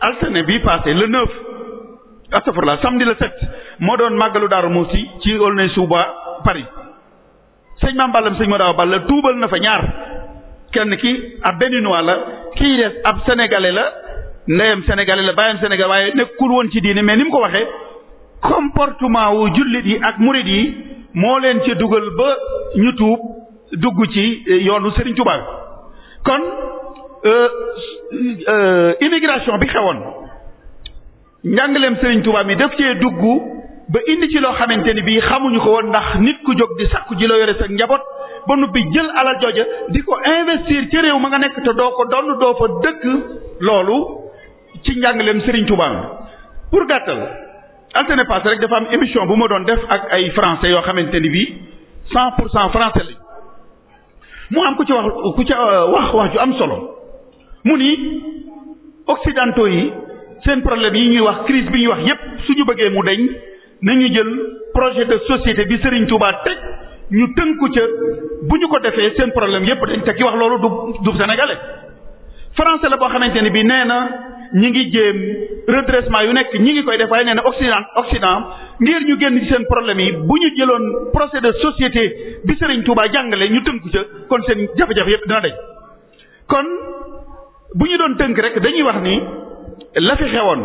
altine bi passé le 9 astafurlah samedi le 7 moo doon màggalu Darou Moussi ci Aulnay-sous-Bois Paris sëñ Mame Ballam sëñ Modou Awa Balla tuubal na fa ñaar kenn ki ab béninois la kii des ab sénégalais la. ndeyam sénégalais la bàyyam sénégal waaye nekkul woon ci diine mais ni mu ko waxee comportement wu jullit yi ak murid yi moo leen ca dugal ba ñu tuub dugg ci eh, yoonu Serigne Touba kon euh, euh, immigration bi xewoon njàngaleem Serigne Touba mi daf cee dugg ba indi ci loo xamante ni bii xamuñu ko woon ndax nit ku jóg di sakku ji la yore sa njaboot ba noppi jël alal jooja di ko investir ci réew ma nga nekk te doo ko donn doo fa dëkk loolu ci njàngaleem Serigne Touba pour gàttal alterné passé rek dafa am émission bu ma doon def ak ay français yoo xamante ni bii cent pour cent français lañ mu am ku ci wax ku ci euh, wax wax ju am solo mu ni occidentaux yi seen problème yi ñuy wax crise bi ñuy wax yépp ñu bëggee mu deñ nañu jël projet de société bi Serigne Touba teg ñu tënku ca bu ñu ko defee seen problème yépp dañ te ki wax loolu du du sénégalais français la boo xamante ni bi nee na ñi ngi jéem redressement yu nekk ñi ngi koy def waaye nee na Occident Occident ngir ñu génn ci seen problème yi bu ñu jëloon procès de société bi Serigne Touba jàngale ñu tënku ca kon seen jafe-jafe yépp dina daj kon bu ñu doon tënk rek dañuy wax nii la fi xewoon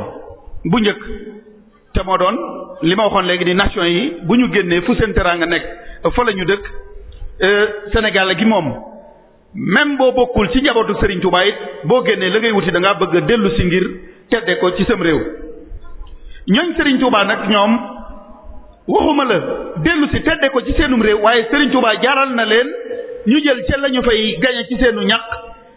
bu njëkk te moo doon li ma waxoon léegi ni nation yi bu ñu génnee fu seen teraanga nekk fa la ñu dëkk euh, Sénégal gi moom même boo bokkul ci njabootu Serigne Touba it boo génnee la ngay wuti da bëgg a dellu si ngir tedde ko ci sam réew ñooñ sëriñ Touba nag ñoom waxuma la dellu tedde ko ci seenum réew waaye Serigne Touba jaaral na leen ñu jël ca lañu fay gañe ci seenu ñaq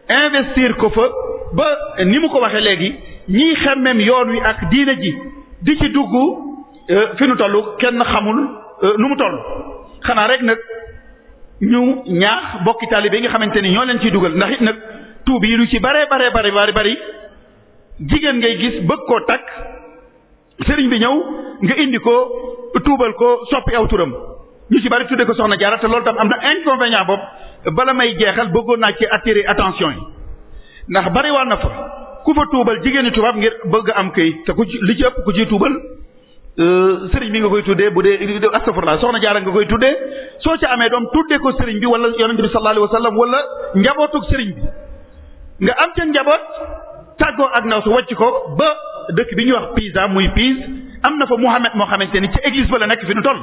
investir ko fa ba ni mu ko waxee léegi ñiy xemmem yoon wi ak diine ji di ci dugg euh, fi nu toll kenn xamul euh, nu mu toll xanaa rek nag ñu ñaax bokki taalibe yi nga xamante ni ñoo leen ciy dugal ndax it nag tuub yi lu ci bare bare bare bari bari jigéen ngay gis bëgg koo takk sëriñ bi ñëw nga indi ko tuubal ko soppi aw turam ci bari tudde ko soxna jaara te loolu tam am na inconvénient boobu bala may jeexal bëggoon naa ci attirer attention yi ndax bari waa na fa ku fa tuubal jigéeni tubaab ngir bëgg am këyit te ku ci li ku ciy tuubal euh, sëriñ nga koy tuddee bu dee astafurlah soxna jaara nga koy tuddee soo ca amee doom tuddee ko sëriñ bi wala yonente bi sallallahu alayhi wa wala njabootug sëriñ bi nga am ca njaboot tàggoo ak ndaw su wàcc ko ba dëkk bi ñuy wax Pisa muy Pise am na fa Mouhamed moo xamante ni ci église ba la nekk fi nu toll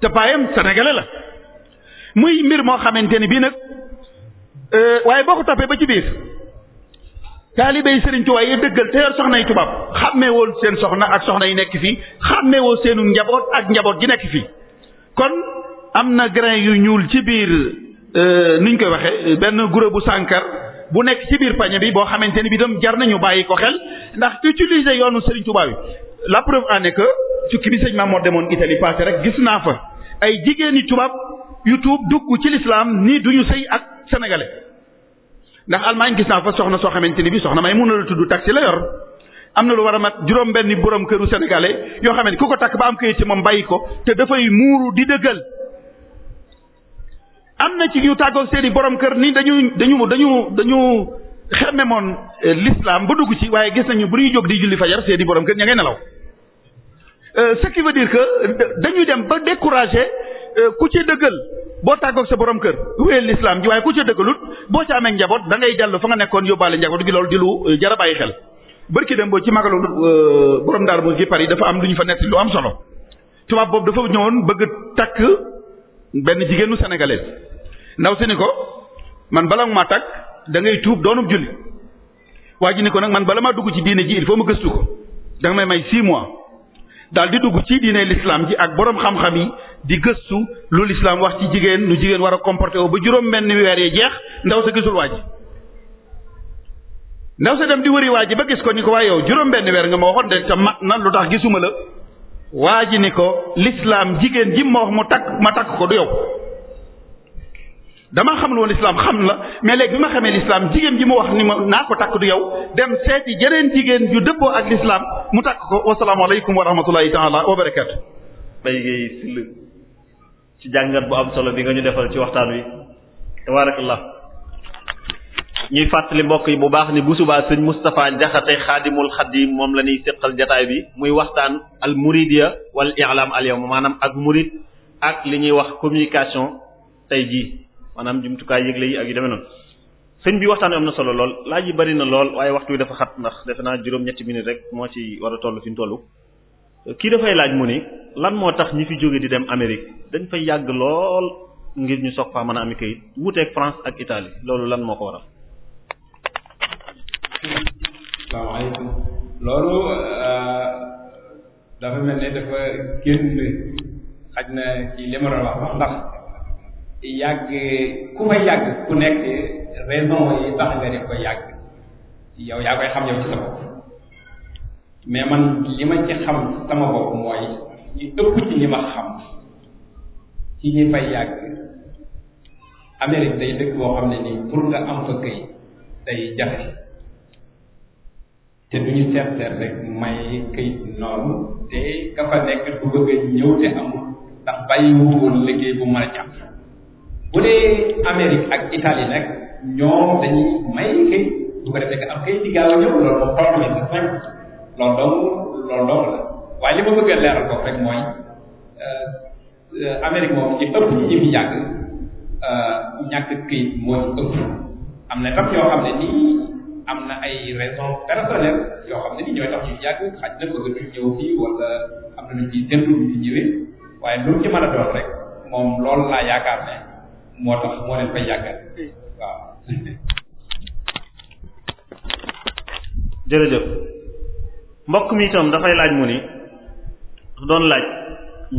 te baayam sénégalais la muy mbir moo xamante ni bii nag euh, waaye boo ko toppee ba ci biir taalibe yi Sëriñ Tuubaa yi dëggal te yor soxna yi tubaab xàmmeewul seen soxna ak soxna yi nekk fii xàmmeewul seenu njaboot ak njaboot gi nekk fii am na grain yu ñuul ci biir euh, nuñ koy waxee benn guro bu sànkar bu nekk ci biir pañe bi boo xamante ni bi dem jar nañu bàyyi ko xel ndax utiliser yoonu Serigne Touba bi la preuve en est que tukki bi rek gis naa fa ay jigéeni tubaab yu tuub dugg ci l'islam nii duñu sëy ak sénégalais ndax Allemagne gis naa fa soxna soo xamante ni bi soxna may mun na la tudd taxi la yor am na lu war a mat juróom benn boroom këru sénégalais yoo xam ne ku ko takk ba am kayit ci moom bàyyi ko te dafay muuru di dëggal am na ci ñu tàggoog seeni borom kër ni dañu dañu dañu dañu xemmemoon eh, l'islam ba dugg ci waaye gis nañu bu ñuy jóg di julli fajar seeni borom kër ña ngay nelaw euh, ce qui veut dire que dañuy dem ba décourager euh, ku ci dëggal boo tàggoog sa borom kër wéyal l'islam ji waaye ku ci dëggalut boo ci amee njaboot da ngay dellu fa nga nekkoon yóbbaale njaboot gi lool di lu euh, jar a bàyyi xel bërki dem boo ci magalu borom daal mu gi yi dafa am lu ñu fa nekk lu am solo tubaab boobu dafa ñëwoon bëgg takk benn jigéenu sénégalaise ndaw si ni ko man bala ma tag da ngay tuub doonub julli waa ji ni ko nag man bala maa dugg ci diine ji il faut ma gëstu ko da may may six mois daal di dugg ci diine l'islam ji ak boroom xam-xam yi di gëstu lu l'islam wax ci jigéen nu jigéen war a comporté woo ba juróom benn weer yi jeex ndaw sa gisul waa ji ndaw sa dem di wëri waa ji ba gis ko ni ko waaye yow juróom benn weer nga ma waxoon de te mat na lu tax gisuma la waa ji ni ko l'islam jigéen ji ma wax mu ko du yow damaa xamul woon islam xam la mais léegi bi ma xamee lislaam jigéen ji mu wax ni ma naa ko takk du yow dem seeti jeneen jigéen ju dëppoo ak lislaam mu takk ko wasalaamaaleykum wa rahmatulahi taala wa barakaatu. bay géey sill ci jàngat bu am solo bi nga ñu defal ci waxtaan wi tabarakallah ñuy fàttali mbokk yi bu baax ni bu subaa sëñ Moustapha Jaxate xaadimul xadim moom la ñuy séqal jataay bi muy waxtaan al muridiya wal i'lam al yawm maanaam ak murid ak li ñuy wax communication tey jii maanaam jumtukaay yëgle yi ak yu demee noonu sëñ bi waxtaan wi am na solo lool laaj yi bari na lool waaye waxtu wi dafa xat ndax defe naa juróom-ñetti minutes rek moo ci war a toll fi ñu toll kii dafay laaj mu ni lan moo tax ñi fi jóge di dem Amérique dañ fay yàgg lool ngir ñu soog faa mën a am kayit wuuteeg France ak Italie loolu lan moo ko waral. salaamaaleykum loolu euh, dafa mel ne dafa génn xaj na ci li ma wax ndax. yàgg ku fa yàgg ku nekk raison yi tax nga def ko yàgg yow yaa koy xam yow ci sa mais man li ma ci xam sama bopp mooy ñu ëpp ci li ma xam ci ñi fay yàgg Amérique day dëkk boo xam ne nii pour nga am fa këy day jafe te du ñu seet seet rek may këyit noonu te ka fa nekk du bëgg a ñëw te amul ndax bàyyi wu liggéey bu mën a jàpp bu dee Amérique ak Italie nag ñoom dañuy may këy bu ko defee nga am këy di a ñëw loolu moom problème la sax loolu dong loolu dong la a leeral rek mooy euh, euh, Amérique moom ci ëpp ñi ñu yàgg euh, am na tam yoo xam ne nii am na ay raisons personnelles yoo xam ne ni ñooy tax ñu yàgg xaj na bëgg duñ ñëw fii wala am na lu ñuy séntu ñu ñëwee waaye lu ci mën a doon rek moom loolu laa yaakaar ne. moo tax moo leen koy yàggal waaw jërëjëf mbokk mi itam dafay laaj mu ni doon laaj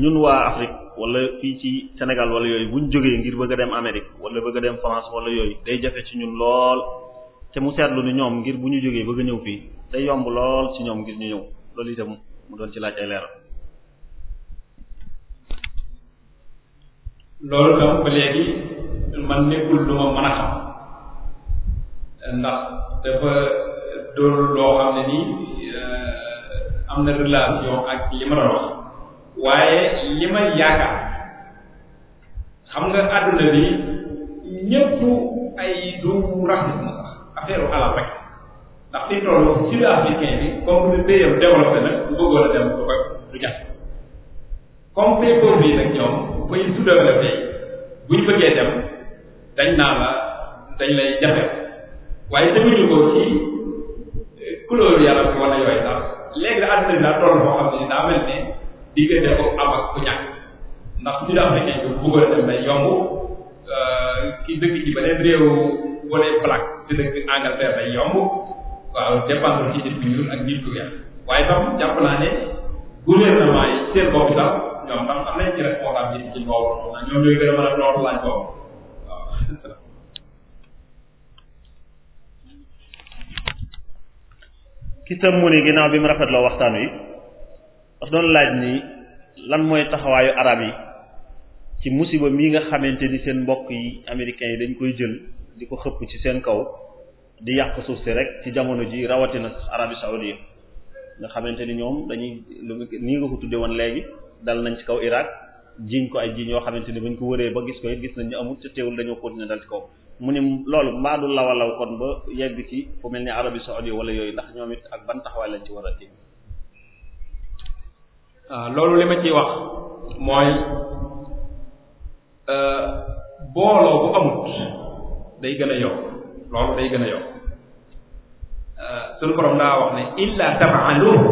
ñun waa Afrique wala fii ci senegal wala yooyu bu ñu jógee ngir bëgg a dem Amérique wala bëgg a dem France wala yooyu day jafe ci ñun lool te mu seetlu ni ñoom ngir bu ñu jógee bëgg a ñëw fii day yomb lool ci ñoom ngir ñu ñëw loolu itam mu doon ci laaj ay leeral loolu tam ba léegi man nekkul lu ma a xam ndax dafa doolu loo xam ne nii eh, am na relation ak li ma doon wax waaye li ma yaakaar xam nga àdduna bi ñëpp ay du rafet na affaire u alal rek ndax fi toll ci africain bi comme ni pays développé nag bu bëggoon a dem du ko du jax comme pays pauvre yi nag ñoom ku ñu tuddagale tey bu ñu bëggee dem dañ naa la dañ lay jafe waaye defuñu ko ci euh, couleur yàlla bi wala yooyu sax léegi àdduna bi daa toll boo xam ne daa mel ne diggante ko am ak ku ñàkk ndax su daa fekkee ñu bëggoon a dem day yomb euh, ki dëkk ci beneen réew wala plaque di dëkk Angleterre day yomb waaw dépendre ci nit bu ñuul ak nit bu weex waaye tam jàpp naa ne gouvernement yi seen bopp sax ñoom xam am nañ mu ni ginnaaw bi mu rafetloo waxtaan wi daf doon laaj ni lan mooy taxawaayu arab yi ci musiba mii nga xamante ni seen mbokk yi américains yi dañ koy jël di ko xëpp ci seen kaw di yàq suuf si rek ci jamono ji rawatina Arabie saoudite nga xamante ni ñoom dañuy nii nga ko tudde woon léegi dal nañ ci kaw Irak jiñ ko ay jiñ yoo xamante ni buñ ko wëree ba gis ko it gis nañ ñu amul te teewul dañoo continuer dal ci kaw mu ne loolu mbaadu lawalaw kon ba yegg ci fu mel ni Arabie saoudite wala yooyu ndax ñoom it ak ban taxawaay lañ ci war a jëm. Ah, loolu li ciy wax euh, day gën a yokk loolu day gën a yokk euh, suñu wax ne illa tafaaluhu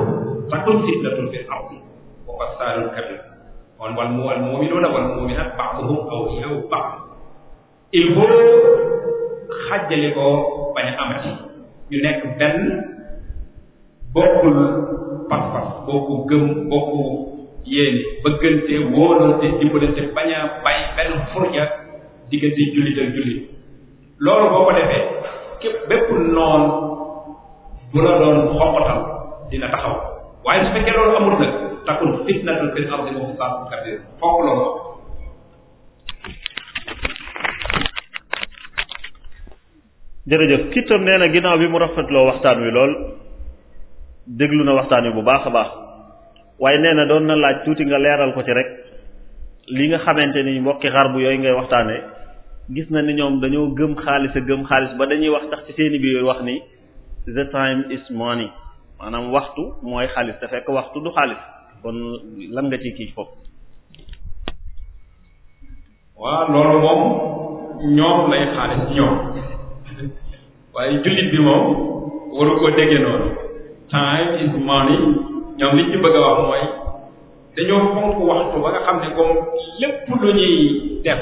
fa tunfitnatun fil ardi fassalul kabir on wal mu wal mu'minuna wal mu'minat ba'duhum awliya'u ba'd il faut xàjjali ko bañ a amati ñu nekk benn bokkul pas-pas bokku gëm bokku yéene bëggante wóolante dimbalante bañ a bay benn furja diggante jullit ak jullit loolu boo ko defee képp bépp noonu bu la doon xoqatal dina taxaw waaye su fekkee na ginnaaw bi mu rafetloo waxtaan wi lool déglu na waxtaan wi bu baax a baax waaye nee na doon na laaj tuuti nga leeral ko ci rek li nga xamante ni mbokki xar bu yooyu ngay waxtaanee gis na ni ñoom dañoo gëm xaalis gëm xaalis ba dañuy wax tax ci seeni bi wax ni the time is money maanaam waxtu mooy xaalis te fekk waxtu du xaalis kon lan nga ci kii foofu. waaw loolu moom ñoom lay xaalis ñoom waaye jullit bi moom waru ko déggee noonu time is ñoom liñ ci bëgg a wax mooy dañoo fonk waxtu ba nga xam ne comme lépp lu ñuy def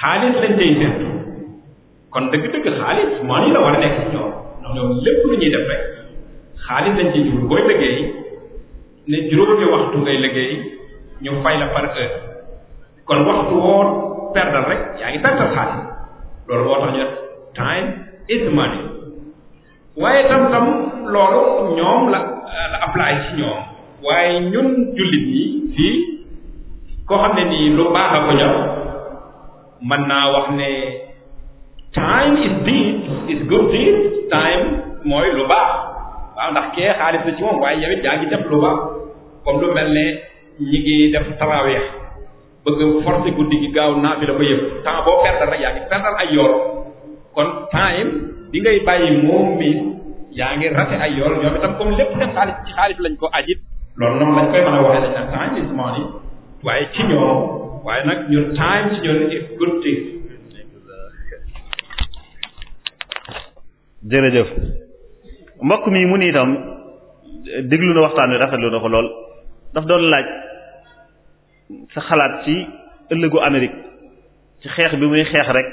xaalis lañ tey def kon dëgg-dëgg xaalis money la war a nekk ñoom lépp lu ñuy def rek. xaalis dañ ciy jublu booy liggéey ne juróomi waxtu ngay liggéey ñu fay la par heure kon waxtu woo perdal rek yaa ngi perdal xaalis loolu moo tax ñu time is money waaye tam tam loolu ñoom la apply ci ñoom waaye ñun jullit ñi fii koo xam ne ni lu baax a ko ñor naa wax ne time is deed is good deed time mooy lu baax waaw ndax kee xaalis la ci moom waaye yow it yaa ngi def lu baax comme lu mel ne ñi ngi def taraweex bëgg forcé guddi gi gaaw naa fi la ko yëpp temps boo perdal rek yaa ngi perdal ay yool kon temps bi ngay bàyyi moom mi yaa ngi rate ay yool ñoom itam comme lépp seen xaalis ci xaalis lañ ko ajit loolu noonu lañ koy mën a waxee lañ nag time is money waaye ci ñoom waaye nag ñun time ci ñoom is good thing jërëjëf mbokk mi mu ni itam déglu na waxtaan wi rafetlu na ko lool daf doon laaj sa xalaat ci ëllëgu Amérique ci xeex bi muy xeex rek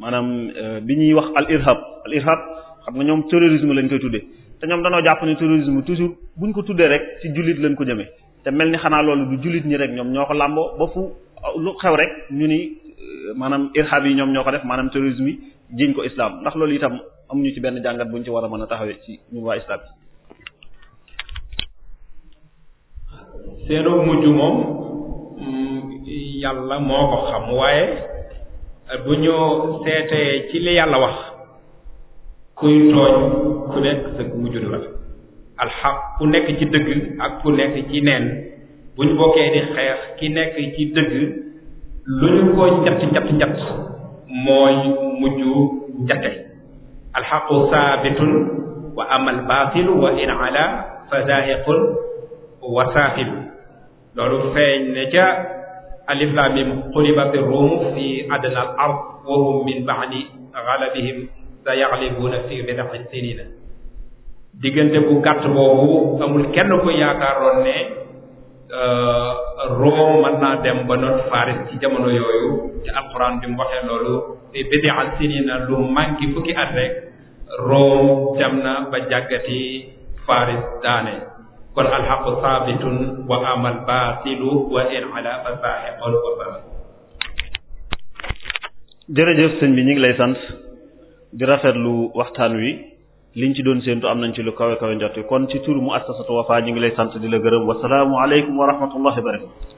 maanaam euh, bi ñuy wax al irhab al irhab xam nga ñoom terrorisme lañ koy tuddee te ñoom danoo jàpp ni terrorisme toujours buñ ko tuddee rek ci jullit lañ ko jëmee te mel ni xanaa loolu du jullit ñi rek ñoom ñoo ko làmboo ba fu uh, lu xew rek ñu ni euh, maanaam irhab yi ñoom ñoo ko def maanaam terrorisme yi jiñ ko islam ndax loolu itam amuñu ci benn jàngat buñ ci war a mën a taxawee ci ñun waa ISRA bi. seenoo mujj moom yàlla moo ko xam waaye bu ñu seetee ci li yàlla wax kuy tooñ ku nekk sa mujj la alxaq ku nekk ci dëgg ak ku nekk ci neen. bu ñu bokkee di xeex ki nekk ci dëgg lu ñu ko njatt njatt njatt mooy mujj njate alxaqu saabitun wa amal baatilu wa in ala fa zaahiqun wa saafilu loolu feeñ ne ca alif laam miim xulibati ruum fi adna al ard wa hum min ba'di ghalabihim sayaghlibuuna fi bid'i siniina diggante bu gàtt boobu amul kenn ko yaakaaroon ne Euh, Rome mën naa dem ba noot Faris ci jamono yooyu ci alxuraan bi mu waxee loolu bidi'a sinina lu manqué fukki at rek Rome dem na ba jàggati Faris daane kon alxaqu saabitun wa amal baatilu wa in ala fa saaxiqoon wa ba jërëjëf sëñ bi ñu ngi lay sant di rafetlu waxtaan wi li ñu ci doon séentu am nañ ci lu kawe kawe njort kon ci turu mu assasatu Wafa ñu ngi lay sant di la gërëm wa wasalaamu aleykum wa rahmatullahi wa barakatu